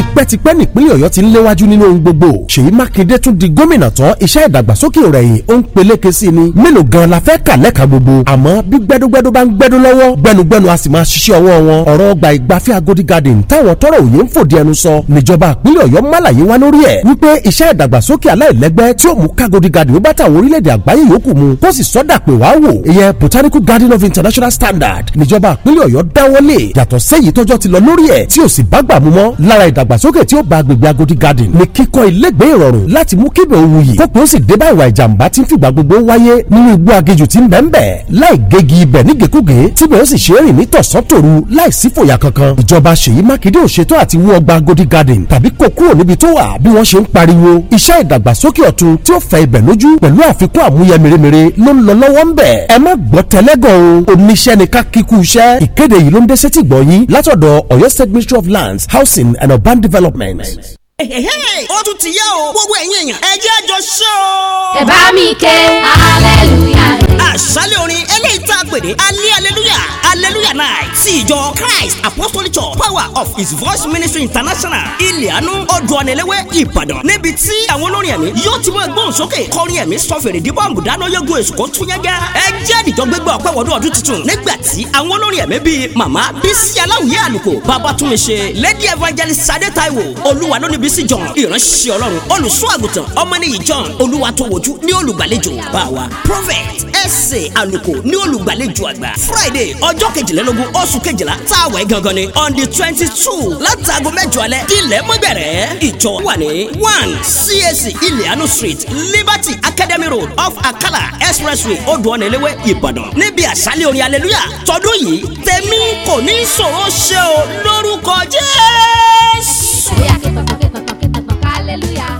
tipẹ́tipẹ́ nípínlẹ̀ ọ̀yọ́ ti ń léwájú nínú ohun gbogbo ṣèyí mákindé tún di gómìnà tán iṣẹ́ ìdàgbàsókè rẹ̀ yìí ó ń peléke sí ni mélòó gan la fẹ́ kà lẹ́ka gbogbo àmọ́ bí gbẹ́dúgbẹ́dú bá ń gbẹ́dú lọ́wọ́ gbẹnugbẹnu a sì máa ṣiṣẹ́ ọwọ́ wọn ọ̀rọ̀ ọgbà ìgbafẹ́ agodi garden táwọn tọrọ òye ń fòdì ẹnu sọ níjọba ìpínlẹ̀ ọ̀yọ́ málàyé garden ó bá tàwọn orílẹ̀-èdè àgbáyé yòókù mu kó sì sọ́dà pé wá ìdàgbàsókè tí ó bá agbègbè Agodi Garden ni kíkọ́ ilégbèé ìrọ̀rùn láti mú kíbẹ̀ òwú yìí kópin ó sì dé bá ìwà ìjàmbá tí ń fìgbà gbogbo wáyé nínú igbó agejù tí ń bẹ̀ ń bẹ̀ láì gegi ibẹ̀ nígekúge tíbẹ̀ ó sì ṣe é rìn ní tọ̀sán tòru láì sí fòyà kankan ìjọba Ṣèyí Mákindé ò ṣètò àti wú ọgbà Agodi Garden tàbí kó kúrò níbi tó wà bí wọ́n ṣe ń pariwo iṣẹ́ ìdàgbàsókè ọ̀tun tí ó fẹ́ ibẹ̀ lójú pẹ̀lú àfikún àmúyẹ mèremère ló ń lọ lọ́wọ́ ń bẹ̀ ẹ má gbọ́ tẹ́lẹ́gàn o oníṣẹ́ ni ká kíkú iṣẹ́ ìkéde yìí ló ń Ministry of Lands Housing and Urban development. ó tún ti yá o gbogbo ẹ̀yin èèyàn ẹ jẹ́ àjọ ṣó. ẹ bá mi kẹ́ hallelujah. àṣálẹ̀ orin eléyìí tá a pè ní alẹ́ ìjọ christ apostolic church power of his voice ministry international ìlẹ̀ánú ọdún ọ̀nẹ́lẹ́wẹ́ ìbàdàn níbi tí àwọn olórin ẹ̀mí yóò ti mọ ẹgbọ́n sókè kọrin ẹ̀mí sọfèrè dìbò àmùdáná yẹ́gun èsù kó tún yẹ́gá ẹ jẹ́ ìdìjọ́ gbégbá ọpẹ́ wọ́dún ọdún tuntun nígbà tí àwọn olórin ẹ̀mí bíi màmá bísí aláwìyé àlùkò babatunmise lady evangelist sade taiwo olúwa lónìí Bisi john ìránṣẹ́ ọlọ́run olùṣọ́ àgùntàn ọmọnìyí john olúwa tó wojú ní olùgbàlejò báwa prophet ẹ̀sẹ̀ àlùkò ní olùgbàlejò àgbà friday ọjọ́ kejìlélógún oṣù kej kejìlá tá a wẹ̀ gangan ni on the twenty two látago mẹ́jọ alẹ́ ilẹ̀ mọ́gbẹ̀rẹ̀ ìjọ wà ní one CAC Ileanu street Liberty Academy road off Akala expressway Odùọ̀nà Ẹlẹ́wẹ̀ Ìbàdàn níbi àṣálẹ̀ orin hallelujah tọdún yìí tèmi kò ní sọ̀rọ̀ ṣe o lórúkọ Jésù. hallelujah.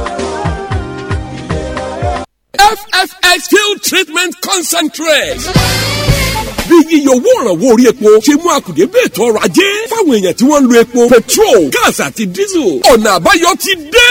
FFX Field Treatment Concentrate. Bí yíyọwó ìrànwọ́ orí epo ṣe mú àkùdé bí ètò ọrọ̀ ajé fáwọn èèyàn tí wọ́n ń lo epo, petrol, gáàsì àti dísù. Ọ̀nà àbáyọ ti dé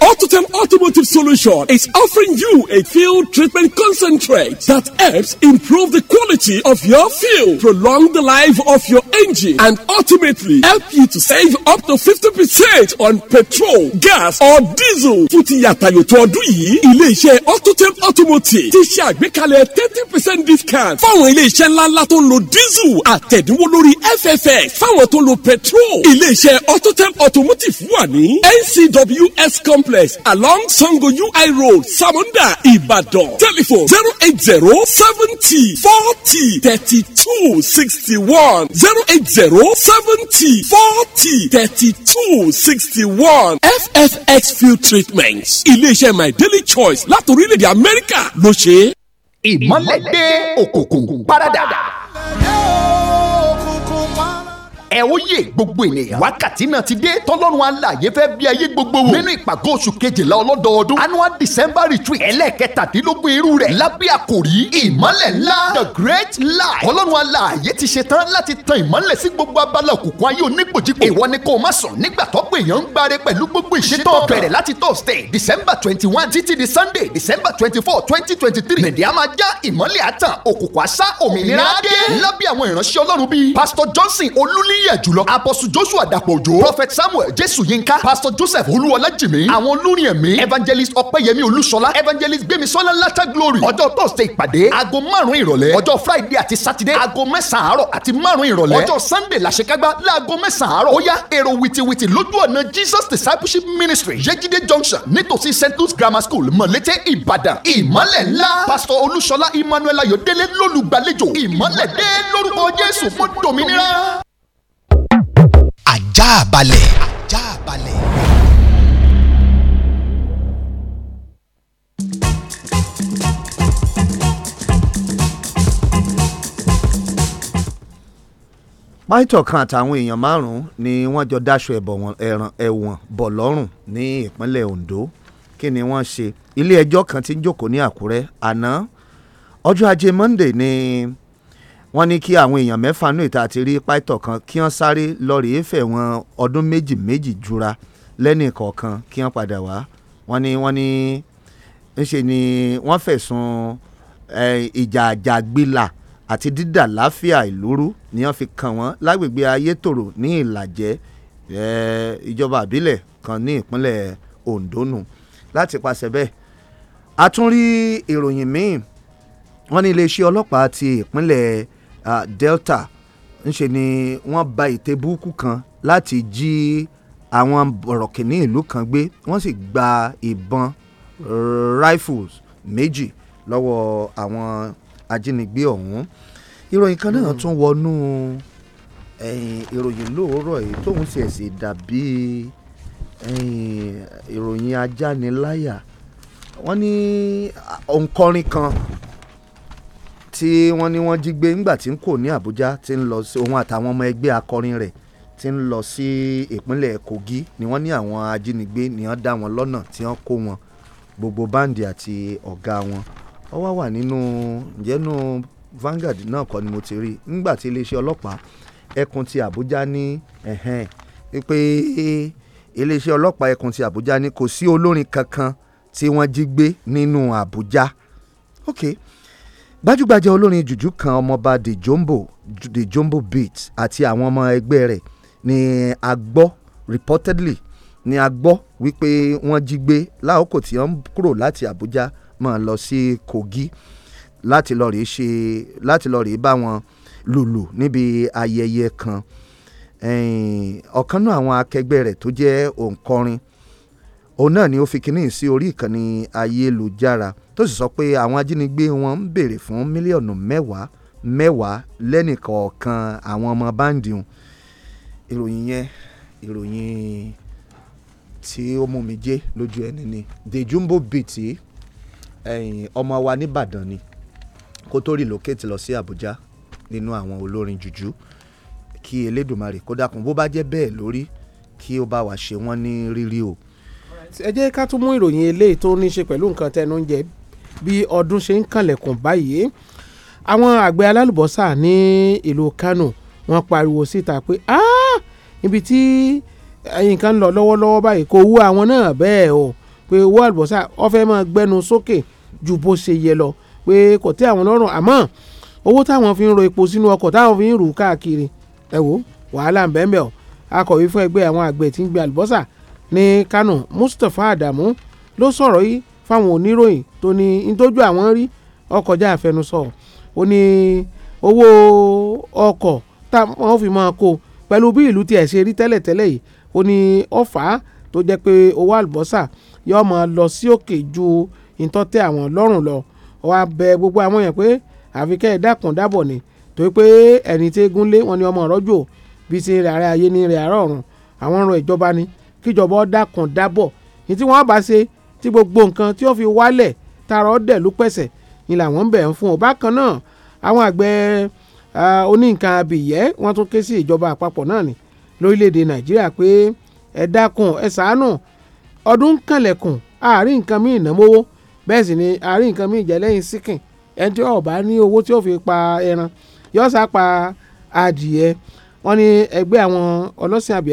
Autotem Automotive Solution is offering you a fuel treatment concentrate that helps improve the quality of your fuel, prolong the life of your engine, and ultimately help you to save up to 50% on petrol, gas, or diesel. Fún ti yàtàyòtò ọdún yìí, ilé-iṣẹ́ Autotem Automotive ti ṣe àgbékalẹ̀ thirty percent discount fáwọn ilé-iṣẹ́ ńláńlá tó ń lo diesel àtẹ̀dínwó lórí FFX fáwọn tó ń lo petrol. Ilé-iṣẹ́ Autotem Automotive wà ní NCWS company complex along Sango UI road Samunda Ibadan telephone zero eight zero seventy forty thirty two sixty one zero eight zero seventy forty thirty two sixty one FFX Fuel treatments iléeṣẹ́ my daily choice láti orílẹ̀-èdè Amẹ́ríkà ló ṣe. ìmọ̀lẹ́dẹ́ Parada. paradà ẹ ó yè gbogbo ènìyàn. wákàtí náà ti dé tọ́lọ́run alààyè fẹ́ bí ayé gbogbo wò. nínú ìpàgọ́ oṣù kejìlá ọlọ́dọọdún annual december retreat ẹlẹ́ẹ̀kẹtàdínlógún irú rẹ̀ lábẹ́ àkòrí ìmọ́lẹ̀ ńlá the great light. ọlọ́run alààyè ti ṣe tán láti tan ìmọ́lẹ̀ sí gbogbo abala òkùnkùn ayé oníkòjìkò. èèwọ̀ ni kò má sùn nígbà tó pé èèyàn ń gbáre pẹ̀lú gbogbo ìṣètò bẹ̀rẹ̀ láti december twenty one títí di sunday december twenty four twenty twenty three nìdí á máa já ìmọ́lẹ̀ àtàn òkùnkùn àṣà òmìnira dé. pastor johnson olúlí níyà jùlọ apọ́sù joshua dàpọ̀ òjò prophet samuel jésù yínká pastor joseph olúwọlá jìmí àwọn olórin ẹ̀mí evangelist ọ̀pẹ́yẹmí olúṣọlá evangelist gbémisọ́lá látà glory ọjọ́ thursday ìpàdé aago márùn-ún ìrọ̀lẹ́ ọjọ́ friday àti saturday aago mẹ́sàn-án àárọ̀ àti márùn-ún ìrọ̀lẹ́ ọjọ́ sunday làṣekágbá láago mẹ́sàn-án àárọ̀ ó yá èrò wìtìwìtì lójú ọ̀nà jesus discipleship ministry yejide junction nítòsí st grammar school mọ̀lété ìbàdàn ìmọ̀lẹ̀ ńlá pastor olúṣọlá emmanuel ayọ̀délé lólùgbàlejò ìmọ̀lẹ̀ dé lórúkọ jésù fún dominira. ajá balẹ̀. ajá balẹ̀. pásítọ̀ kan àtàwọn èèyàn márùn-ún ni wọ́n jọ dáṣọ ẹ̀wọ̀n bọ̀ lọ́rùn ní ìpínlẹ̀ Ondo kí ni wọ́n ṣe ilé ẹjọ́ kan tí ń jòkó ní Àkúrẹ́ àná ọjọ́ ajé monde Ni wọ́n ní kí àwọn èèyàn mẹ́fà nù ìta àti rí pító kan kí wọ́n sáré lọ́ọ̀rì ìfẹ́ wọn ọdún méjì méjì jura lẹ́nì kọ̀ọ̀kan kí wọ́n padà wá wọ́n ní wọ́n ní ńṣe ni wọ́n fẹ̀sùn ìjà àjàgbìlà àti dídà láfíà ìlúrú ni wọ́n fi kàn wọ́n lágbègbè ayétòrò ní ìlàjẹ́ ìjọba àbílẹ̀ kan ní ìpínlẹ̀ Ondo nù láti pàṣẹ bẹ́ẹ̀ a tún rí ìròyìn míì wọ́n ní iléeṣẹ́ ọlọ́pàá ti ìpínlẹ̀ uh, delta ńṣe ni wọ́n ba ìtẹ́ burúkú kan láti jí àwọn bọ̀rọ̀kìnní ìlú kan gbé wọ́n sì gba ìbọn rifles méjì lọ́wọ́ àwọn ajínigbé ọ̀hún ìròyìn kan náà hmm. tún wọnú ìròyìn lóòrọ̀ yìí tóun sì ẹ̀sìn dàbí ìròyìn ajániláyà wọ́n ní òǹkọrin kan tí wọ́n ní wọ́n jí gbé ńgbà tí ń kò ní Àbújá tí ń lọ sí òun àtàwọn ọmọ ẹgbẹ́ akọrin rẹ̀ tí ń lọ sí ìpínlẹ̀ Kogi ni wọ́n ní àwọn ajínigbé ni wọ́n dá wọn lọ́nà tí wọ́n kó wọn gbogbo báǹdì àti ọ̀gá wọn ó wá wà nínú ìjẹ́nu Vanguard náà kọ́ ni mo ti rí ńgbà tí iléeṣẹ́ ọlọ́pàá ẹkùn ti Àbújá ní ẹ̀hẹ́n pé iléeṣẹ́ ọlọ́pàá ẹkùn ti Àbújá ní kò sí olórin kankan tí wọ́n jí gbé nínú Àbújá okay gbajúgbajà olórin jùjú kan ọmọọba Dejombo Dejombo Beat àti àwọn ọmọ ẹgbẹ́ rẹ̀ ni a gbọ́ reportedly ni a gbọ́ wípé wọ́n jí gbé láòkò tí wọ́n ń kúrò láti Àbújá máa lọ sí Kogi láti lọ rèé ṣe láti lọ rèé bá wọn lùlù níbi ayẹyẹ kan ọ̀kan náà àwọn akẹgbẹ́ rẹ̀ tó jẹ́ òǹkọrin òun náà ni ó fi kinní sí orí ìkànnì ayélujára tó sì sọ pé àwọn ajínigbé wọn ń béèrè fún mílíọ̀nù mẹ́wàá mẹ́wàá lẹ́nìkọ̀ọ̀kan àwọn ọmọ báńdì hùn ìròyìn yẹn ìròyìn tí ó mú mi jẹ́ lójú ẹni ni the jumbo beat ọmọ wa nìbàdàn ni kó tó relocate lọ sí Àbújá nínú àwọn olórin jùjú kí Elédùmarè kó dákun bó bá jẹ́ bẹ́ẹ̀ lórí kí ó bá wa ṣe wọ́n ní rírí o ẹ jẹ́ ká tún mú ìròyìn eléyìí tó ní í ṣe pẹ̀lú nǹkan tẹnu ń jẹ bí ọdún ṣe ń kànlẹ̀kùn báyìí àwọn àgbẹ̀ alálùbọ́sà ní ìlú Kánò wọ́n pariwo síta pé ibi tí nǹkan ń lọ lọ́wọ́lọ́wọ́ báyìí kò wú àwọn náà bẹ́ẹ̀ o pé owó àlùbọ́sà ó máa gbẹ́nu sókè ju bó ṣe yẹ lọ pé kò tẹ́ àwọn lọ́rùn àmọ́ owó táwọn fi ń ro epo sínú ọkọ̀ táwọn fi ń rù káàkiri ẹ wo wàhálà ń bẹ́ẹ̀ bẹ́ẹ̀ akọ̀wé fún ẹgbẹ́ àwọn àgbẹ̀ tí ń gbẹ àlùbọ́sà ní kano Mustapha Adamu ló sọ̀rọ̀ yìí fáwọn oníròyìn tó ní ntójú àwọn rí ọkọjá àfẹnusọ ó ní owó ọkọ̀ táwọn fi máa kó pẹ̀lú bí ìlú tiẹ̀ ṣe rí tẹ́lẹ̀tẹ́lẹ̀ yìí ó ní ọ̀fà tó jẹ́ pé owó àlùbọ́sà yóò máa lọ sí òkè ju ìtọ́tẹ́ àwọn lọ́rùn lọ wá bẹ gbogbo àwọn yẹn pé àfikẹ́ ìdákùn dábọ̀ ni torí pé ẹni tí egun lé wọn ni ọmọ rọ́jò bíi ti rẹ̀ àárẹ̀ ayé ni rẹ̀ àárọ̀ ọ̀run àwọn ọ̀rọ̀ ìjọba ni kíjọba dákun dábọ̀ ní tí wọ́n bá ṣe tí gbogbo nǹkan tí ó fi wálẹ̀ tààrọ̀ dẹ̀ ló pẹ̀sẹ̀ ni làwọn bẹ̀ ń fún ọ bákan náà àwọn àgbẹ̀ oníǹkan abìyẹ́ wọ́n tún ké sí ìjọba àpapọ̀ náà ní lórílẹ̀‐èdè nàìjíríà pé ẹ dákun ẹ ṣàánú ọdún kànlẹ̀kùn àárín nǹkan míì ìnáwó bẹ́ẹ̀ sì ni àárín nǹkan míì ìjẹ́lẹ́yìn síkìn ẹni tí ó ní owó tí ó fi pa ẹran yọ́sà pa adìyẹ wọ́n ní ẹgbẹ́ àwọn ọlọ́sìn abìyẹ́